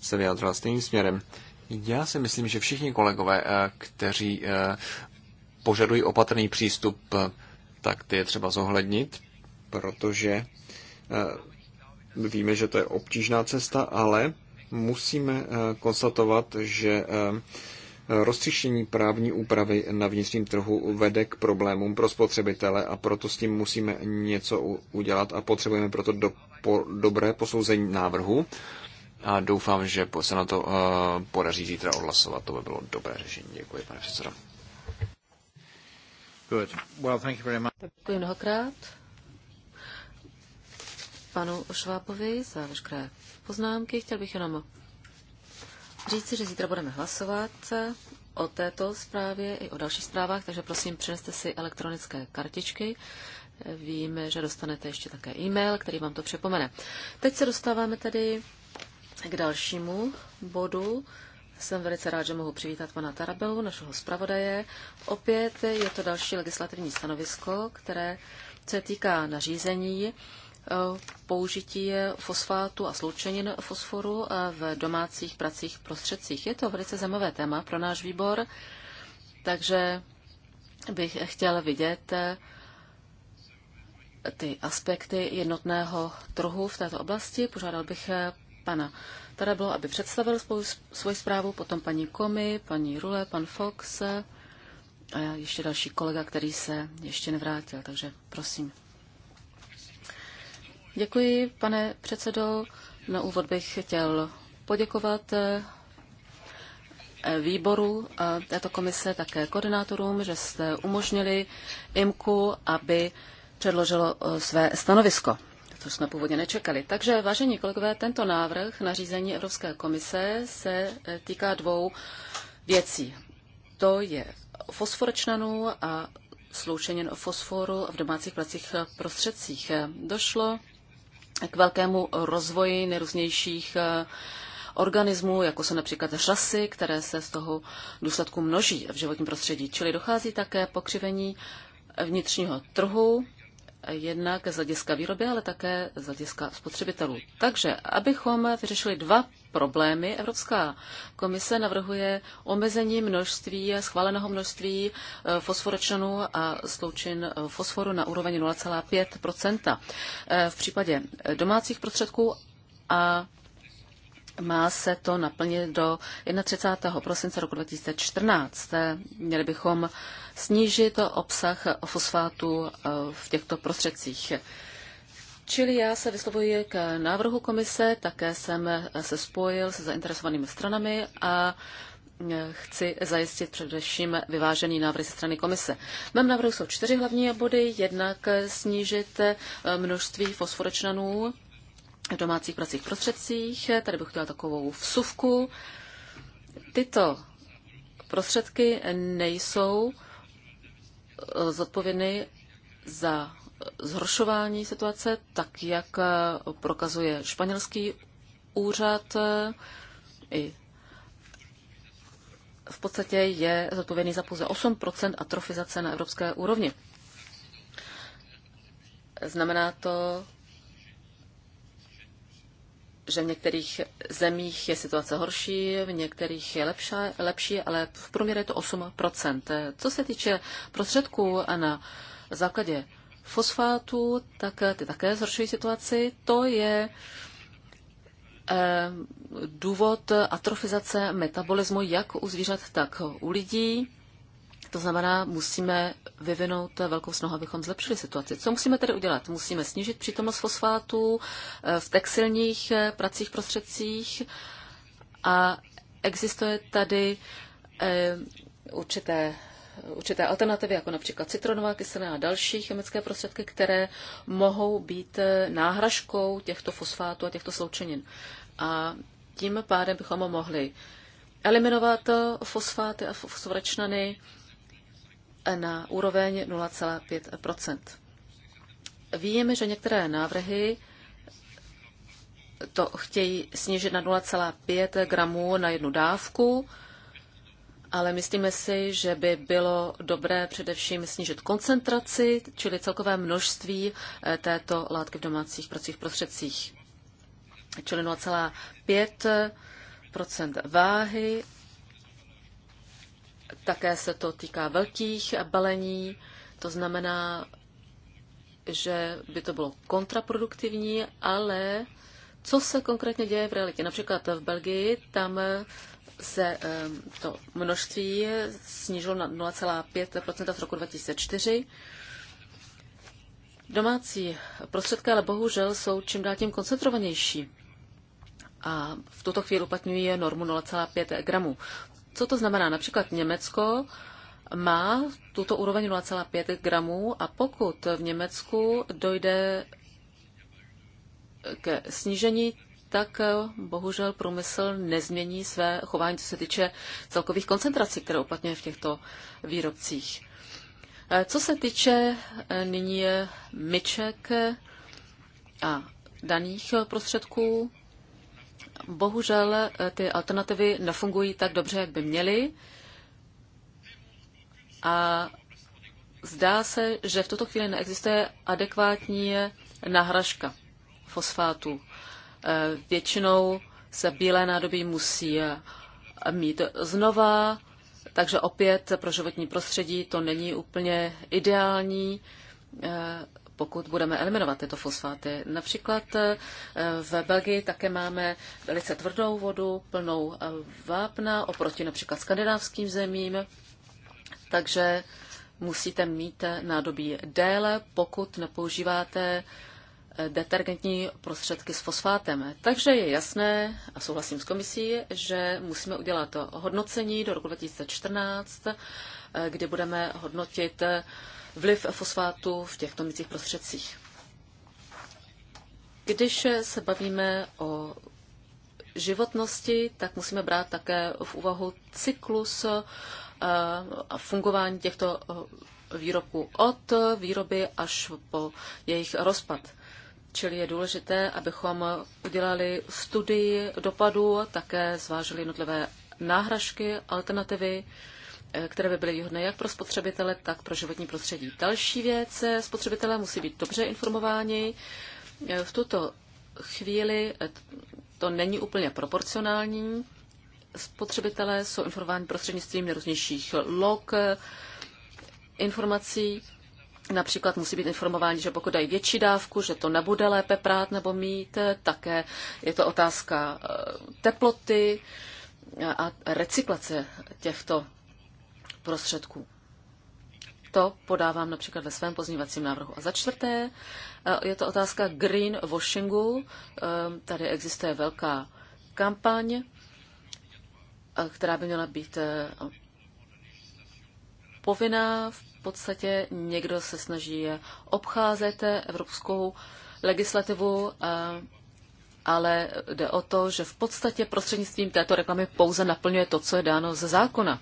se vyjádřila stejným směrem. Já si myslím, že všichni kolegové, eh, kteří eh, požadují opatrný přístup, eh, tak ty je třeba zohlednit, protože víme, že to je obtížná cesta, ale musíme konstatovat, že rozstřištění právní úpravy na vnitřním trhu vede k problémům pro spotřebitele a proto s tím musíme něco udělat a potřebujeme proto do, po, dobré posouzení návrhu a doufám, že se na to eh, podaří zítra odhlasovat. To by bylo dobré řešení. Děkuji, pane předsedo. Good. Well, thank you very much. Děkuji mnohokrát panu Švábovi za veškeré poznámky. Chtěl bych jenom říci, že zítra budeme hlasovat o této zprávě i o dalších zprávách, takže prosím, přineste si elektronické kartičky. Víme, že dostanete ještě také e-mail, který vám to připomene. Teď se dostáváme tedy k dalšímu bodu. Jsem velice rád, že mohu přivítat pana Tarabelu, našeho zpravodaje. Opět je to další legislativní stanovisko, které se týká nařízení eh, použití fosfátu a sloučenin fosforu eh, v domácích pracích prostředcích. Je to velice zajímavé téma pro náš výbor, takže bych chtěl vidět eh, ty aspekty jednotného trhu v této oblasti. Požádal bych pana Tady bylo, aby představil svou, svoji zprávu, potom paní Komi, paní Rule, pan Fox a ještě další kolega, který se ještě nevrátil, takže prosím. Děkuji, pane předsedo. Na úvod bych chtěl poděkovat eh, výboru této komise, také koordinátorům, že jste umožnili IMKU, aby předložilo eh, své stanovisko. To jsme původně nečekali. Takže, vážení kolegové, tento návrh na řízení Evropské komise se e, týká dvou věcí. To je fosforečnanů a sloučenin fosforu v domácích pracích e, prostředcích. E, došlo k velkému rozvoji nejrůznějších organismů, jako jsou například řasy, které se z toho důsledku množí v životním prostředí. Čili dochází také pokřivení vnitřního trhu jednak z hlediska výroby, ale také z hlediska spotřebitelů. Takže, abychom vyřešili dva problémy, Evropská komise navrhuje omezení množství, schváleného množství eh, fosforečanů a sloučin eh, fosforu na úroveň 0,5 eh, v případě domácích prostředků a má se to naplnit do 31. prosince roku 2014. Měli bychom snížit obsah fosfátu eh, v těchto prostředcích. Čili já se vyslovuji k návrhu komise, také jsem se spojil se zainteresovanými stranami a eh, chci zajistit především vyvážený návrh ze strany komise. V mém návrhu jsou čtyři hlavní body. Jednak snížit eh, množství fosforečnanů v domácích pracích prostředcích. Tady bych chtěla takovou vsuvku. Tyto prostředky nejsou zodpovědný za zhoršování situace, tak jak prokazuje španělský úřad i v podstatě je zodpovědný za pouze 8 atrofizace na evropské úrovni. Znamená to, že v některých zemích je situace horší, v některých je lepší, lepší ale v průměru je to 8 Co se týče prostředků na základě fosfátu, tak ty také zhoršují situaci. To je eh, důvod atrofizace metabolismu jak u zvířat, tak u lidí. To znamená, musíme vyvinout velkou snahu, abychom zlepšili situaci. Co musíme tedy udělat? Musíme snížit přítomnost fosfátů eh, v textilních eh, pracích prostředcích a existuje tady eh, určité určité alternativy, jako například citronová kyselina a další chemické prostředky, které mohou být náhražkou těchto fosfátů a těchto sloučenin. A tím pádem bychom mohli eliminovat fosfáty a fosforečnany, na úroveň 0,5 Víme, že některé návrhy to chtějí snížit na 0,5 gramů na jednu dávku, ale myslíme si, že by bylo dobré především snížit koncentraci, čili celkové množství eh, této látky v domácích pracích prostředcích. Čili 0,5 váhy také se to týká velkých balení, to znamená, že by to bylo kontraproduktivní, ale co se konkrétně děje v realitě? Například v Belgii, tam se to množství snížilo na 0,5 z roku 2004. Domácí prostředky ale bohužel jsou čím dál tím koncentrovanější a v tuto chvíli uplatňují normu 0,5 gramů. Co to znamená? Například Německo má tuto úroveň 0,5 gramů a pokud v Německu dojde ke snížení, tak eh, bohužel průmysl nezmění své chování, co se týče celkových koncentrací, které uplatňuje v těchto výrobcích. Eh, co se týče eh, nyní myček a daných prostředků, bohužel eh, ty alternativy nefungují tak dobře, jak by měly. A zdá se, že v tuto chvíli neexistuje adekvátní nahražka fosfátu. Eh, většinou se bílé nádobí musí eh, mít znova, takže opět pro životní prostředí to není úplně ideální pokud budeme eliminovat tyto fosfáty. Například eh, v Belgii také máme velice tvrdou vodu, plnou eh, vápna, oproti například skandinávským zemím, takže musíte mít nádobí déle, pokud nepoužíváte eh, detergentní prostředky s fosfátem. Takže je jasné, a souhlasím s komisí, že musíme udělat hodnocení do roku 2014, kdy budeme hodnotit vliv fosfátu v těchto mycích prostředcích. Když se bavíme o životnosti, tak musíme brát také v úvahu cyklus eh, a fungování těchto eh, výrobků od výroby až po jejich rozpad. Čili je důležité, abychom udělali studii dopadů, také zvážili jednotlivé náhražky, alternativy, Eh, které by byly výhodné jak pro spotřebitele, tak pro životní prostředí. Další věc, eh, spotřebitelé musí být dobře informováni. Eh, v tuto chvíli to není úplně proporcionální. Spotřebitelé jsou informováni prostřednictvím nejrůznějších log, informací. Například musí být informováni, že pokud dají větší dávku, že to nebude lépe prát nebo mít. Také je to otázka teploty a recyklace těchto prostředků. To podávám například ve svém pozměňovacím návrhu. A za čtvrté eh, je to otázka greenwashingu. Eh, tady existuje velká kampaň, eh, která by měla být povinná. V podstatě někdo se snaží obcházet evropskou legislativu, ale jde o to, že v podstatě prostřednictvím této reklamy pouze naplňuje to, co je dáno ze zákona.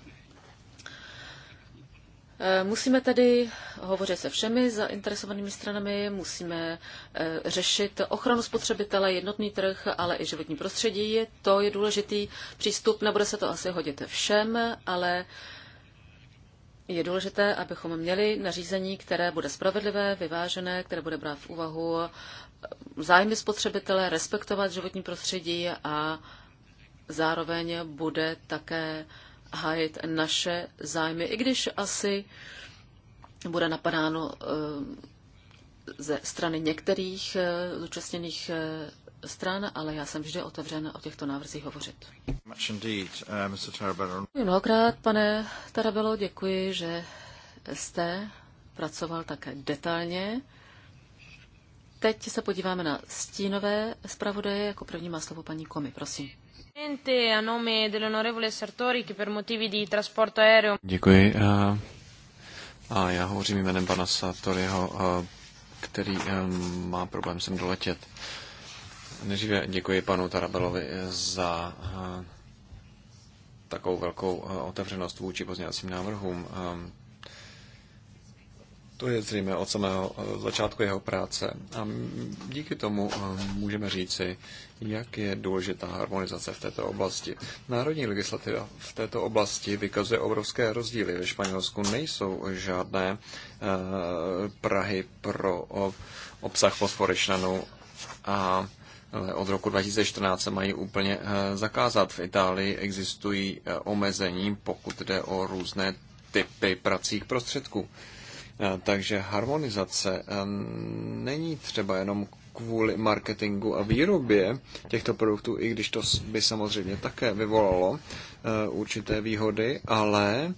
Eh, musíme tedy hovořit se všemi zainteresovanými stranami, musíme eh, řešit ochranu spotřebitele, jednotný trh, ale i životní prostředí. To je důležitý přístup, nebude se to asi hodit všem, ale je důležité, abychom měli nařízení, které bude spravedlivé, vyvážené, které bude brát v úvahu eh, zájmy spotřebitele, respektovat životní prostředí a zároveň bude také hájit naše zájmy, i když asi bude napadáno eh, ze strany některých eh, zúčastněných eh, stran, ale já jsem vždy otevřen o těchto návrzích hovořit. Uh, mnohokrát, pane Tarabelo, děkuji, že jste pracoval také detailně. Teď se podíváme na stínové zpravodaje. Jako první má slovo paní Komi, prosím. Děkuji. Eh, a já hovořím jménem pana Sartoriho, eh, který eh, má problém sem doletět. Nejdříve děkuji panu Tarabelovi za takovou velkou otevřenost vůči pozměňovacím návrhům. To je zřejmé od samého eh, začátku jeho práce. A díky tomu eh, můžeme říci, jak je důležitá harmonizace v této oblasti. Národní legislativa v této oblasti vykazuje obrovské rozdíly. Ve Španělsku nejsou žádné eh, Prahy pro obsah fosforečnanů a od roku 2014 se mají úplně zakázat. V Itálii existují omezení, pokud jde o různé typy pracích prostředků. Eh, takže harmonizace eh, není třeba jenom kvůli marketingu a výrobě těchto produktů, i když to by samozřejmě také vyvolalo eh, určité výhody, ale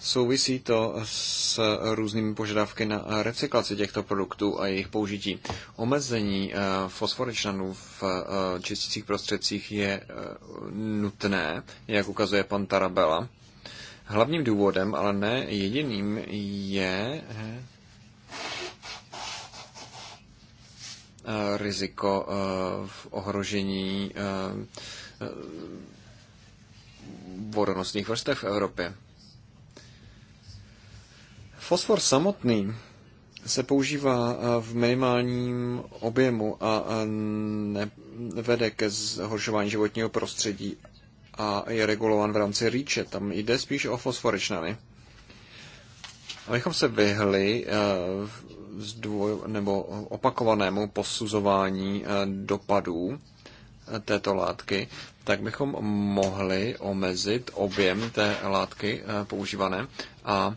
souvisí to s různými požadavky na recyklaci těchto produktů a jejich použití. Omezení fosforečnanů v čistících prostředcích je nutné, jak ukazuje pan Tarabela, Hlavním důvodem, ale ne jediným, je eh, riziko eh, v ohrožení eh, vodonosných vrstev v Evropě. Fosfor samotný se používá v minimálním objemu a nevede ke zhoršování životního prostředí a je regulovan v rámci rýče. Tam jde spíš o fosforečnany. Abychom se vyhli eh, zdvoj, nebo opakovanému posuzování eh, dopadů eh, této látky, tak bychom mohli omezit objem té látky používané a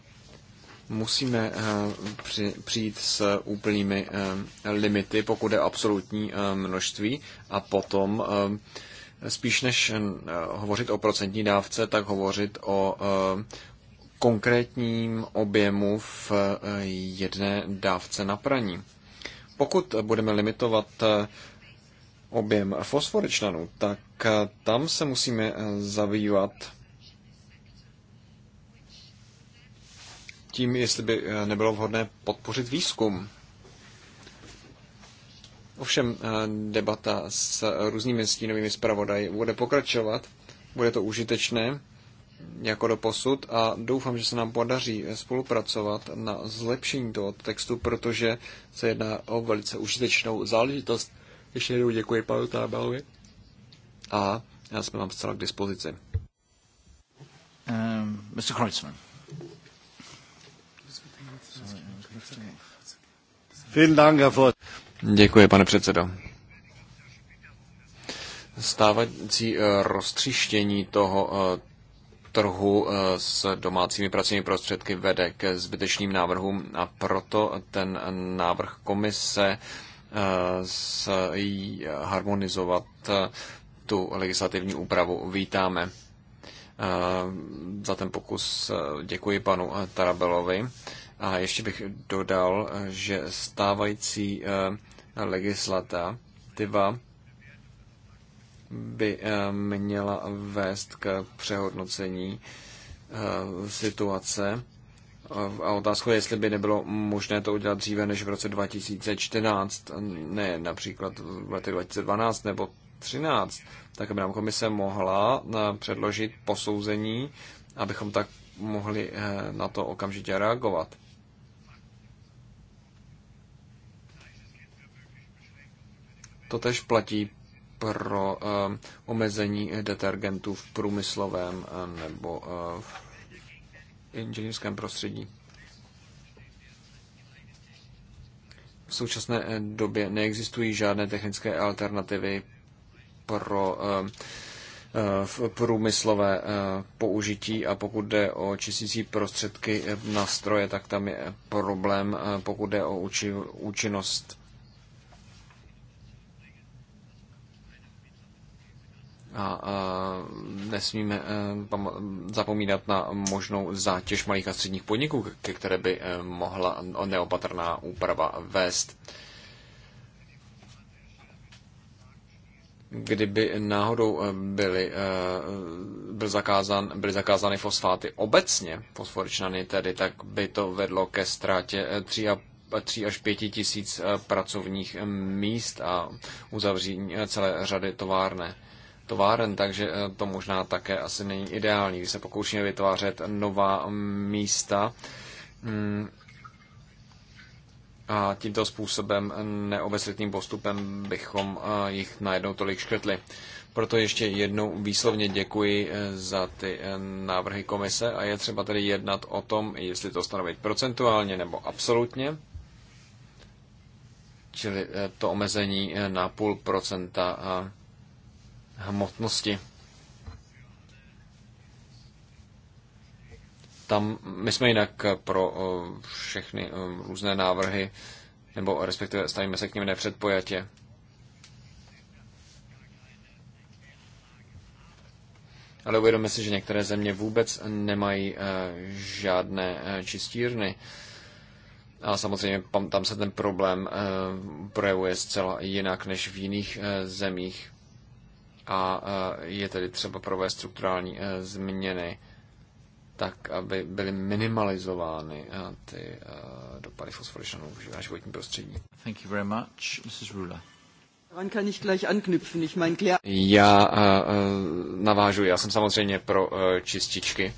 musíme přijít s úplnými limity, pokud je absolutní množství a potom spíš než eh, hovořit o procentní dávce, tak hovořit o eh, konkrétním objemu v eh, jedné dávce na praní. Pokud budeme limitovat objem fosforečnanů, tak tam se musíme zabývat tím, jestli by nebylo vhodné podpořit výzkum Ovšem eh, debata s různými stínovými zpravodaji bude pokračovat, bude to užitečné jako do posud a doufám, že se nám podaří spolupracovat na zlepšení toho textu, protože se jedná o velice užitečnou záležitost. Ještě jednou děkuji panu Tábalovi a já jsme vám zcela k dispozici. Um, Mr. Kreuzmann. Vielen Dank, Herr Vorsitzender. Děkuji, pane předsedo. Stávající eh, roztříštění toho eh, trhu eh, s domácími pracovními prostředky vede k zbytečným návrhům a proto ten návrh komise s harmonizovat tu legislativní úpravu vítáme. Za ten pokus děkuji panu Tarabelovi. A ještě bych dodal, že stávající eh, legislativa by eh, měla vést k přehodnocení eh, situace. A otázka je, jestli by nebylo možné to udělat dříve než v roce 2014, ne například v letech 2012 nebo 2013, tak aby nám komise mohla předložit posouzení, abychom tak mohli na to okamžitě reagovat. To tež platí pro eh, omezení detergentů v průmyslovém eh, nebo eh, v inženýrském prostředí. V současné době neexistují žádné technické alternativy pro v průmyslové použití a pokud jde o čistící prostředky na stroje, tak tam je problém, pokud jde o účinnost a, nesmíme eh, zapomínat na možnou zátěž malých a středních podniků, ke které by eh, mohla neopatrná úprava vést. Kdyby náhodou eh, byly, byl zakázan, byly zakázány fosfáty obecně, fosforičnany tedy, tak by to vedlo ke ztrátě 3 a 3 až 5 tisíc pracovních míst a uzavření celé řady továrne továren, takže eh, to možná také asi není ideální, když se pokoušíme vytvářet nová místa. Hmm. A tímto způsobem, neobezřetným postupem, bychom eh, jich najednou tolik škrtli. Proto ještě jednou výslovně děkuji eh, za ty návrhy komise a je třeba tedy jednat o tom, jestli to stanovit procentuálně nebo absolutně, čili to omezení na půl procenta hmotnosti. Tam my jsme jinak pro eh, všechny eh, různé návrhy, nebo respektive stavíme se k nim nepředpojatě. Ale uvědomíme si, že některé země vůbec nemají eh, žádné čistírny. A samozřejmě tam se ten problém projevuje zcela jinak než v jiných zemích a e, je tedy třeba provést strukturální e, změny tak, aby byly minimalizovány e, ty dopady fosforičanů na životní prostředí. Thank you very much, Mrs. Rula. Já navážu, já jsem samozřejmě pro čističky,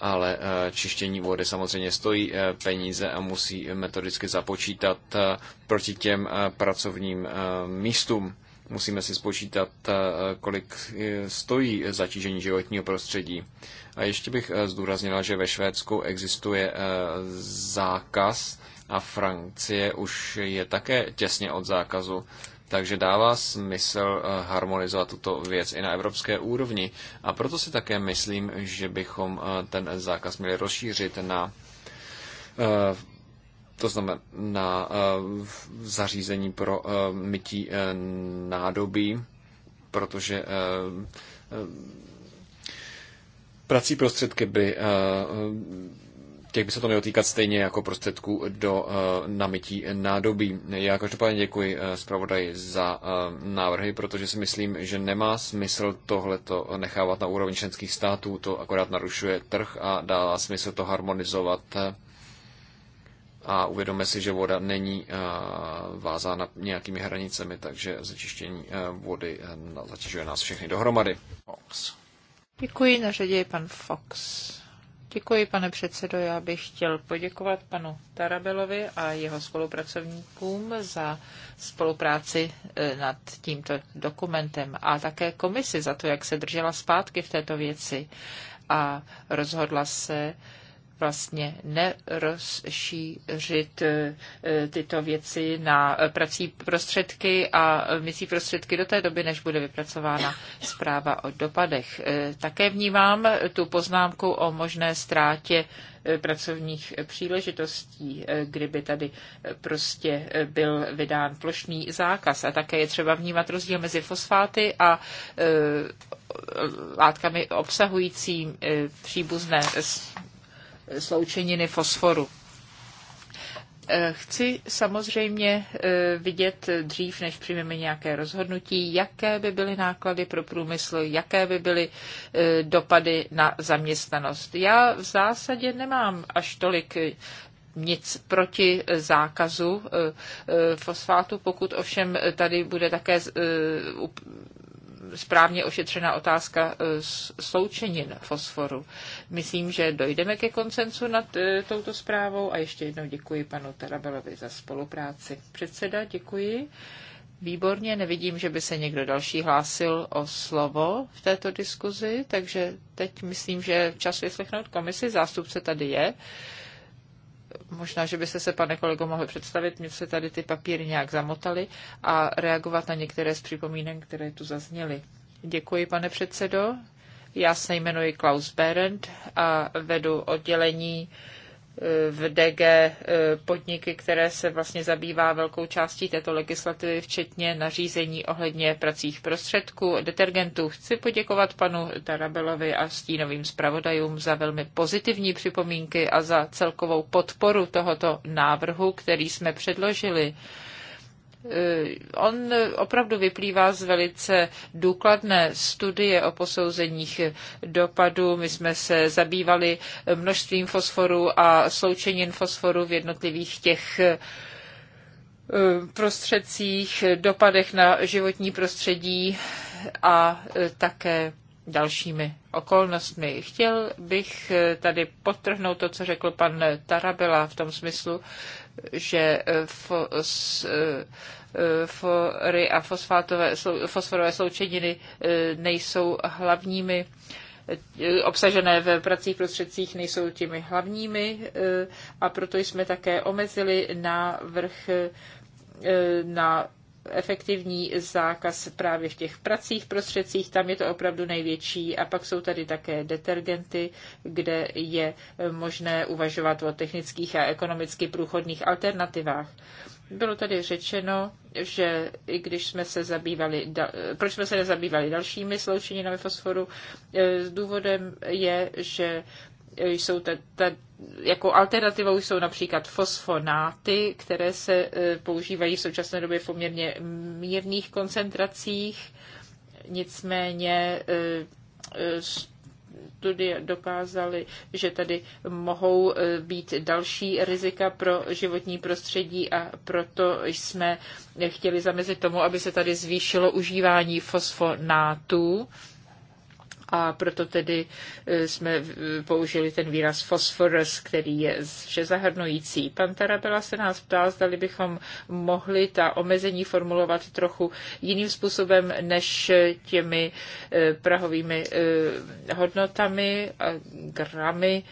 ale čištění vody samozřejmě stojí peníze a musí metodicky započítat proti těm pracovním místům. Musíme si spočítat, eh, kolik eh, stojí zatížení životního prostředí. A ještě bych eh, zdůraznila, že ve Švédsku existuje zákaz a Francie už je také těsně od zákazu. Takže dává smysl harmonizovat tuto věc i na evropské úrovni. A proto si také myslím, že bychom ten zákaz měli rozšířit na to znamená eh, zařízení pro eh, mytí eh, nádobí, protože prací prostředky by těch by se to mělo týkat stejně jako prostředků do uh, namytí nádobí. Já každopádně děkuji uh, zpravodaji za uh, návrhy, protože si myslím, že nemá smysl tohleto nechávat na úrovni členských států, to akorát narušuje trh a dává smysl to harmonizovat uh, a uvědomme si, že voda není eh, vázána nějakými hranicemi, takže začištění eh, vody eh, zatěžuje nás všechny dohromady. Fox. Děkuji, na řadě je pan Fox. Děkuji, pane předsedo. Já bych chtěl poděkovat panu Tarabelovi a jeho spolupracovníkům za spolupráci nad tímto dokumentem a také komisi za to, jak se držela zpátky v této věci a rozhodla se, vlastně nerozšířit e, tyto věci na prací prostředky a misí prostředky do té doby, než bude vypracována zpráva o dopadech. E, také vnímám tu poznámku o možné ztrátě e, pracovních příležitostí, kdyby tady prostě byl vydán plošný zákaz. A také je třeba vnímat rozdíl mezi fosfáty a látkami obsahující příbuzné sloučeniny fosforu. Eh, chci samozřejmě eh, vidět dřív, než přijmeme nějaké rozhodnutí, jaké by byly náklady pro průmysl, jaké by byly eh, dopady na zaměstnanost. Já v zásadě nemám až tolik nic proti zákazu fosfátu, pokud ovšem tady bude také správně ošetřena otázka e, sloučenin fosforu. Myslím, že dojdeme ke koncensu nad e, touto zprávou a ještě jednou děkuji panu Tarabelovi za spolupráci. Předseda, děkuji. Výborně, nevidím, že by se někdo další hlásil o slovo v této diskuzi, takže teď myslím, že čas vyslechnout komisi, zástupce tady je. Možná, že byste se, pane kolego, mohl představit, mě se tady ty papíry nějak zamotaly a reagovat na některé z připomínek, které tu zazněly. Děkuji, pane předsedo. Já se jmenuji Klaus Berend a vedu oddělení v DG eh, podniky, které se vlastně zabývá velkou částí této legislativy, včetně nařízení ohledně pracích prostředků, detergentů. Chci poděkovat panu Tarabelovi a stínovým zpravodajům za velmi pozitivní připomínky a za celkovou podporu tohoto návrhu, který jsme předložili. Eh, on eh, opravdu vyplývá z velice důkladné studie o posouzeních dopadů. My jsme se zabývali množstvím fosforu a sloučením fosforu v jednotlivých těch eh, prostředcích, dopadech na životní prostředí a také dalšími okolnostmi. Chtěl bych tady potrhnout to, co řekl pan Tarabela v tom smyslu, že eh, fos, eh, eh, fory a fosfátové, fosforové sloučeniny nejsou hlavními obsažené ve pracích prostředcích nejsou těmi hlavními a proto jsme také omezili návrh na efektivní zákaz právě v těch pracích prostředcích, tam je to opravdu největší. A pak jsou tady také detergenty, kde je možné uvažovat o technických a ekonomicky průchodných alternativách. Bylo tady řečeno, že i když jsme se zabývali, proč jsme se nezabývali dalšími sloučeninami fosforu, eh, s důvodem je, že jsou tady jako alternativou jsou například fosfonáty, které se e, používají v současné době v poměrně mírných koncentracích. Nicméně e, e, studie dokázaly, že tady mohou být další rizika pro životní prostředí a proto jsme chtěli zamezit tomu, aby se tady zvýšilo užívání fosfonátů a proto tedy e, jsme e, použili ten výraz fosforus, který je zahrnující. Pan Tarabela se nás ptá, zdali bychom mohli ta omezení formulovat trochu jiným způsobem než těmi e, prahovými hodnotami a gramy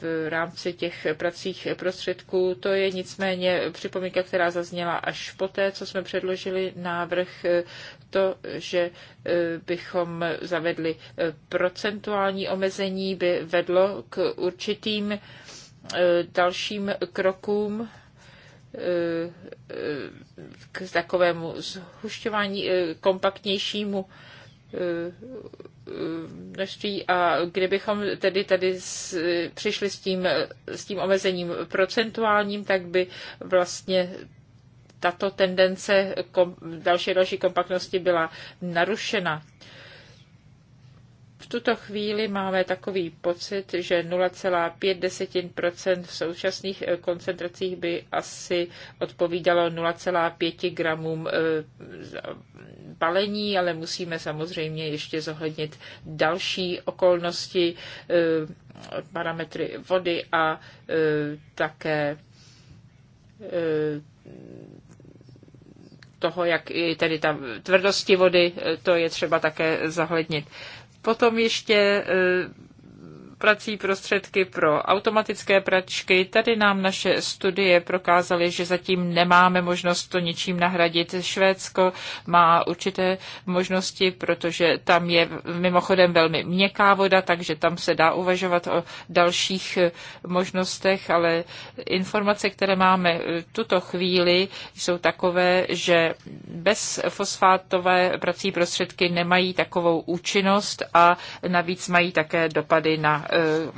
v rámci těch pracích prostředků. To je nicméně připomínka, která zazněla až poté, co jsme předložili návrh to, že e, bychom zavedli e, procentuální omezení, by vedlo k určitým e, dalším krokům k takovému zhušťování kompaktnějšímu množství a kdybychom tedy tady s, přišli s tím, s tím omezením procentuálním, tak by vlastně tato tendence kom, další další kompaktnosti byla narušena. V tuto chvíli máme takový pocit, že 0,5 v současných eh, koncentracích by asi odpovídalo 0,5 gramům eh, balení, ale musíme samozřejmě ještě zohlednit další okolnosti, eh, parametry vody a také toho, jak i tedy ta tvrdosti vody, eh, to je třeba také zahlednit. Potom ještě eh, prací prostředky pro automatické pračky. Tady nám naše studie prokázaly, že zatím nemáme možnost to ničím nahradit. Švédsko má určité možnosti, protože tam je mimochodem velmi měkká voda, takže tam se dá uvažovat o dalších možnostech, ale informace, které máme eh, tuto chvíli, jsou takové, že bez fosfátové prací prostředky nemají takovou účinnost a navíc mají také dopady na Eh,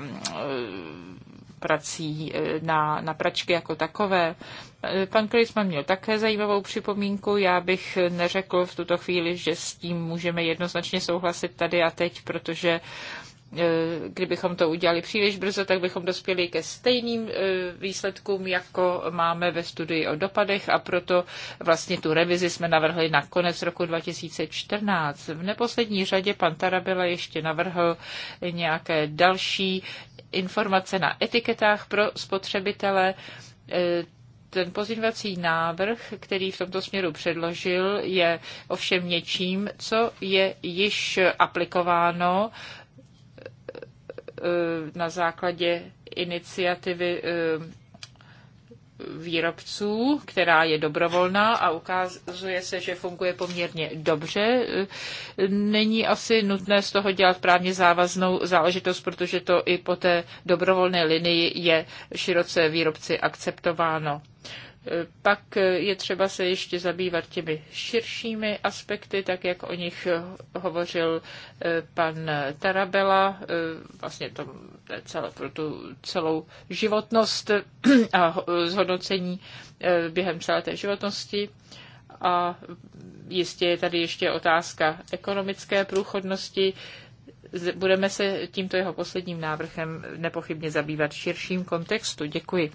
prací eh, na, na pračky jako takové. Eh, pan Krisman měl také zajímavou připomínku. Já bych neřekl v tuto chvíli, že s tím můžeme jednoznačně souhlasit tady a teď, protože uh, Eh, kdybychom to udělali příliš brzo, tak bychom dospěli ke stejným eh, výsledkům, jako máme ve studii o dopadech a proto vlastně tu revizi jsme navrhli na konec roku 2014. V neposlední řadě pan Tarabela ještě navrhl nějaké další informace na etiketách pro spotřebitele eh, ten pozměňovací návrh, který v tomto směru předložil, je ovšem něčím, co je již aplikováno Eh, na základě iniciativy eh, výrobců, která je dobrovolná a ukazuje se, že funguje poměrně dobře. Eh, není asi nutné z toho dělat právně závaznou záležitost, protože to i po té dobrovolné linii je široce výrobci akceptováno. Pak je třeba se ještě zabývat těmi širšími aspekty, tak jak o nich hovořil eh, pan Tarabela, eh, vlastně to, celé, pro tu celou životnost a zhodnocení eh, během celé té životnosti. A jistě je tady ještě otázka ekonomické průchodnosti. Budeme se tímto jeho posledním návrhem nepochybně zabývat v širším kontextu. Děkuji.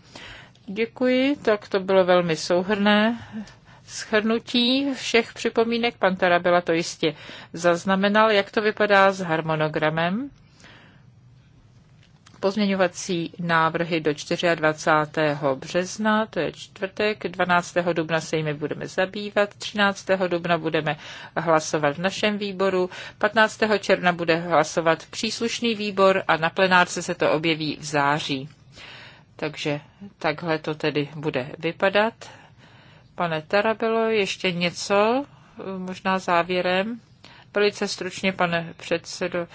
Děkuji, tak to bylo velmi souhrné shrnutí všech připomínek. Pan Tarabela to jistě zaznamenal, jak to vypadá s harmonogramem. Pozměňovací návrhy do 24. března, to je čtvrtek, 12. dubna se jimi budeme zabývat, 13. dubna budeme hlasovat v našem výboru, 15. června bude hlasovat příslušný výbor a na plenárce se to objeví v září. Takže takhle to tedy bude vypadat. Pane Tarabelo, ještě něco, možná závěrem. Velice stručně, pane předsedo,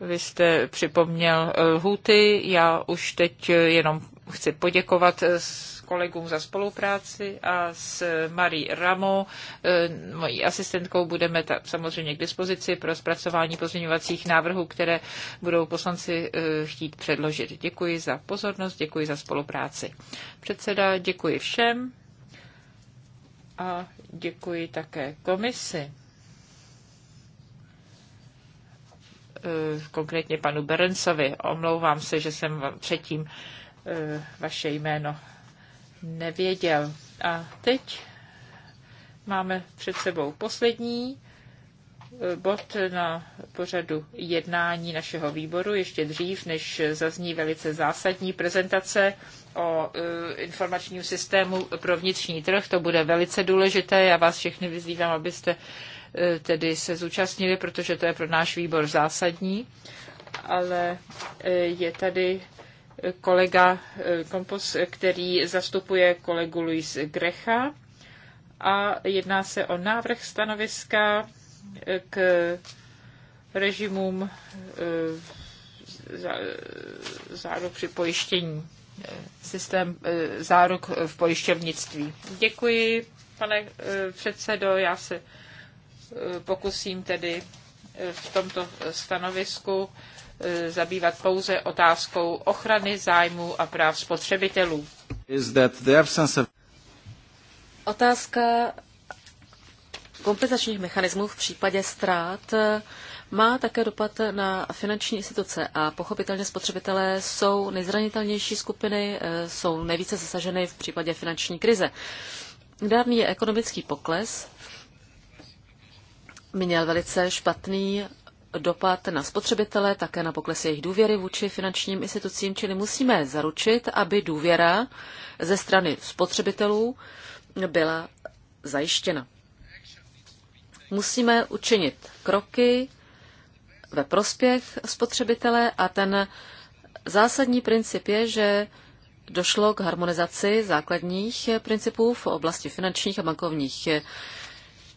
vy jste připomněl lhuty. Já už teď jenom chci poděkovat eh, kolegům za spolupráci a s Marí Ramo, eh, mojí asistentkou, budeme ta, samozřejmě k dispozici pro zpracování pozměňovacích návrhů, které budou poslanci eh, chtít předložit. Děkuji za pozornost, děkuji za spolupráci. Předseda, děkuji všem a děkuji také komisi. Konkrétně panu Berencovi. Omlouvám se, že jsem vám předtím Eh, vaše jméno nevěděl. A teď máme před sebou poslední eh, bod na pořadu jednání našeho výboru, ještě dřív, než zazní velice zásadní prezentace o eh, informačním systému pro vnitřní trh. To bude velice důležité. Já vás všechny vyzývám, abyste tedy se zúčastnili, protože to je pro náš výbor zásadní. Ale je tady kolega eh, Kompos, který zastupuje kolegu Luis Grecha a jedná se o návrh stanoviska eh, k režimům eh, záruk při pojištění, systém záruk v pojišťovnictví. Děkuji, pane předsedo, já se pokusím tedy v tomto stanovisku E, zabývat pouze otázkou ochrany zájmů a práv spotřebitelů. Otázka kompenzačních mechanismů v případě ztrát e, má také dopad na finanční instituce a pochopitelně spotřebitelé jsou nejzranitelnější skupiny, e, jsou nejvíce zasaženy v případě finanční krize. je ekonomický pokles měl velice špatný dopad na spotřebitele, také na pokles jejich důvěry vůči finančním institucím, čili musíme zaručit, aby důvěra ze strany spotřebitelů byla zajištěna. Musíme učinit kroky ve prospěch spotřebitele a ten zásadní princip je, že došlo k harmonizaci základních principů v oblasti finančních a bankovních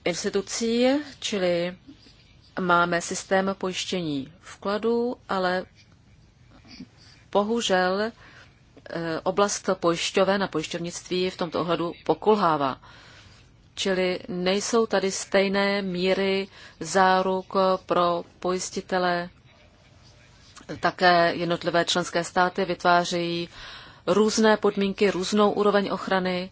institucí, čili máme systém pojištění vkladů, ale bohužel eh, oblast pojišťoven a pojišťovnictví v tomto ohledu pokulhává. Čili nejsou tady stejné míry záruk pro pojistitele. Také jednotlivé členské státy vytvářejí různé podmínky, různou úroveň ochrany.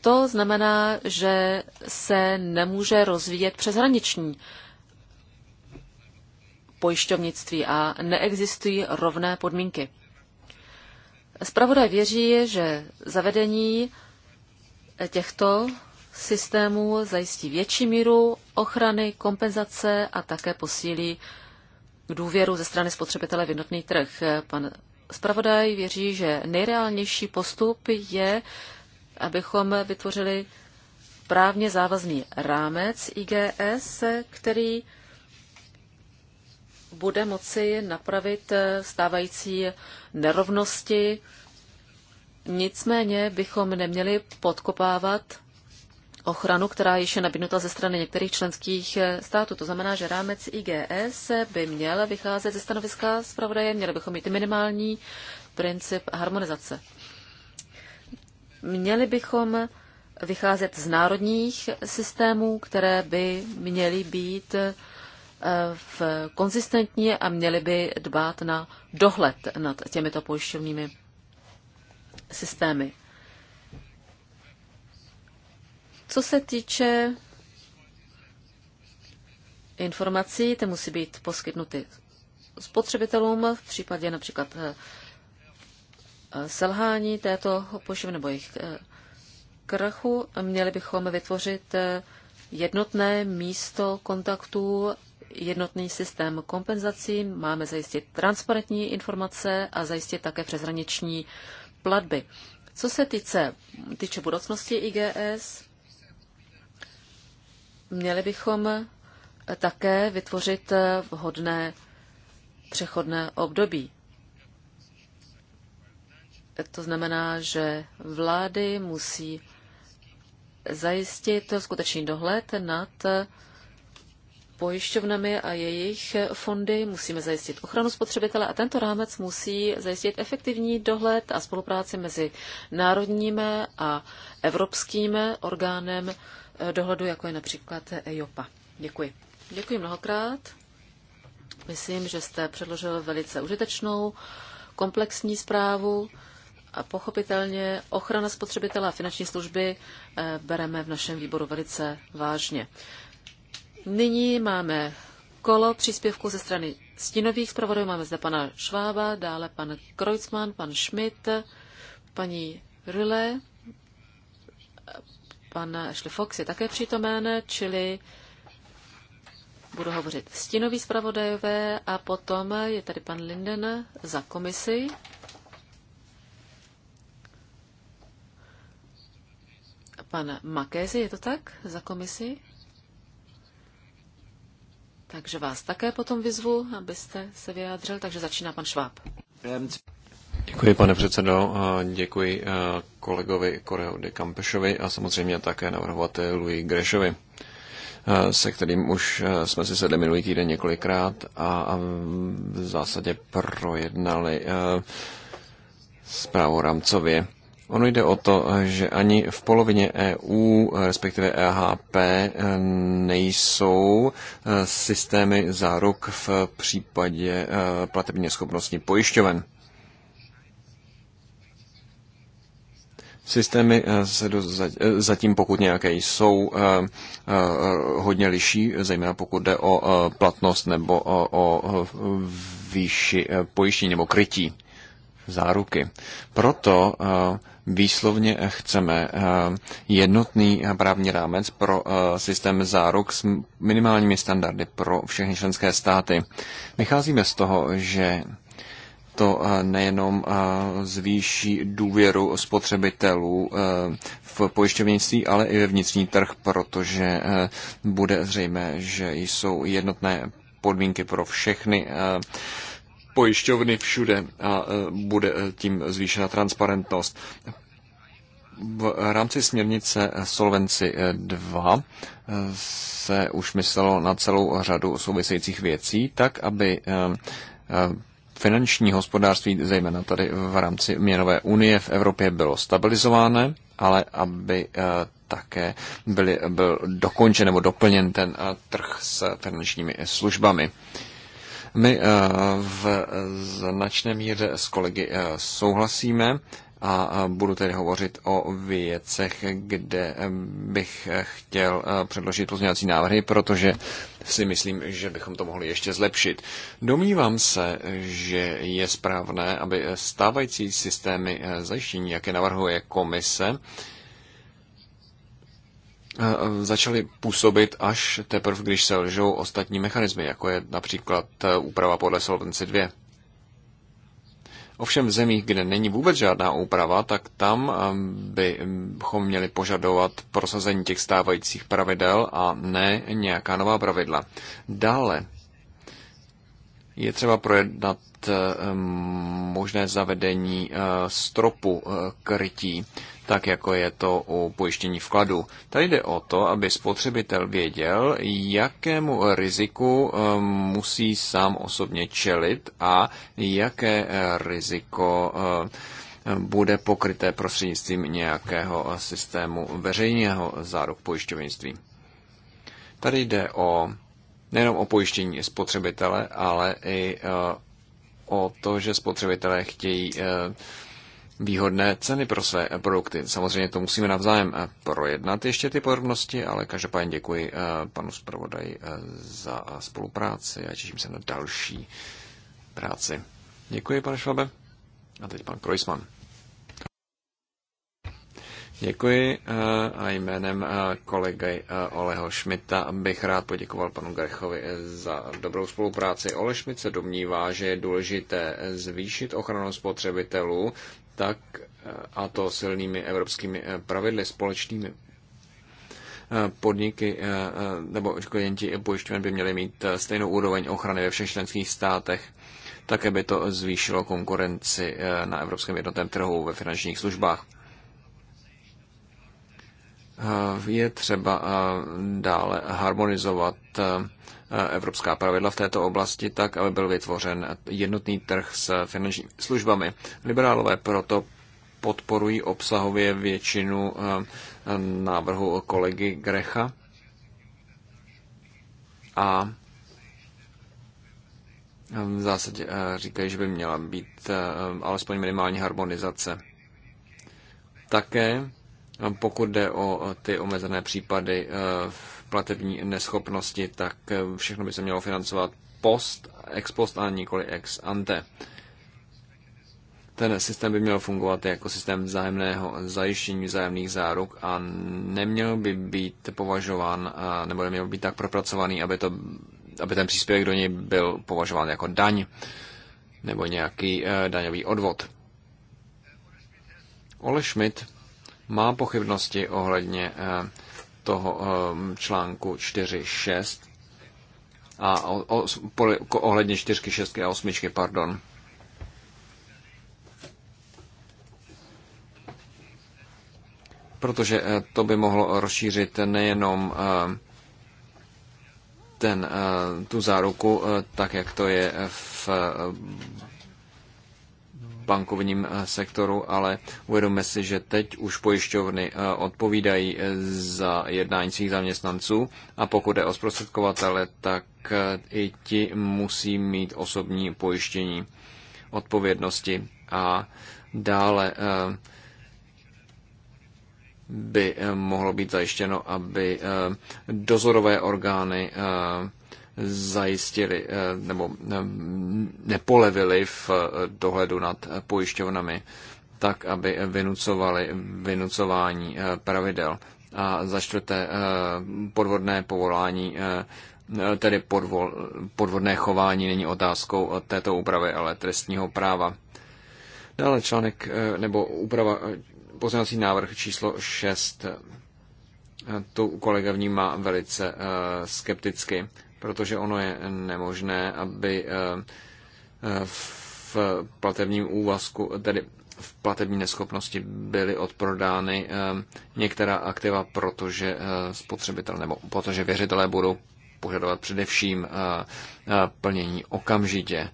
To znamená, že se nemůže rozvíjet přeshraniční pojišťovnictví a neexistují rovné podmínky. Spravodaj věří, že zavedení těchto systémů zajistí větší míru ochrany, kompenzace a také posílí důvěru ze strany spotřebitele v jednotný trh. Pan Spravodaj věří, že nejreálnější postup je, abychom vytvořili právně závazný rámec IGS, který bude moci napravit eh, stávající nerovnosti. Nicméně bychom neměli podkopávat ochranu, která již je nabídnuta ze strany některých členských eh, států. To znamená, že rámec IGS by měl vycházet ze stanoviska zpravodaje, měli bychom mít minimální princip harmonizace. Měli bychom vycházet z národních systémů, které by měly být v konzistentní a měli by dbát na dohled nad těmito pojišťovními systémy. Co se týče informací, ty musí být poskytnuty spotřebitelům v případě například eh, selhání této pojišťovny nebo jejich eh, krachu. Měli bychom vytvořit eh, jednotné místo kontaktů jednotný systém kompenzací, máme zajistit transparentní informace a zajistit také přeshraniční platby. Co se týče, týče budoucnosti IGS, měli bychom také vytvořit vhodné přechodné období. To znamená, že vlády musí zajistit skutečný dohled nad pojišťovnami a jejich fondy, musíme zajistit ochranu spotřebitele a tento rámec musí zajistit efektivní dohled a spolupráci mezi národním a evropským orgánem eh, dohledu, jako je například EIOPA. Děkuji. Děkuji mnohokrát. Myslím, že jste předložil velice užitečnou, komplexní zprávu a pochopitelně ochrana spotřebitele a finanční služby eh, bereme v našem výboru velice vážně. Nyní máme kolo příspěvku ze strany stínových zpravodajů. Máme zde pana Švába, dále pan Kreuzmann, pan Schmidt, paní Rille, pan Ashley Fox je také přítomen, čili budu hovořit stínový zpravodajové a potom je tady pan Linden za komisi. Pan Makézy, je to tak? Za komisi? Takže vás také potom vyzvu, abyste se vyjádřil, takže začíná pan Šváb. Děkuji, pane předsedo, děkuji kolegovi Koreo de Kampešovi a samozřejmě také navrhovateli Grešovi se kterým už jsme si sedli minulý týden několikrát a v zásadě projednali zprávu rámcově. Ono jde o to, že ani v polovině EU, respektive EHP, nejsou eh, systémy záruk v případě eh, platební neschopnosti pojišťoven. Systémy eh, se do, zatím, pokud nějaké jsou, hodně liší, zejména pokud jde o platnost nebo o, o výši pojištění nebo krytí záruky. Proto výslovně chceme eh, jednotný eh, právní rámec pro eh, systém záruk s minimálními standardy pro všechny členské státy. Vycházíme z toho, že to nejenom zvýší důvěru spotřebitelů v pojišťovnictví, ale i ve vnitřní trh, protože bude zřejmé, že jsou jednotné podmínky pro všechny pojišťovny všude a e, bude e, tím zvýšena transparentnost. V rámci směrnice solvenci 2 e, se už myslelo na celou řadu souvisejících věcí, tak aby finanční hospodářství, zejména tady v rámci měnové unie v Evropě, bylo stabilizováno, ale aby také byly, byl dokončen nebo doplněn ten trh s finančními službami. My eh, v značné míře s kolegy eh, souhlasíme a eh, budu tedy hovořit o věcech, kde bych chtěl předložit pozměňovací návrhy, protože si myslím, že bychom to mohli ještě zlepšit. Domnívám se, že je správné, aby stávající systémy zajištění, jaké navrhuje komise, začaly působit až teprve, když se lžou ostatní mechanismy, jako je například e, úprava podle Solvency 2. Ovšem v zemích, kde není vůbec žádná úprava, tak tam e, bychom měli požadovat prosazení těch stávajících pravidel a ne nějaká nová pravidla. Dále je třeba projednat e, možné zavedení stropu krytí tak jako je to u pojištění vkladu. Tady jde o to, aby spotřebitel věděl, jakému riziku eh, musí sám osobně čelit a jaké eh, riziko eh, bude pokryté prostřednictvím nějakého systému veřejného záruk pojišťovnictví. Tady jde o nejenom o pojištění spotřebitele, ale i o to, že spotřebitelé chtějí výhodné ceny pro své produkty. Samozřejmě to musíme navzájem eh, projednat ještě ty podrobnosti, ale každopádně děkuji eh, panu zpravodaji eh, za spolupráci a těším se na další práci. Děkuji, pane Švabe. A teď pan Krojsman. Děkuji a jménem kolegy Oleho Šmita bych rád poděkoval panu Grechovi za dobrou spolupráci. Ole Šmit se domnívá, že je důležité zvýšit ochranu spotřebitelů tak, a to silnými evropskými eh, pravidly, společnými eh, podniky eh, nebo klienti pojišťoven by měli mít stejnou úroveň ochrany ve všech členských státech. Také by to zvýšilo konkurenci na evropském jednotném trhu ve finančních službách. Je třeba dále harmonizovat evropská pravidla v této oblasti tak, aby byl vytvořen jednotný trh s finančními službami. Liberálové proto podporují obsahově většinu eh, návrhu kolegy Grecha a eh, v zásadě eh, říkají, že by měla být alespoň minimální harmonizace. Také pokud jde o ty omezené případy v platební neschopnosti, tak eh, všechno by se mělo financovat post, ex post a nikoli ex ante. Ten systém by měl fungovat jako systém vzájemného zajištění vzájemných záruk a neměl by být považován, eh, nebo neměl by být tak propracovaný, aby, to, aby ten příspěvek do něj byl považován jako daň nebo nějaký eh, daňový odvod. Ole Schmidt má pochybnosti ohledně eh, toho um, článku 4.6 a o, o, ohledně 4, 6 a 8, pardon. Protože eh, to by mohlo rozšířit nejenom eh, ten, tu záruku, tak jak to je v bankovním eh, sektoru, ale uvědomme si, že teď už pojišťovny eh, odpovídají eh, za jednání svých zaměstnanců a pokud je o zprostředkovatele, tak i ti musí mít osobní pojištění odpovědnosti a dále by mohlo být zajištěno, aby dozorové orgány zajistili eh, nebo eh, nepolevili v eh, dohledu nad pojišťovnami, tak aby vynucovali vynucování pravidel. A za čtvrté podvodné povolání, tedy podvol, podvodné chování není otázkou této úpravy, ale trestního práva. Dále článek nebo úprava pozměňovací návrh číslo 6 tu kolega vnímá velice skepticky protože ono je nemožné, aby eh, eh, v platebním úvazku, tedy v platební neschopnosti byly odprodány eh, některá aktiva, protože spotřebitel nebo protože věřitelé budou požadovat především plnění okamžitě.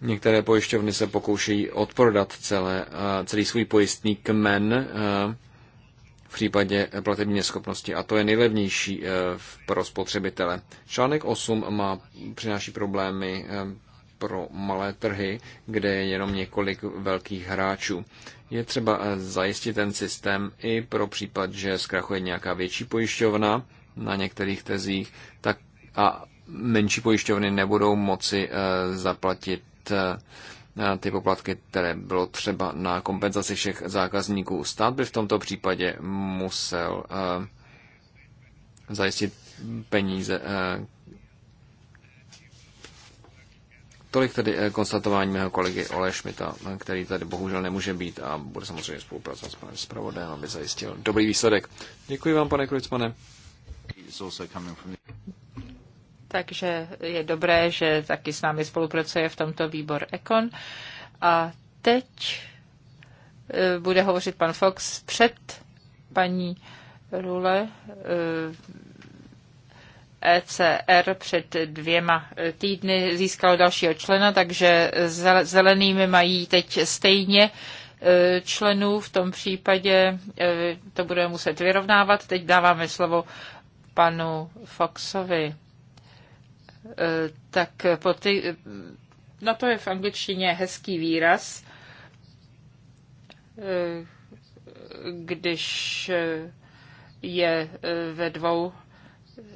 Některé pojišťovny se pokoušejí odprodat celé, celý svůj pojistný kmen v případě eh, platební neschopnosti a to je nejlevnější eh, pro spotřebitele. Článek 8 má, přináší problémy eh, pro malé trhy, kde je jenom několik velkých hráčů. Je třeba zajistit ten systém i pro případ, že zkrachuje nějaká větší pojišťovna na některých tezích, tak a menší pojišťovny nebudou moci zaplatit ty poplatky, které bylo třeba na kompenzaci všech zákazníků. Stát by v tomto případě musel eh, zajistit peníze. Eh. Tolik tedy eh, konstatování mého kolegy Ole Šmita, který tady bohužel nemůže být a bude samozřejmě spolupracovat s panem zpravodajem, aby zajistil dobrý výsledek. Děkuji vám, pane Krujcmane takže je dobré, že taky s námi spolupracuje v tomto výbor Ekon. A teď e, bude hovořit pan Fox před paní Rule ECR e před dvěma týdny získalo dalšího člena, takže zelenými mají teď stejně e, členů. V tom případě to budeme muset vyrovnávat. Teď dáváme slovo panu Foxovi. Eh, tak po ty, eh, na no to je v angličtině hezký výraz, eh, když je ve dvou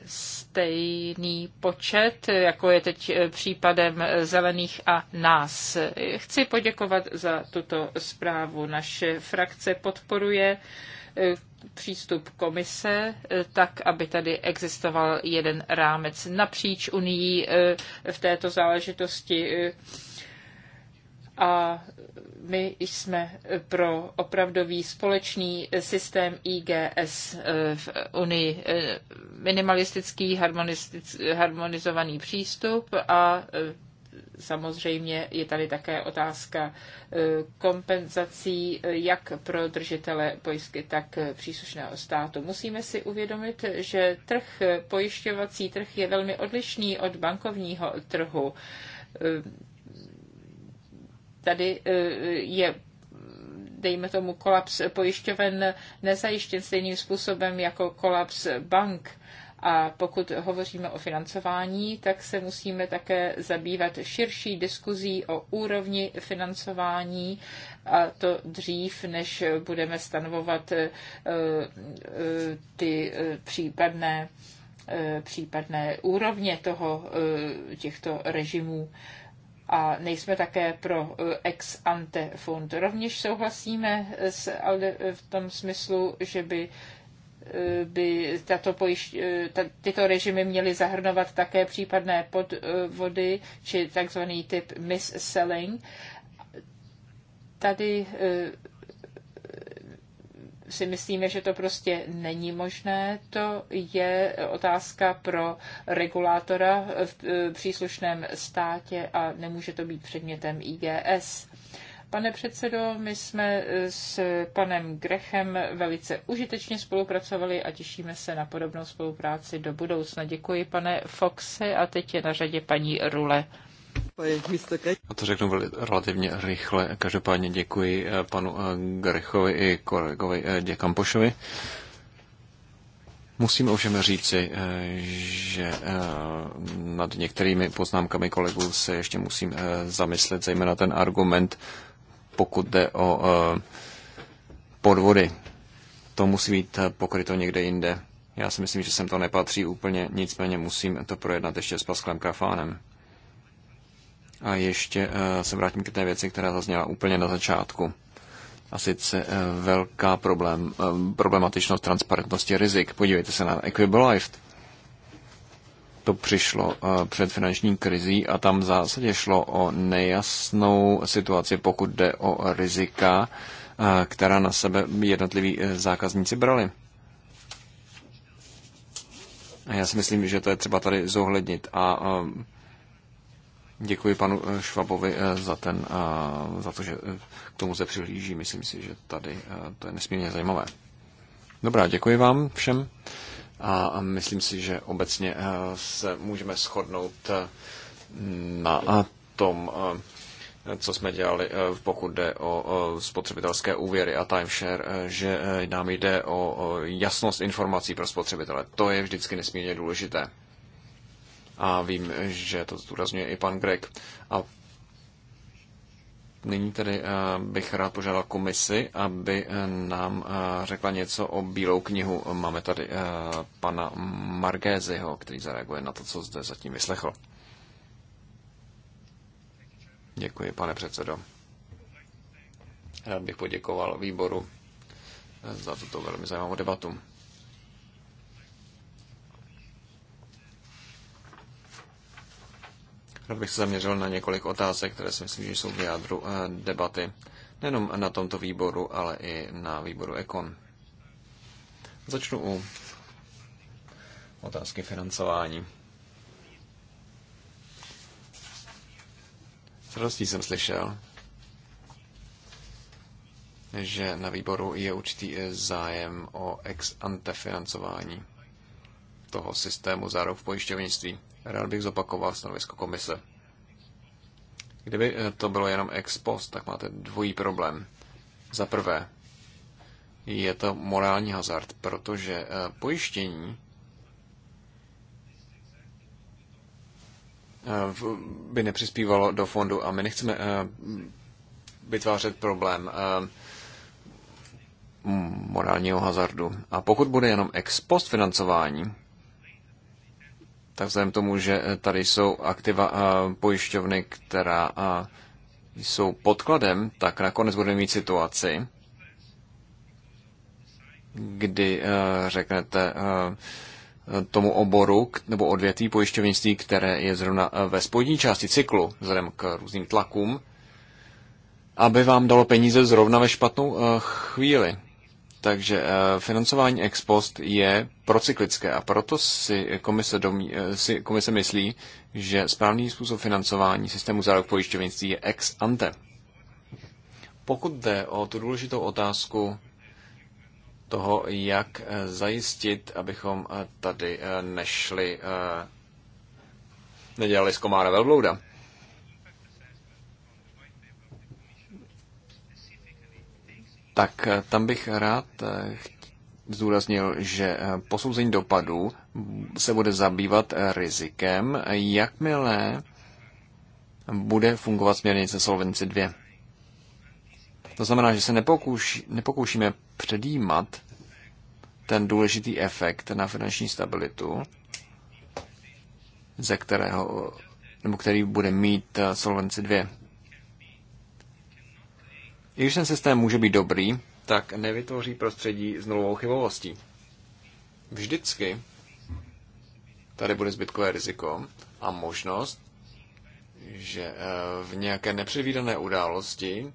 stejný počet, jako je teď případem zelených a nás. Chci poděkovat za tuto zprávu. Naše frakce podporuje uh, E, přístup komise, e, tak aby tady existoval jeden rámec napříč Unii e, v této záležitosti. A my jsme pro opravdový společný systém IGS v Unii minimalistický harmonizovaný přístup a samozřejmě je tady také otázka e, kompenzací e, jak pro držitele pojistky, tak příslušného státu. Musíme si uvědomit, že trh e, pojišťovací trh je velmi odlišný od bankovního trhu. Tady je dejme tomu, kolaps pojišťoven nezajištěn stejným způsobem jako kolaps bank. A pokud hovoříme o financování, tak se musíme také zabývat širší diskuzí o úrovni financování a to dřív, než budeme stanovovat eh, eh, ty eh, případné případné úrovně toho, těchto režimů a nejsme také pro ex ante fond. Rovněž souhlasíme s ale v tom smyslu, že by by tato eh, ta, tyto režimy měly zahrnovat také případné podvody či takzvaný typ mis-selling. Tady eh, si myslíme, že to prostě není možné. To je otázka pro regulátora v eh, příslušném státě a nemůže to být předmětem IGS. Pane předsedo, my jsme eh, s panem Grechem velice užitečně spolupracovali a těšíme se na podobnou spolupráci do budoucna. Děkuji, pane Foxe, a teď je na řadě paní Rule. A to řeknu relativně rychle. Každopádně děkuji eh, panu eh, Grechovi i kolegovi Děkampošovi. Musím ovšem říci, že nad některými poznámkami kolegů se ještě musím zamyslet, zejména ten argument pokud jde o eh, podvody. To musí být eh, pokryto někde jinde. Já si myslím, že sem to nepatří úplně, nicméně musím to projednat ještě s Pasklem Kafánem. A ještě eh, se vrátím k té věci, která zazněla úplně na začátku. A sice velká problém, problematičnost transparentnosti rizik. Podívejte se na Equibolife to přišlo eh, před finanční krizí a tam v zásadě šlo o nejasnou situaci, pokud jde o rizika, eh, která na sebe jednotliví eh, zákazníci brali. A já si myslím, že to je třeba tady zohlednit a děkuji panu Švabovi za, ten, za to, že k tomu se přihlíží. Myslím si, že tady to je nesmírně zajímavé. Dobrá, děkuji vám všem a myslím si, že obecně eh, se můžeme shodnout eh, na tom, eh, co jsme dělali, pokud jde o spotřebitelské úvěry a timeshare, že nám jde o jasnost informací pro spotřebitele. To je vždycky nesmírně důležité. A vím, že to zdůrazňuje i pan Greg. A Nyní tedy eh, bych rád požádal komisi, aby eh, nám eh, řekla něco o Bílou knihu. Máme tady pana Margéziho, který zareaguje na to, co zde zatím vyslechl. Děkuji, pane předsedo. Rád bych poděkoval výboru za tuto velmi zajímavou debatu. Rád bych se zaměřil na několik otázek, které si myslím, že jsou v jádru eh, debaty. Nejenom na tomto výboru, ale i na výboru Ekon. Začnu u otázky financování. S radostí jsem slyšel, že na výboru je určitý eh, zájem o ex ante financování toho systému záruk v pojišťovnictví. Rád bych zopakoval stanovisko komise. Kdyby eh, to bylo jenom ex post, tak máte dvojí problém. Za prvé, je to morální hazard, protože eh, pojištění eh, by nepřispívalo do fondu a my nechceme vytvářet problém morálního hazardu. A pokud bude jenom ex post financování, tak vzhledem tomu, že tady jsou aktiva eh, pojišťovny, která eh, jsou podkladem, tak nakonec budeme mít situaci, kdy eh, řeknete tomu oboru nebo odvětví pojišťovnictví, které je zrovna ve spodní části cyklu, vzhledem k různým tlakům, aby vám dalo peníze zrovna ve špatnou chvíli. Takže eh, financování ex post je procyklické a proto si komise, domí, eh, si komise myslí, že správný způsob financování systému záruk pojišťovnictví je ex ante. Pokud jde o tu důležitou otázku toho, jak eh, zajistit, abychom tady nešli, nedělali z komára velblouda, tak eh, tam bych rád eh, zdůraznil, že eh, posouzení dopadů se bude zabývat rizikem, jakmile bude fungovat směrnice Solvency 2. To znamená, že se nepokouší, nepokoušíme předjímat ten důležitý efekt na finanční stabilitu, ze kterého, nebo který bude mít Solvency 2. I když ten systém může být dobrý, tak nevytvoří prostředí s nulovou chybovostí. Vždycky tady bude zbytkové riziko a možnost, že eh, v nějaké nepředvídané události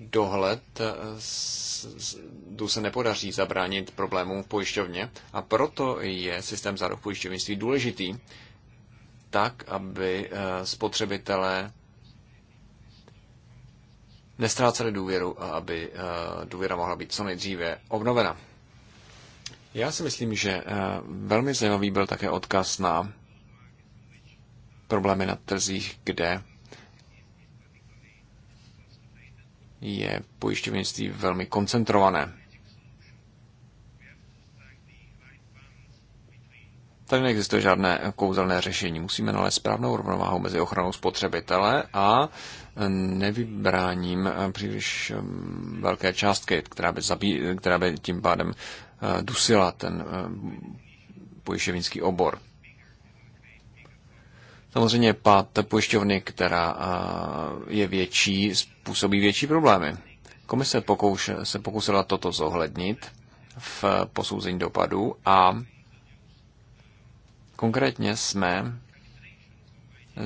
dohled eh, se nepodaří zabránit problémům v pojišťovně a proto je systém záruk pojišťovnictví důležitý tak, aby eh, spotřebitelé nestráceli důvěru a aby eh, důvěra mohla být co nejdříve obnovena. Já si myslím, že eh, velmi zajímavý byl také odkaz na problémy na trzích, kde je pojišťovnictví velmi koncentrované. Tady neexistuje žádné kouzelné řešení. Musíme nalézt správnou rovnováhu mezi ochranou spotřebitele a nevybráním příliš um, velké částky, která by, zabí, která by tím pádem uh, dusila ten uh, pojišťovnický obor. Samozřejmě pát pojišťovny, která uh, je větší, způsobí větší problémy. Komise pokouš, se pokusila toto zohlednit v posouzení dopadu a Konkrétně jsme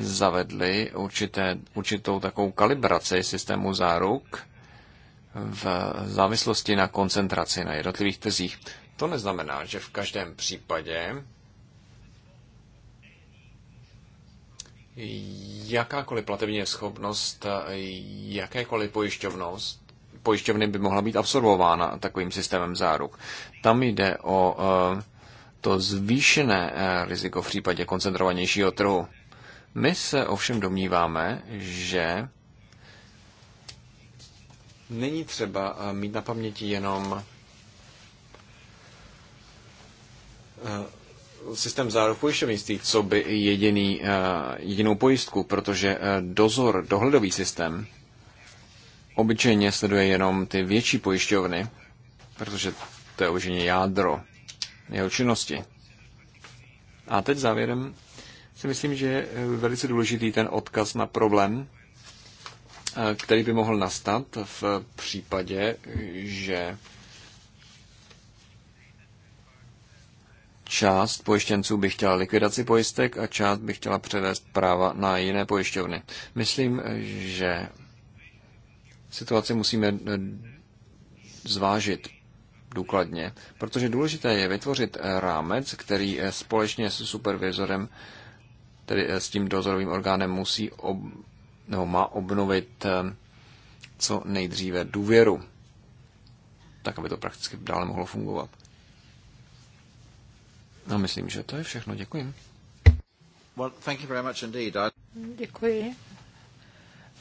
zavedli určité, určitou takovou kalibraci systému záruk v závislosti na koncentraci na jednotlivých trzích. To neznamená, že v každém případě jakákoliv platební schopnost, jakékoliv pojišťovnost, pojišťovny by mohla být absorbována takovým systémem záruk. Tam jde o uh, to zvýšené eh, riziko v případě koncentrovanějšího trhu. My se ovšem domníváme, že není třeba eh, mít na paměti jenom eh, systém záruk pojišťovnictví, co by jediný, jedinou pojistku, protože dozor, dohledový systém obyčejně sleduje jenom ty větší pojišťovny, protože to je už jádro jeho činnosti. A teď závěrem si myslím, že je velice důležitý ten odkaz na problém, který by mohl nastat v případě, že část pojištěnců by chtěla likvidaci pojistek a část by chtěla převést práva na jiné pojišťovny. Myslím, že situaci musíme zvážit důkladně, protože důležité je vytvořit eh, rámec, který eh, společně s supervizorem, tedy eh, s tím dozorovým orgánem, musí ob, nebo má obnovit co nejdříve důvěru, tak aby to prakticky dále mohlo fungovat. No myslím, že to je všechno. Děkuji. Well, thank you very much indeed. I... Děkuji.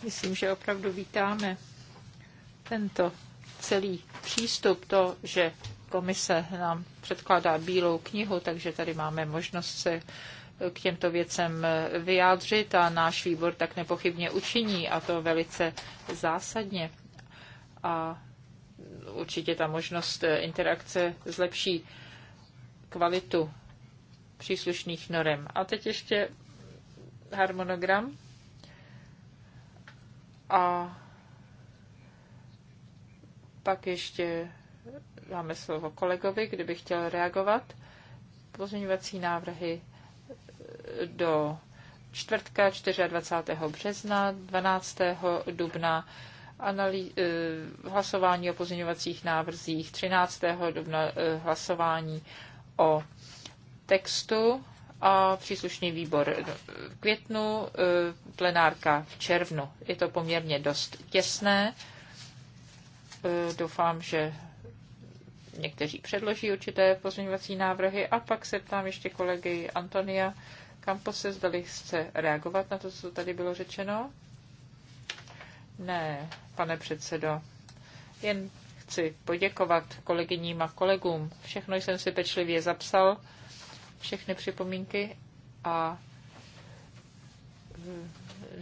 Myslím, že opravdu vítáme tento celý přístup, to, že komise nám předkládá bílou knihu, takže tady máme možnost se k těmto věcem vyjádřit a náš výbor tak nepochybně učiní a to velice zásadně. A určitě ta možnost interakce zlepší kvalitu příslušných norem. A teď ještě harmonogram. A pak ještě dáme slovo kolegovi, kdyby chtěl reagovat. Pozměňovací návrhy eh, do čtvrtka 24. března, 12. dubna analý, eh, hlasování o pozměňovacích návrzích, 13. dubna eh, hlasování o textu a příslušný výbor v květnu, plenárka v červnu. Je to poměrně dost těsné E, doufám, že někteří předloží určité pozměňovací návrhy a pak se ptám ještě kolegy Antonia Kampose, zdali chce reagovat na to, co tady bylo řečeno. Ne, pane předsedo, jen chci poděkovat kolegyním a kolegům. Všechno jsem si pečlivě zapsal, všechny připomínky a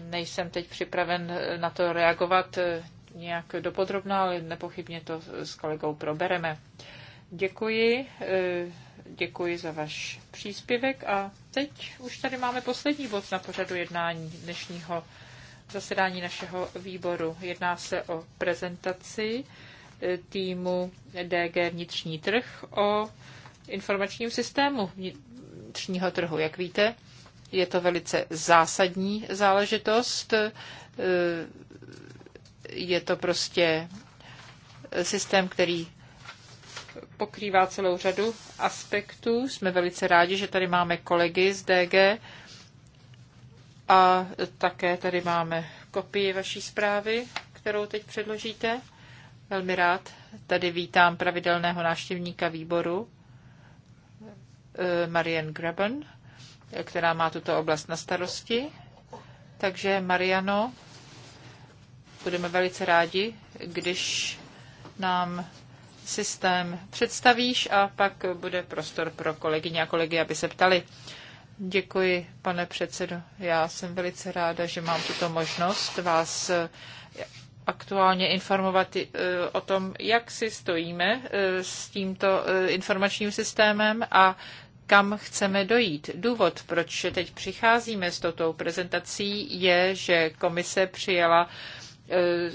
nejsem teď připraven na to reagovat nějak dopodrobná, ale nepochybně to s kolegou probereme. Děkuji, e, děkuji za váš příspěvek a teď už tady máme poslední bod na pořadu jednání dnešního zasedání našeho výboru. Jedná se o prezentaci e, týmu DG Vnitřní trh o informačním systému vnitřního trhu. Jak víte, je to velice zásadní záležitost. E, je to prostě systém, který pokrývá celou řadu aspektů. Jsme velice rádi, že tady máme kolegy z DG a také tady máme kopii vaší zprávy, kterou teď předložíte. Velmi rád tady vítám pravidelného návštěvníka výboru eh, Marian Graben, která má tuto oblast na starosti. Takže Mariano, Budeme velice rádi, když nám systém představíš a pak bude prostor pro kolegyně a kolegy, aby se ptali. Děkuji, pane předsedo. Já jsem velice ráda, že mám tuto možnost vás eh, aktuálně informovat eh, o tom, jak si stojíme eh, s tímto informačním systémem a kam chceme dojít. Důvod, proč teď přicházíme s touto prezentací, je, že komise přijala E,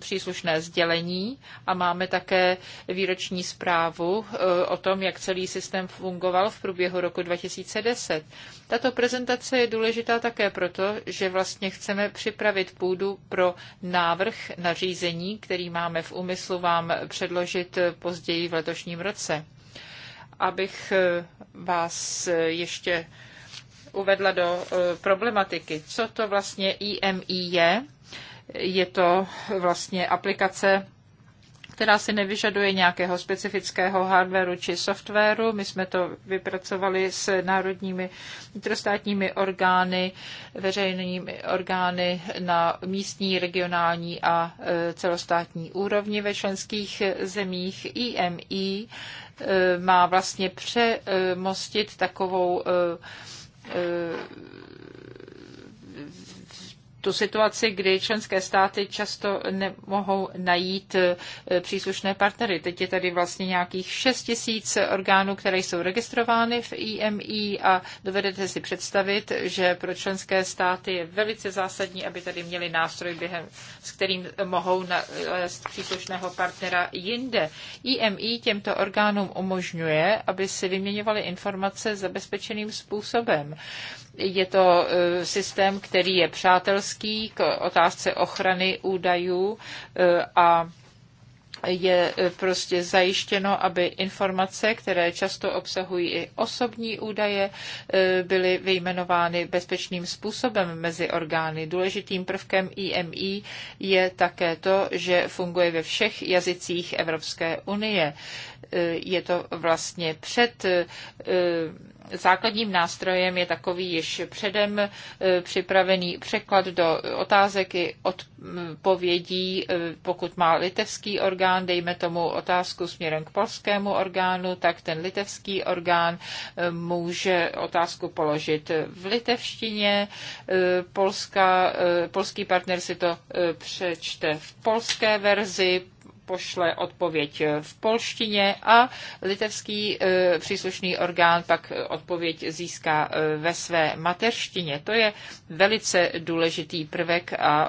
příslušné sdělení a máme také výroční zprávu e, o tom, jak celý systém fungoval v průběhu roku 2010. Tato prezentace je důležitá také proto, že vlastně chceme připravit půdu pro návrh nařízení, který máme v úmyslu vám předložit později v letošním roce. Abych e, vás ještě uvedla do problematiky, co to vlastně IMI je, je to vlastně aplikace která si nevyžaduje nějakého specifického hardwareu či softwaru. My jsme to vypracovali s národními vnitrostátními orgány, veřejnými orgány na místní, regionální a e, celostátní úrovni ve členských zemích. IMI e, má vlastně přemostit takovou e, tu situaci, kdy členské státy často nemohou najít eh, příslušné partnery. Teď je tady vlastně nějakých 6 tisíc orgánů, které jsou registrovány v IMI a dovedete si představit, že pro členské státy je velice zásadní, aby tady měli nástroj, během, s kterým mohou nalézt příslušného partnera jinde. IMI těmto orgánům umožňuje, aby si vyměňovali informace zabezpečeným způsobem. Je to e, systém, který je přátelský k otázce ochrany údajů e, a je e, prostě zajištěno, aby informace, které často obsahují i osobní údaje, byly vyjmenovány bezpečným způsobem mezi orgány. Důležitým prvkem IMI je také to, že funguje ve všech jazycích Evropské unie. Je to vlastně před základním nástrojem je takový již předem e, připravený překlad do otázek i odpovědí. E, pokud má litevský orgán, dejme tomu otázku směrem k polskému orgánu, tak ten litevský orgán e, může otázku položit v litevštině. Polska, polský partner si to přečte v polské verzi, pošle odpověď v polštině a litevský e, příslušný orgán pak odpověď získá e, ve své mateřštině. To je velice důležitý prvek a e,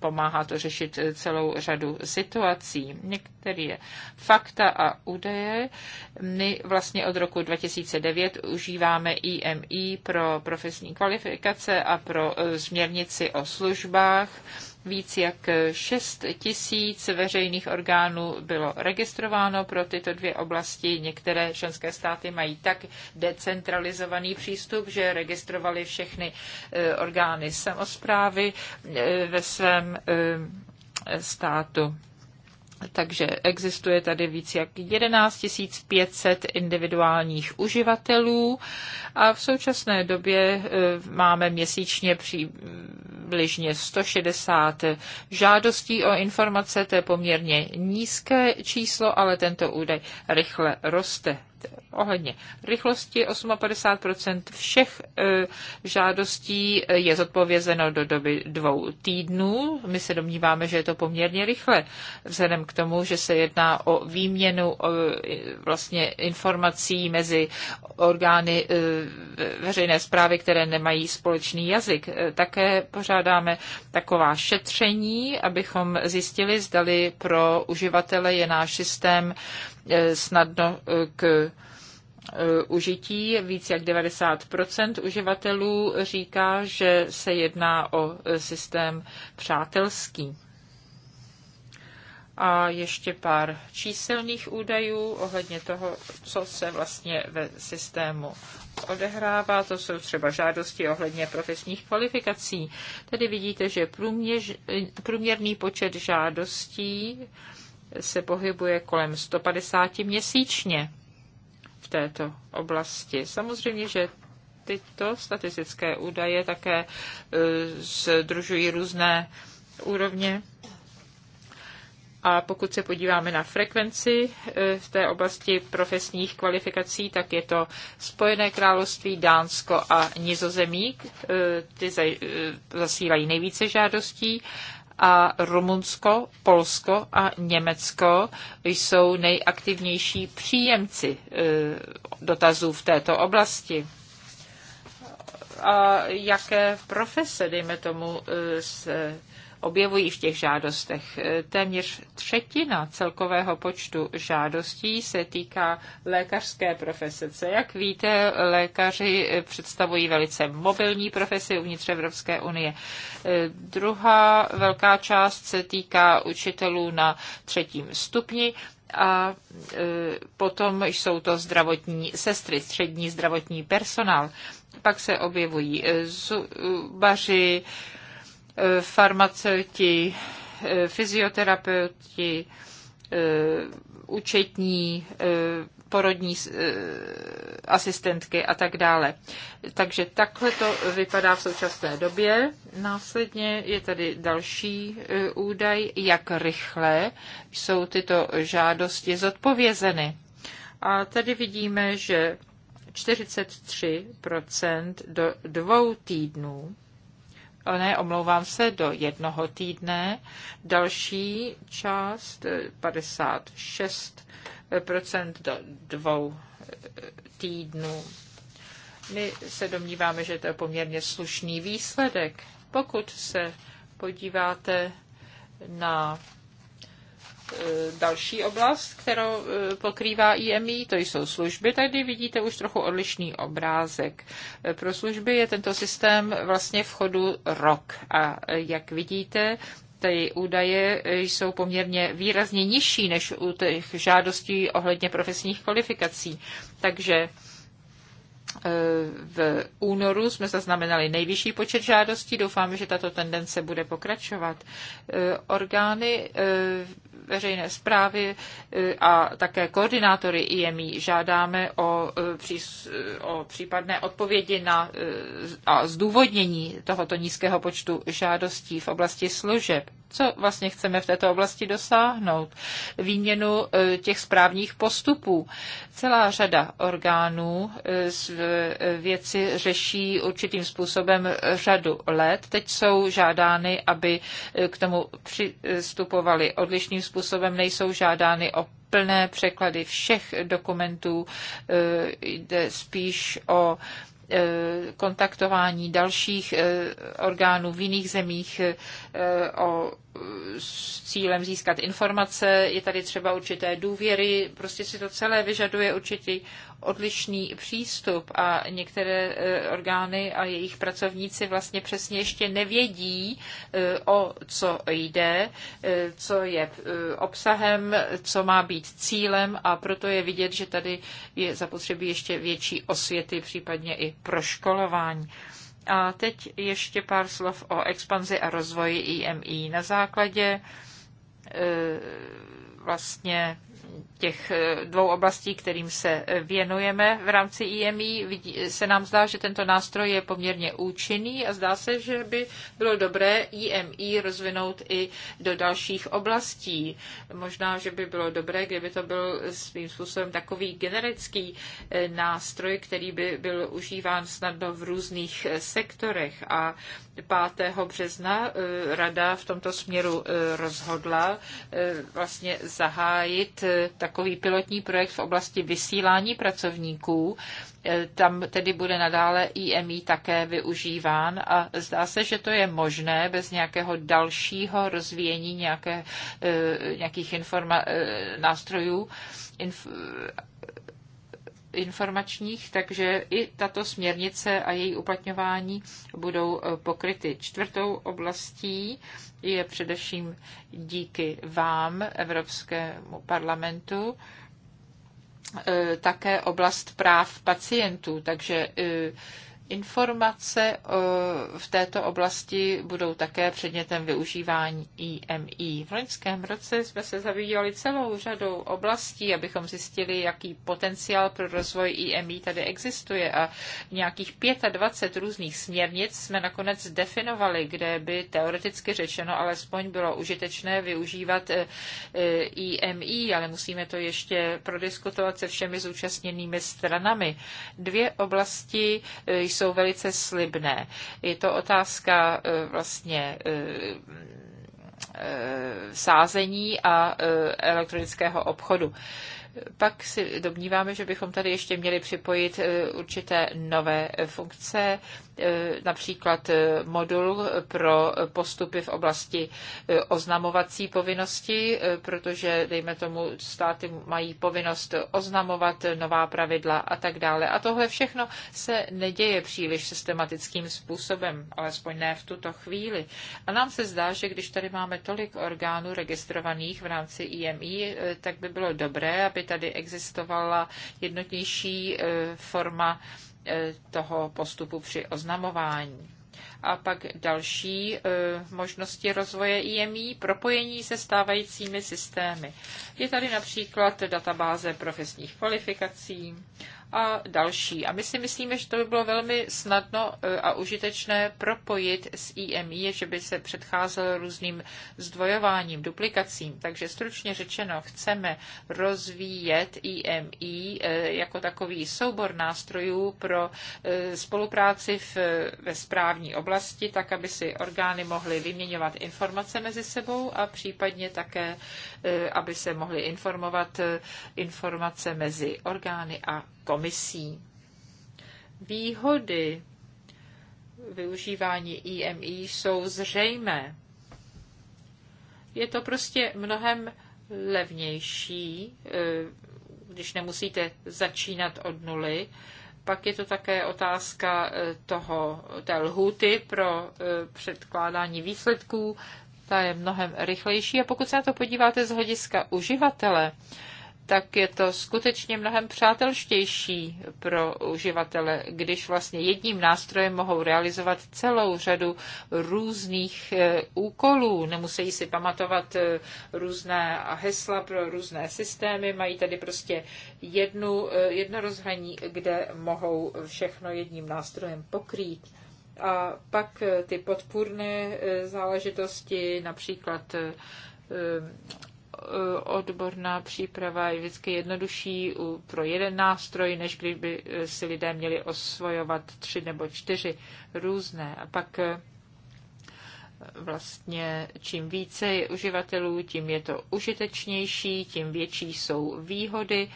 pomáhá to řešit celou řadu situací. Některé fakta a údaje. My vlastně od roku 2009 užíváme IMI pro profesní kvalifikace a pro směrnici o službách Víc jak 6 tisíc veřejných orgánů bylo registrováno pro tyto dvě oblasti. Některé členské státy mají tak decentralizovaný přístup, že registrovali všechny e, orgány samozprávy e, ve svém e, státu. Takže existuje tady víc jak 11 500 individuálních uživatelů a v současné době e, máme měsíčně přibližně 160 žádostí o informace. To je poměrně nízké číslo, ale tento údaj rychle roste ohledně rychlosti 58% všech e, žádostí e, je zodpovězeno do doby dvou týdnů. My se domníváme, že je to poměrně rychle, vzhledem k tomu, že se jedná o výměnu e, vlastně informací mezi orgány veřejné zprávy, které nemají společný jazyk. Také pořádáme taková šetření, abychom zjistili, zdali pro uživatele je náš systém Eh, snadno eh, k eh, užití. Víc jak 90 uživatelů říká, že se jedná o systém přátelský. A ještě pár číselných údajů ohledně toho, co se vlastně ve systému odehrává. To jsou třeba žádosti ohledně profesních kvalifikací. Tady vidíte, že průměř, průměrný počet žádostí se pohybuje kolem 150 měsíčně v této oblasti. Samozřejmě, že tyto statistické údaje také združují e, různé úrovně. A pokud se podíváme na frekvenci e, v té oblasti profesních kvalifikací, tak je to Spojené království, Dánsko a Nizozemí. E, ty zasílají nejvíce žádostí a Rumunsko, Polsko a Německo jsou nejaktivnější příjemci e, dotazů v této oblasti. A jaké profese, dejme tomu, e, se objevují v těch žádostech. E, téměř třetina celkového počtu žádostí se týká lékařské profese. Jak víte, lékaři e, představují velice mobilní profesi uvnitř Evropské unie. E, druhá velká část se týká učitelů na třetím stupni a potom jsou to zdravotní sestry, střední zdravotní personál. Pak se objevují zubaři, farmaceuti, eh, fyzioterapeuti, eh, účetní, eh, porodní asistentky a tak dále. Takže takhle to vypadá v současné době. Následně je tady další údaj, jak rychle jsou tyto žádosti zodpovězeny. A tady vidíme, že 43% do dvou týdnů ne, omlouvám se, do jednoho týdne. Další část 56 eh, do dvou eh, týdnů. My se domníváme, že to je poměrně slušný výsledek. Pokud se podíváte na Eh, další oblast, kterou eh, pokrývá IMI, to jsou služby. Tady vidíte už trochu odlišný obrázek. Eh, pro služby je tento systém vlastně v chodu rok. A jak vidíte, ty údaje jsou poměrně výrazně nižší než u těch žádostí ohledně profesních kvalifikací. Takže v únoru jsme zaznamenali nejvyšší počet žádostí. Doufáme, že tato tendence bude pokračovat. Orgány veřejné zprávy eh, a také koordinátory IMI žádáme o, eh, o případné odpovědi na eh, a zdůvodnění tohoto nízkého počtu žádostí v oblasti služeb. Co vlastně chceme v této oblasti dosáhnout? Výměnu e, těch správních postupů. Celá řada orgánů e, e, věci řeší určitým způsobem řadu let. Teď jsou žádány, aby k tomu přistupovali odlišným způsobem, nejsou žádány o plné překlady všech dokumentů, jde spíš o Eh, kontaktování dalších eh, orgánů v jiných zemích eh, o s cílem získat informace, je tady třeba určité důvěry, prostě si to celé vyžaduje určitý odlišný přístup a některé e, orgány a jejich pracovníci vlastně přesně ještě nevědí, e, o co jde, e, co je obsahem, co má být cílem a proto je vidět, že tady je zapotřebí ještě větší osvěty, případně i proškolování. A teď ještě pár slov o expanzi a rozvoji IMI na základě e, vlastně těch eh, dvou oblastí, kterým se eh, věnujeme v rámci IMI, se nám zdá, že tento nástroj je poměrně účinný a zdá se, že by bylo dobré IMI rozvinout i do dalších oblastí. Možná, že by bylo dobré, kdyby to byl svým způsobem takový generický eh, nástroj, který by byl užíván snadno v různých sektorech. A 5. března rada v tomto směru rozhodla vlastně zahájit tak takový pilotní projekt v oblasti vysílání pracovníků. E, tam tedy bude nadále IMI také využíván a zdá se, že to je možné bez nějakého dalšího rozvíjení nějaké, e, nějakých informa- e, nástrojů, inf- informačních, takže i tato směrnice a její uplatňování budou eh, pokryty. Čtvrtou oblastí je především díky vám, Evropskému parlamentu, eh, také oblast práv pacientů, takže eh, Informace v této oblasti budou také předmětem využívání IMI. V loňském roce jsme se zabývali celou řadou oblastí, abychom zjistili, jaký potenciál pro rozvoj IMI tady existuje a nějakých 25 různých směrnic jsme nakonec definovali, kde by teoreticky řečeno alespoň bylo užitečné využívat IMI, e, e, ale musíme to ještě prodiskutovat se všemi zúčastněnými stranami. Dvě oblasti jsou e, jsou velice slibné. Je to otázka eh, vlastně eh, eh, sázení a elektronického obchodu pak si domníváme, že bychom tady ještě měli připojit eh, určité nové funkce, eh, například eh, modul pro postupy v oblasti oznamovací povinnosti, protože, dejme tomu, státy mají povinnost oznamovat nová pravidla a tak dále. A tohle všechno se neděje příliš systematickým způsobem, alespoň ne v tuto chvíli. A nám se zdá, že když tady máme tolik orgánů registrovaných v rámci IMI, tak by bylo dobré, aby tady existovala jednotnější e, forma e, toho postupu při oznamování. A pak další e, možnosti rozvoje IMI, propojení se stávajícími systémy. Je tady například databáze profesních kvalifikací, a další. A my si myslíme, že to by bylo velmi snadno eh, a užitečné propojit s IMI, že by se předcházelo různým zdvojováním, duplikacím. Takže stručně řečeno, chceme rozvíjet IMI eh, jako takový soubor nástrojů pro eh, spolupráci v, ve správní oblasti, tak aby si orgány mohly vyměňovat informace mezi sebou a případně také, aby se mohly informovat informace mezi orgány a komisí. Výhody využívání IMI e e jsou zřejmé. Je to prostě mnohem levnější, eh, když nemusíte začínat od nuly. Pak je to také otázka eh, toho, té lhůty pro eh, předkládání výsledků. Ta je mnohem rychlejší. A pokud se na to podíváte z hlediska uživatele, tak je to skutečně mnohem přátelštější pro uživatele, když vlastně jedním nástrojem mohou realizovat celou řadu různých eh, úkolů. Nemusí si pamatovat eh, různé hesla pro různé systémy, mají tady prostě jednu, eh, jedno rozhraní, kde mohou všechno jedním nástrojem pokrýt. A pak ty podpůrné záležitosti, například Eh, odborná příprava je vždycky jednodušší pro jeden nástroj, než kdyby eh, si lidé měli osvojovat tři nebo čtyři různé. A pak eh, vlastně čím více je uživatelů, tím je to užitečnější, tím větší jsou výhody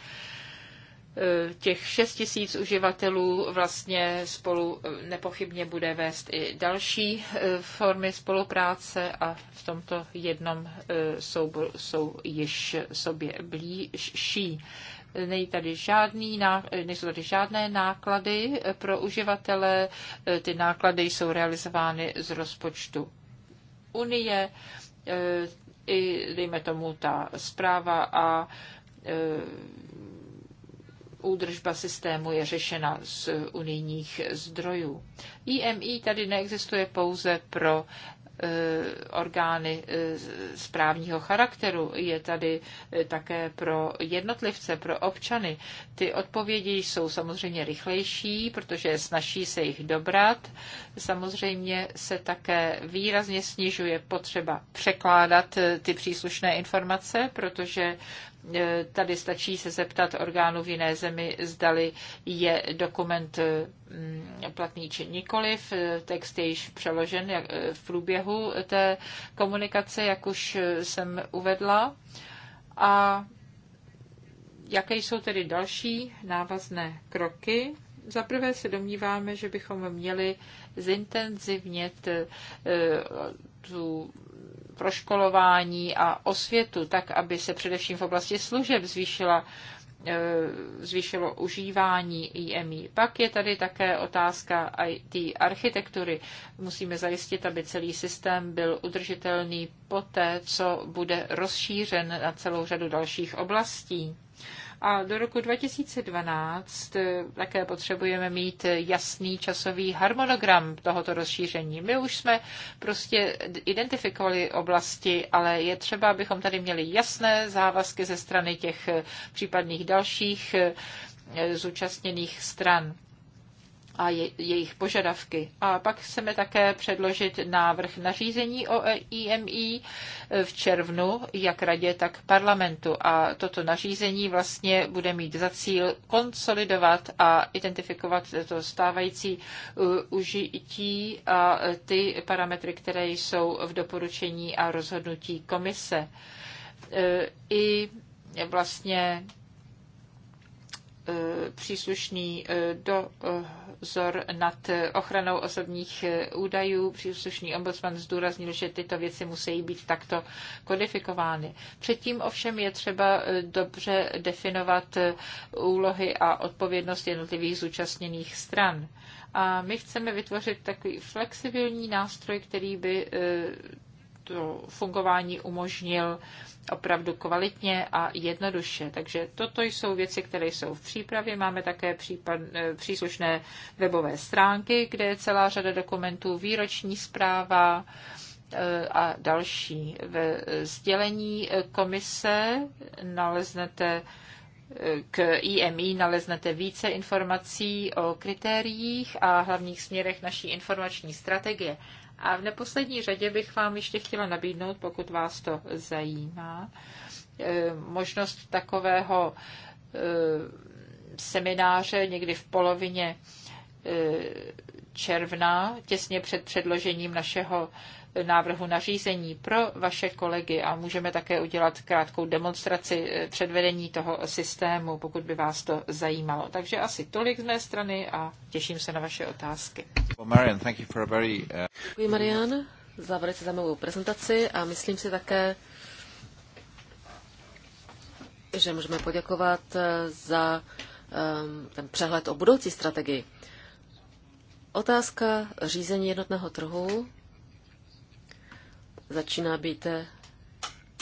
Eh, těch 6 tisíc uživatelů vlastně spolu eh, nepochybně bude vést i další eh, formy spolupráce a v tomto jednom jsou, jsou již sobě blížší. Není tady žádný, nejsou tady žádné náklady pro uživatele, ty náklady jsou realizovány z rozpočtu Unie, i dejme tomu ta zpráva a údržba systému je řešena z unijních zdrojů. IMI tady neexistuje pouze pro e, orgány e, správního charakteru, je tady e, také pro jednotlivce, pro občany. Ty odpovědi jsou samozřejmě rychlejší, protože snaží se jich dobrat. Samozřejmě se také výrazně snižuje potřeba překládat ty příslušné informace, protože E, tady stačí se zeptat orgánu v jiné zemi, zdali je dokument e, platný či nikoliv. E, text je již přeložen v průběhu té komunikace, jak už jsem uvedla. A jaké jsou tedy další návazné kroky? Za prvé se domníváme, že bychom měli zintenzivnit tu proškolování a osvětu, tak aby se především v oblasti služeb zvýšila eh, zvýšilo užívání IMI. Pak je tady také otázka IT architektury. Musíme zajistit, aby celý systém byl udržitelný poté, co bude rozšířen na celou řadu dalších oblastí. A do roku 2012 eh, také potřebujeme mít jasný časový harmonogram tohoto rozšíření. My už jsme prostě identifikovali oblasti, ale je třeba, abychom tady měli jasné závazky ze strany těch eh, případných dalších eh, zúčastněných stran a jejich požadavky. A pak chceme také předložit návrh nařízení o IMI e v červnu, jak radě, tak parlamentu. A toto nařízení vlastně bude mít za cíl konsolidovat a identifikovat to stávající uh, užití a ty parametry, které jsou v doporučení a rozhodnutí komise. Uh, I vlastně Eh, příslušný eh, dozor nad ochranou osobních eh, údajů. Příslušný ombudsman zdůraznil, že tyto věci musí být takto kodifikovány. Předtím ovšem je třeba dobře definovat úlohy a odpovědnost jednotlivých zúčastněných stran. A my chceme vytvořit takový flexibilní nástroj, který by to fungování umožnil opravdu kvalitně a jednoduše. Takže toto jsou věci, které jsou v přípravě. Máme také případ, eh, příslušné webové stránky, kde je celá řada dokumentů, výroční zpráva eh, a další. Ve sdělení eh, komise naleznete k IMI naleznete více informací o kritériích a hlavních směrech naší informační strategie. A v neposlední řadě bych vám ještě chtěla nabídnout, pokud vás to zajímá, eh, možnost takového eh, semináře někdy v polovině eh, června, těsně před předložením našeho návrhu nařízení pro vaše kolegy a můžeme také udělat krátkou demonstraci eh, předvedení toho systému, pokud by vás to zajímalo. Takže asi tolik z mé strany a těším se na vaše otázky. Eh, Děkuji, Marian, za velice zajímavou prezentaci a myslím si také, že můžeme poděkovat eh, za ehm, ten přehled o budoucí strategii. Otázka řízení jednotného trhu začíná být eh,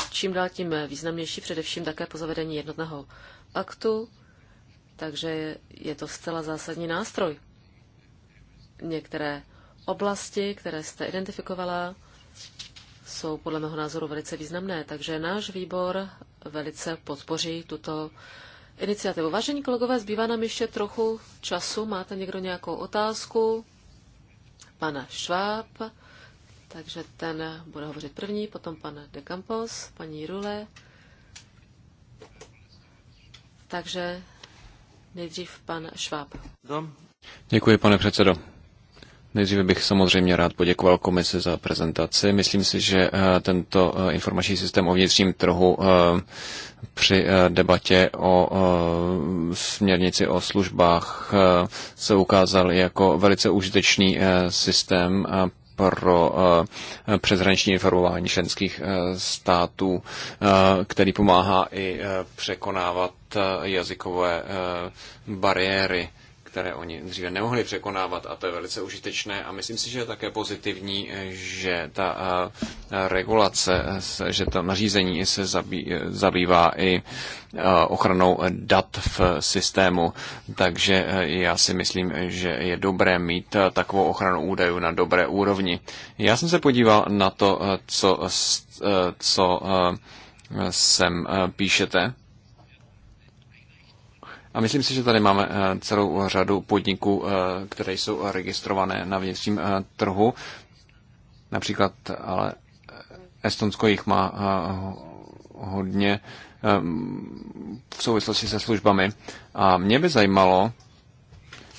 čím dál tím eh, významnější, především také po zavedení jednotného aktu, takže je to zcela zásadní nástroj. Některé oblasti, které jste identifikovala, jsou podle mého názoru velice významné, takže náš výbor velice podpoří tuto iniciativu. Vážení kolegové, zbývá nám ještě trochu času. Máte někdo nějakou otázku? Pana Šváb? Takže ten bude hovořit první, potom pan De Campos, paní Rule. Takže nejdřív pan Šváb. Děkuji, pane předsedo. Nejdříve bych samozřejmě rád poděkoval komisi za prezentaci. Myslím si, že eh, tento eh, informační systém o vnitřním trhu eh, při debatě o směrnici o službách se ukázal jako velice užitečný systém pro eh, přeshraniční informování členských eh, států, eh, který pomáhá i překonávat jazykové bariéry které oni dříve nemohli překonávat a to je velice užitečné a myslím si, že je také pozitivní, že ta eh, regulace, že to nařízení se zabývá i eh, ochranou dat v systému, takže eh, já si myslím, že je dobré mít takovou ochranu údajů na dobré úrovni. Já jsem se podíval na to, co, co sem píšete a myslím si, že tady máme eh, celou řadu podniků, eh, které jsou registrované na vnitřním eh, trhu. Například ale Estonsko jich má hodně ehm, v souvislosti se službami. A mě by zajímalo,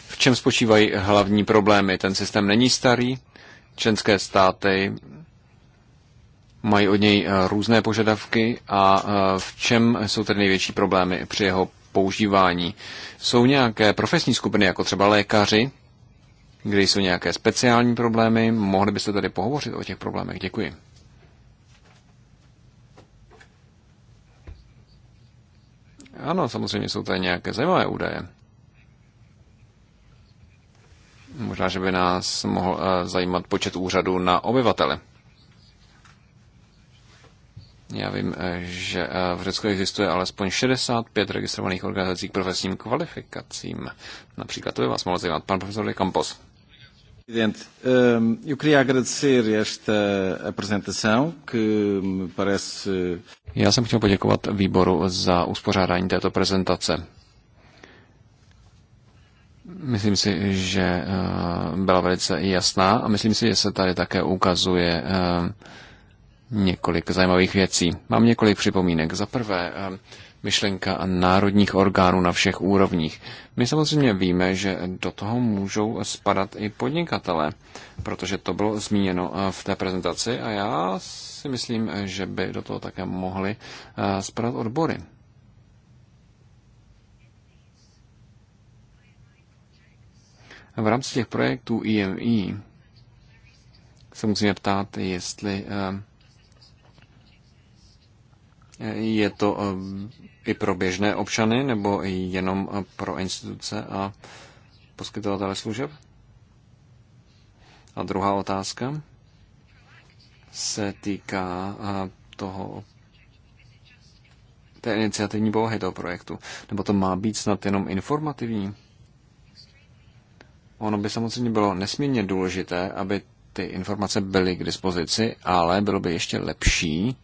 v čem spočívají hlavní problémy. Ten systém není starý, členské státy mají od něj různé požadavky a v čem jsou tedy největší problémy při jeho používání. Jsou nějaké profesní skupiny, jako třeba lékaři, kde jsou nějaké speciální problémy. Mohli byste tady pohovořit o těch problémech? Děkuji. Ano, samozřejmě jsou tady nějaké zajímavé údaje. Možná, že by nás mohl eh, zajímat počet úřadů na obyvatele. Já vím, eh, že eh, v Řecku existuje alespoň 65 registrovaných organizací k profesním kvalifikacím. Například to by vás mohl zajímat pan profesor De Campos. Presidente, ehm, eu queria agradecer esta apresentação que me parece... Já jsem chtěl poděkovat výboru za uspořádání této prezentace. Myslím si, že eh, byla velice jasná a myslím si, že se tady také ukazuje několik zajímavých věcí. Mám několik připomínek. Za prvé, eh, myšlenka národních orgánů na všech úrovních. My samozřejmě víme, že do toho můžou spadat i podnikatele, protože to bylo zmíněno eh, v té prezentaci a já si myslím, že by do toho také mohly eh, spadat odbory. V rámci těch projektů IMI se musíme ptát, jestli je to eh, i pro běžné občany nebo jenom eh, pro instituce a poskytovatele služeb? A druhá otázka se týká eh, toho té iniciativní povahy toho projektu. Nebo to má být snad jenom informativní? Ono by samozřejmě bylo nesmírně důležité, aby ty informace byly k dispozici, ale bylo by ještě lepší,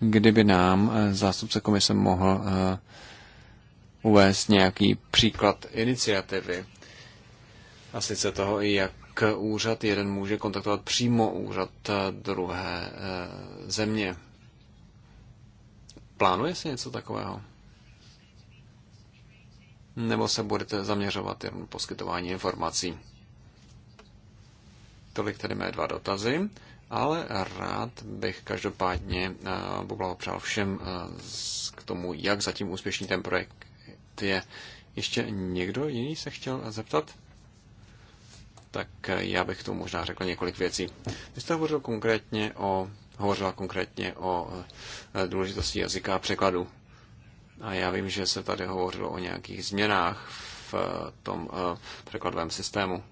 kdyby nám eh, zástupce komise mohl eh, uvést nějaký příklad iniciativy. A sice toho, jak úřad jeden může kontaktovat přímo úřad eh, druhé země. Plánuje se něco takového? Nebo se budete zaměřovat jen poskytování informací? Tolik tedy mé dva dotazy. Ale rád bych každopádně eh, poblahopřál všem eh, k tomu, jak zatím úspěšný ten projekt je. Ještě někdo jiný se chtěl zeptat? Tak eh, já bych tu možná řekl několik věcí. Vy jste hovořil konkrétně o, hovořila konkrétně o důležitosti jazyka a překladu. A já vím, že se tady hovořilo o nějakých změnách v tom překladovém systému.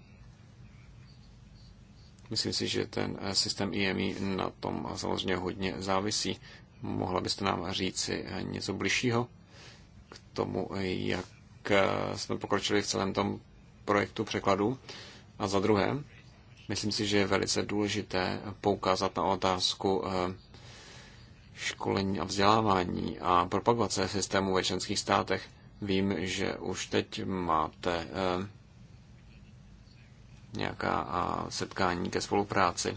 Myslím si, že ten eh, systém IMI na tom samozřejmě hodně závisí. Mohla byste nám říci eh, něco bližšího k tomu, jak eh, jsme pokročili v celém tom projektu překladu? A za druhé, myslím si, že je velice důležité poukázat na otázku školení a vzdělávání a propagace systému ve členských státech. Vím, že už teď máte nějaká setkání ke spolupráci.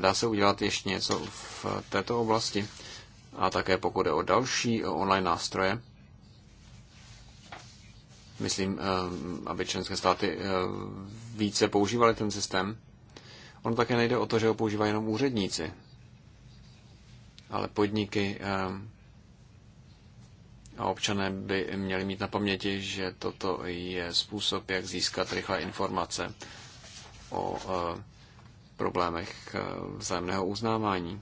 dá se udělat ještě něco v této oblasti a také pokud je o další online nástroje, myslím, e, aby členské státy e, více používaly ten systém. On také nejde o to, že ho používají jenom úředníci, ale podniky e, a občané by měli mít na paměti, že toto je způsob, jak získat rychlé informace o eh, problémech eh, vzájemného uznávání.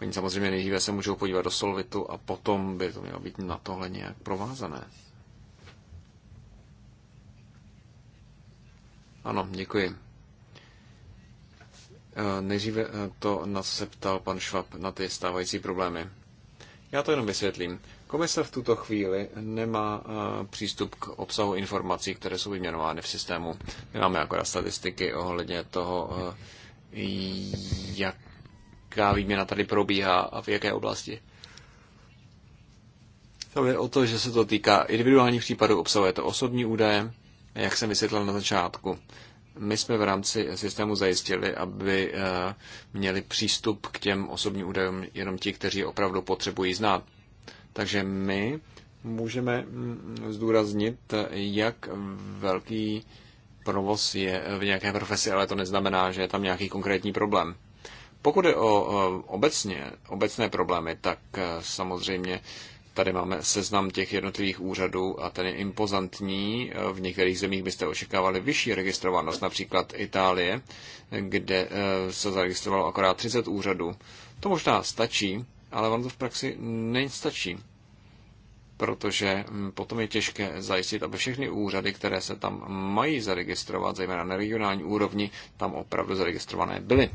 Oni samozřejmě nejdříve se můžou podívat do Solvitu a potom by to mělo být na tohle nějak provázané. Ano, děkuji. Eh, nejdříve to, na co se ptal pan Švab, na ty stávající problémy. Já to jenom vysvětlím. Komise v tuto chvíli nemá eh, přístup k obsahu informací, které jsou vyměnovány v systému. My máme akorát statistiky ohledně toho, eh, jaká výměna tady probíhá a v jaké oblasti. Tam je o to, že se to týká individuálních případů, obsahuje to osobní údaje, jak jsem vysvětlil na začátku. My jsme v rámci systému zajistili, aby eh, měli přístup k těm osobním údajům jenom ti, kteří opravdu potřebují znát. Takže my můžeme mm, zdůraznit, jak velký provoz je v nějaké profesi, ale to neznamená, že je tam nějaký konkrétní problém. Pokud je o obecně, obecné problémy, tak eh, samozřejmě tady máme seznam těch jednotlivých úřadů a ten je impozantní. Eh, v některých zemích byste očekávali vyšší registrovanost, například Itálie, kde eh, se zaregistrovalo akorát 30 úřadů. To možná stačí, ale vám to v praxi nestačí, protože mm, potom je těžké zajistit, aby všechny úřady, které se tam mají zaregistrovat, zejména na regionální úrovni, tam opravdu zaregistrované byly.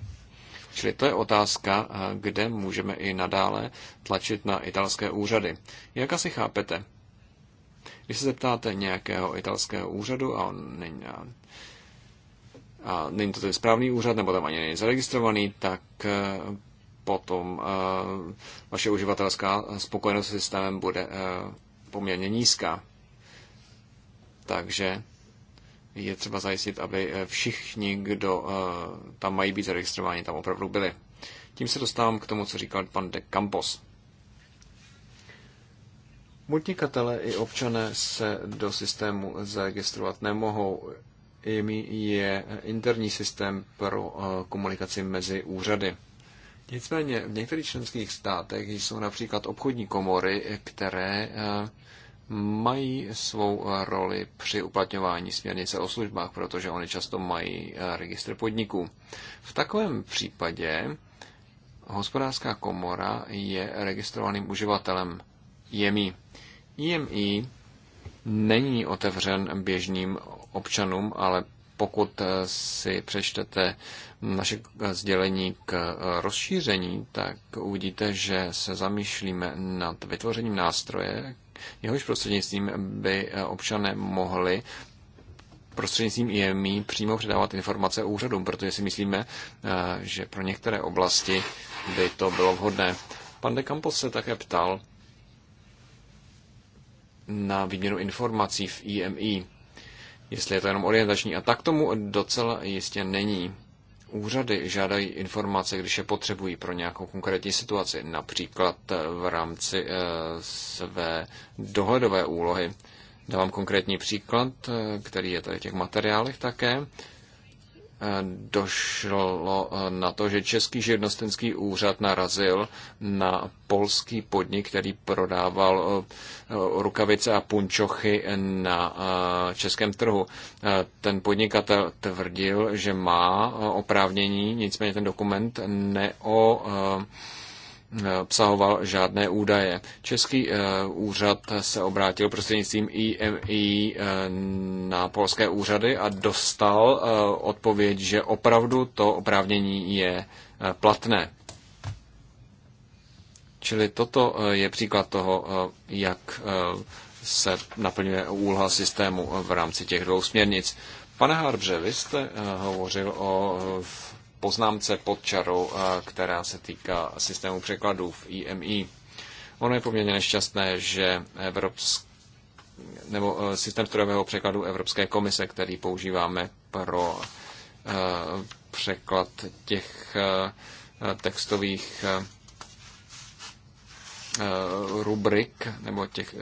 Čili to je otázka, eh, kde můžeme i nadále tlačit na italské úřady. Jak asi chápete? Když se zeptáte nějakého italského úřadu a on není, a, a není to ten správný úřad, nebo tam ani není zaregistrovaný, tak eh, potom eh, vaše uživatelská spokojenost s systémem bude eh, poměrně nízká. Takže je třeba zajistit, aby eh, všichni, kdo tam mají být zaregistrováni, tam opravdu byli. Tím se dostávám k tomu, co říkal pan de Campos. Multikatele i občané se do systému zaregistrovat nemohou. IMI je interní systém pro komunikaci mezi úřady. Nicméně v některých členských státech jsou například obchodní komory, které eh, mají svou eh, roli při uplatňování směrnice o službách, protože oni často mají eh, registr podniků. V takovém případě hospodářská komora je registrovaným uživatelem IMI. IMI není otevřen běžným občanům, ale pokud si přečtete naše sdělení k eh, rozšíření, tak uvidíte, že se zamýšlíme nad vytvořením nástroje, jehož prostřednictvím by eh, občané mohli prostřednictvím IMI přímo předávat informace úřadům, protože si myslíme, eh, že pro některé oblasti by to bylo vhodné. Pan de Campos se také ptal na výměnu informací v IMI, jestli je to jenom orientační. A tak tomu docela jistě není úřady žádají informace, když je potřebují pro nějakou konkrétní situaci, například eh, v rámci eh, své dohledové úlohy. Dávám konkrétní příklad, eh, který je tady v těch materiálech také došlo eh, na to, že Český živnostenský úřad narazil na polský podnik, který prodával eh, rukavice a punčochy na eh, českém trhu. Ten podnikatel tvrdil, že má oprávnění, nicméně ten dokument neo obsahoval žádné údaje. Český eh, úřad se obrátil prostřednictvím IMI eh, na polské úřady a dostal eh, odpověď, že opravdu to oprávnění je platné. Čili toto je příklad toho, jak se naplňuje úloha systému v rámci těch dvou směrnic. Pane Harbře, vy jste hovořil o poznámce pod čarou, eh, která se týká systému překladů v IMI. Ono je poměrně nešťastné, že evropský nebo eh, systém strojového překladu Evropské komise, který používáme pro eh, překlad těch textových rubrik nebo těch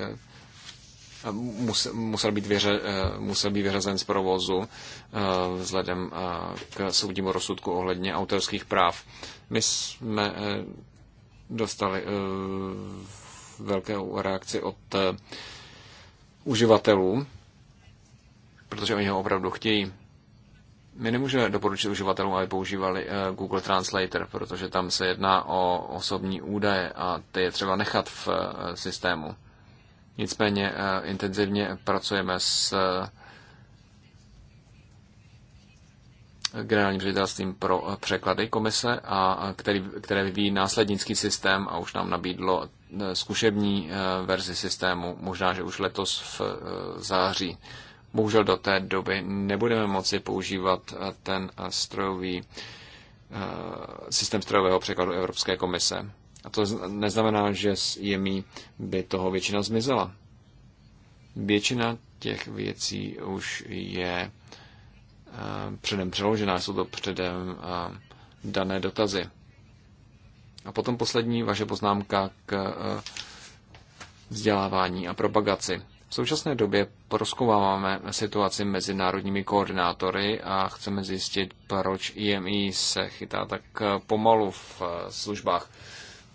musel být, vyře, eh, musel být vyřazen z provozu eh, vzhledem eh, k soudnímu rozsudku ohledně autorských práv. My jsme dostali velkou reakci od uživatelů, protože oni ho opravdu chtějí. My nemůžeme doporučit uživatelům, aby používali Google Translator, protože tam se jedná o osobní údaje a ty je třeba nechat v systému. Nicméně eh, intenzivně pracujeme s eh, generálním ředitelstvím pro eh, překlady komise, a který, které vyvíjí následnický systém a už nám nabídlo zkušební verzi systému, možná, že už letos v září. Bohužel do té doby nebudeme moci používat ten strojový systém strojového překladu Evropské komise. A to neznamená, že s jemí by toho většina zmizela. Většina těch věcí už je eh, předem přeložená, jsou to předem eh, dané dotazy. A potom poslední vaše poznámka k eh, vzdělávání a propagaci. V současné době proskoumáváme situaci mezi národními koordinátory a chceme zjistit, proč IMI se chytá tak pomalu v službách.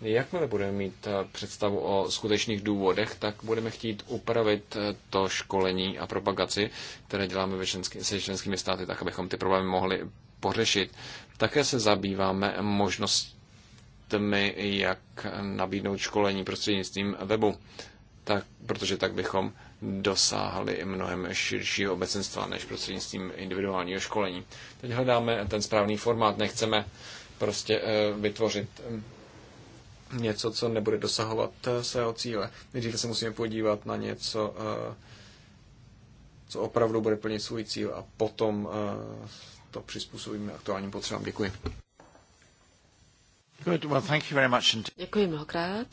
Jakmile budeme mít eh, představu o skutečných důvodech, tak budeme chtít upravit eh, to školení a propagaci, které děláme ve členský, se členskými státy, tak abychom ty problémy mohli pořešit. Také se zabýváme možnostmi, jak nabídnout školení prostřednictvím webu, tak, protože tak bychom dosáhli mnohem širšího obecenstva než prostřednictvím individuálního školení. Teď hledáme ten správný formát, nechceme prostě eh, vytvořit něco, co nebude dosahovat eh, svého cíle. Nejdříve se musíme podívat na něco, eh, co opravdu bude plnit svůj cíl a potom eh, to přizpůsobíme aktuálním potřebám. Děkuji. Good. Well, thank you very much. Děkuji mnohokrát.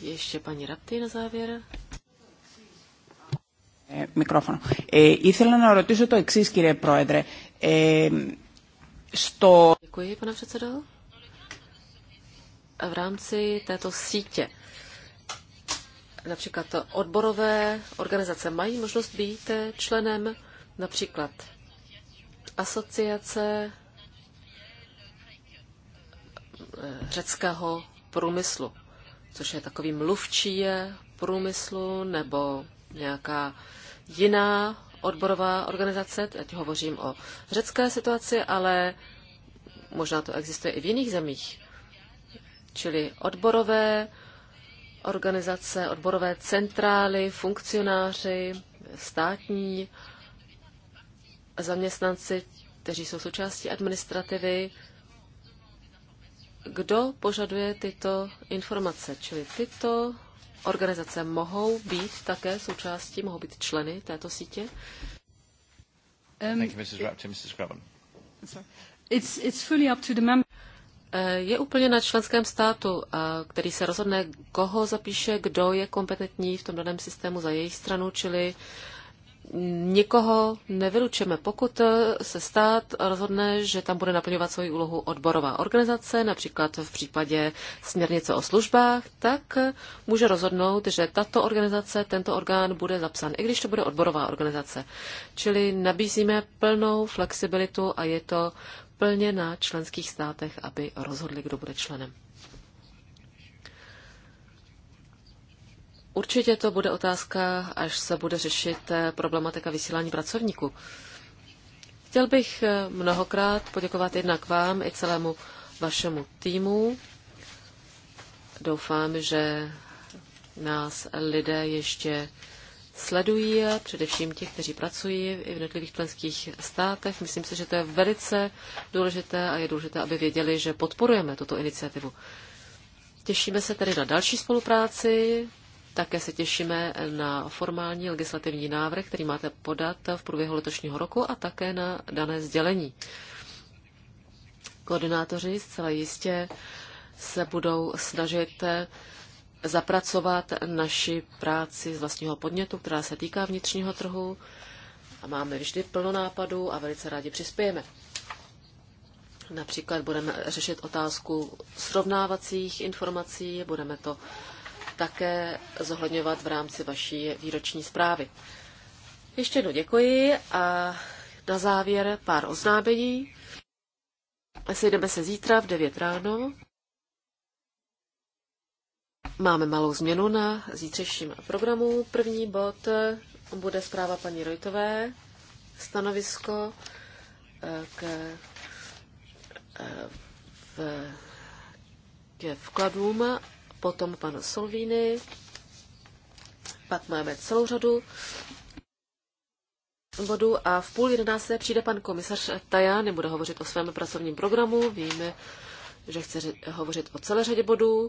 Ještě paní Rapty na závěr. Mikrofon. Ήθελα να ρωτήσω to εξής, κύριε Πρόεδρε što... Děkuji, pane předsedo. A v rámci této sítě například odborové organizace mají možnost být členem například asociace eh, řeckého průmyslu, což je takový mluvčí průmyslu nebo nějaká jiná odborová organizace, teď hovořím o řecké situaci, ale možná to existuje i v jiných zemích. Čili odborové organizace, odborové centrály, funkcionáři, státní zaměstnanci, kteří jsou součástí administrativy, kdo požaduje tyto informace. Čili tyto organizace mohou být také součástí, mohou být členy této sítě? Um, it's, it's fully up to the member. Eh, je úplně na členském státu, eh, který se rozhodne, koho zapíše, kdo je kompetentní v tom daném systému za jejich stranu, čili uh, nikoho nevylučeme, pokud se stát rozhodne, že tam bude naplňovat svoji úlohu odborová organizace, například v případě směrnice o službách, tak může rozhodnout, že tato organizace, tento orgán bude zapsán, i když to bude odborová organizace. Čili nabízíme plnou flexibilitu a je to plně na členských státech, aby rozhodli, kdo bude členem. Určitě to bude otázka, až se bude řešit eh, problematika vysílání pracovníků. Chtěl bych eh, mnohokrát poděkovat jednak vám i celému vašemu týmu. Doufám, že nás lidé ještě sledují, především těch, kteří pracují i v jednotlivých členských státech. Myslím si, že to je velice důležité a je důležité, aby věděli, že podporujeme tuto iniciativu. Těšíme se tedy na další spolupráci také se těšíme na formální legislativní návrh, který máte podat v průběhu letošního roku a také na dané sdělení. Koordinátoři zcela jistě se budou snažit zapracovat naši práci z vlastního podnětu, která se týká vnitřního trhu a máme vždy plno nápadů a velice rádi přispějeme. Například budeme řešit otázku srovnávacích informací, budeme to také zohledňovat v rámci vaší výroční zprávy. Ještě jednou děkuji a na závěr pár oznámení. Sejdeme se zítra v 9 ráno. Máme malou změnu na zítřejším programu. První bod bude zpráva paní Rojtové, stanovisko eh, k, eh, k vkladům potom pan Solvíny, pak máme celou řadu bodů a v půl jedenácté přijde pan komisař Tajany, bude hovořit o svém pracovním programu, víme, že chce hovořit o celé řadě bodů.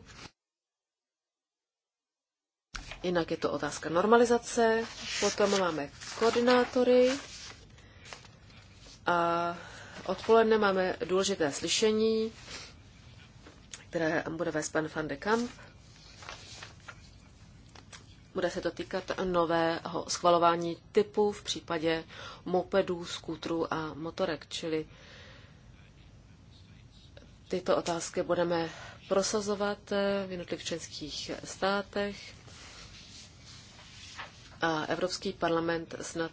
Jinak je to otázka normalizace, potom máme koordinátory a odpoledne máme důležité slyšení které bude vést pan van de Kamp. Bude se to týkat nového schvalování typu v případě mopedů, skútrů a motorek, čili tyto otázky budeme prosazovat v jednotlivých členských státech. A Evropský parlament snad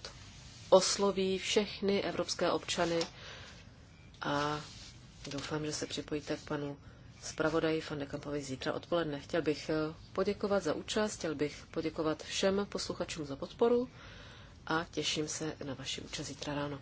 osloví všechny evropské občany a doufám, že se připojíte k panu zpravodaji Fandekampovi zítra odpoledne. Chtěl bych eh, poděkovat za účast, chtěl bych poděkovat všem posluchačům za podporu a těším se na vaši účast zítra ráno.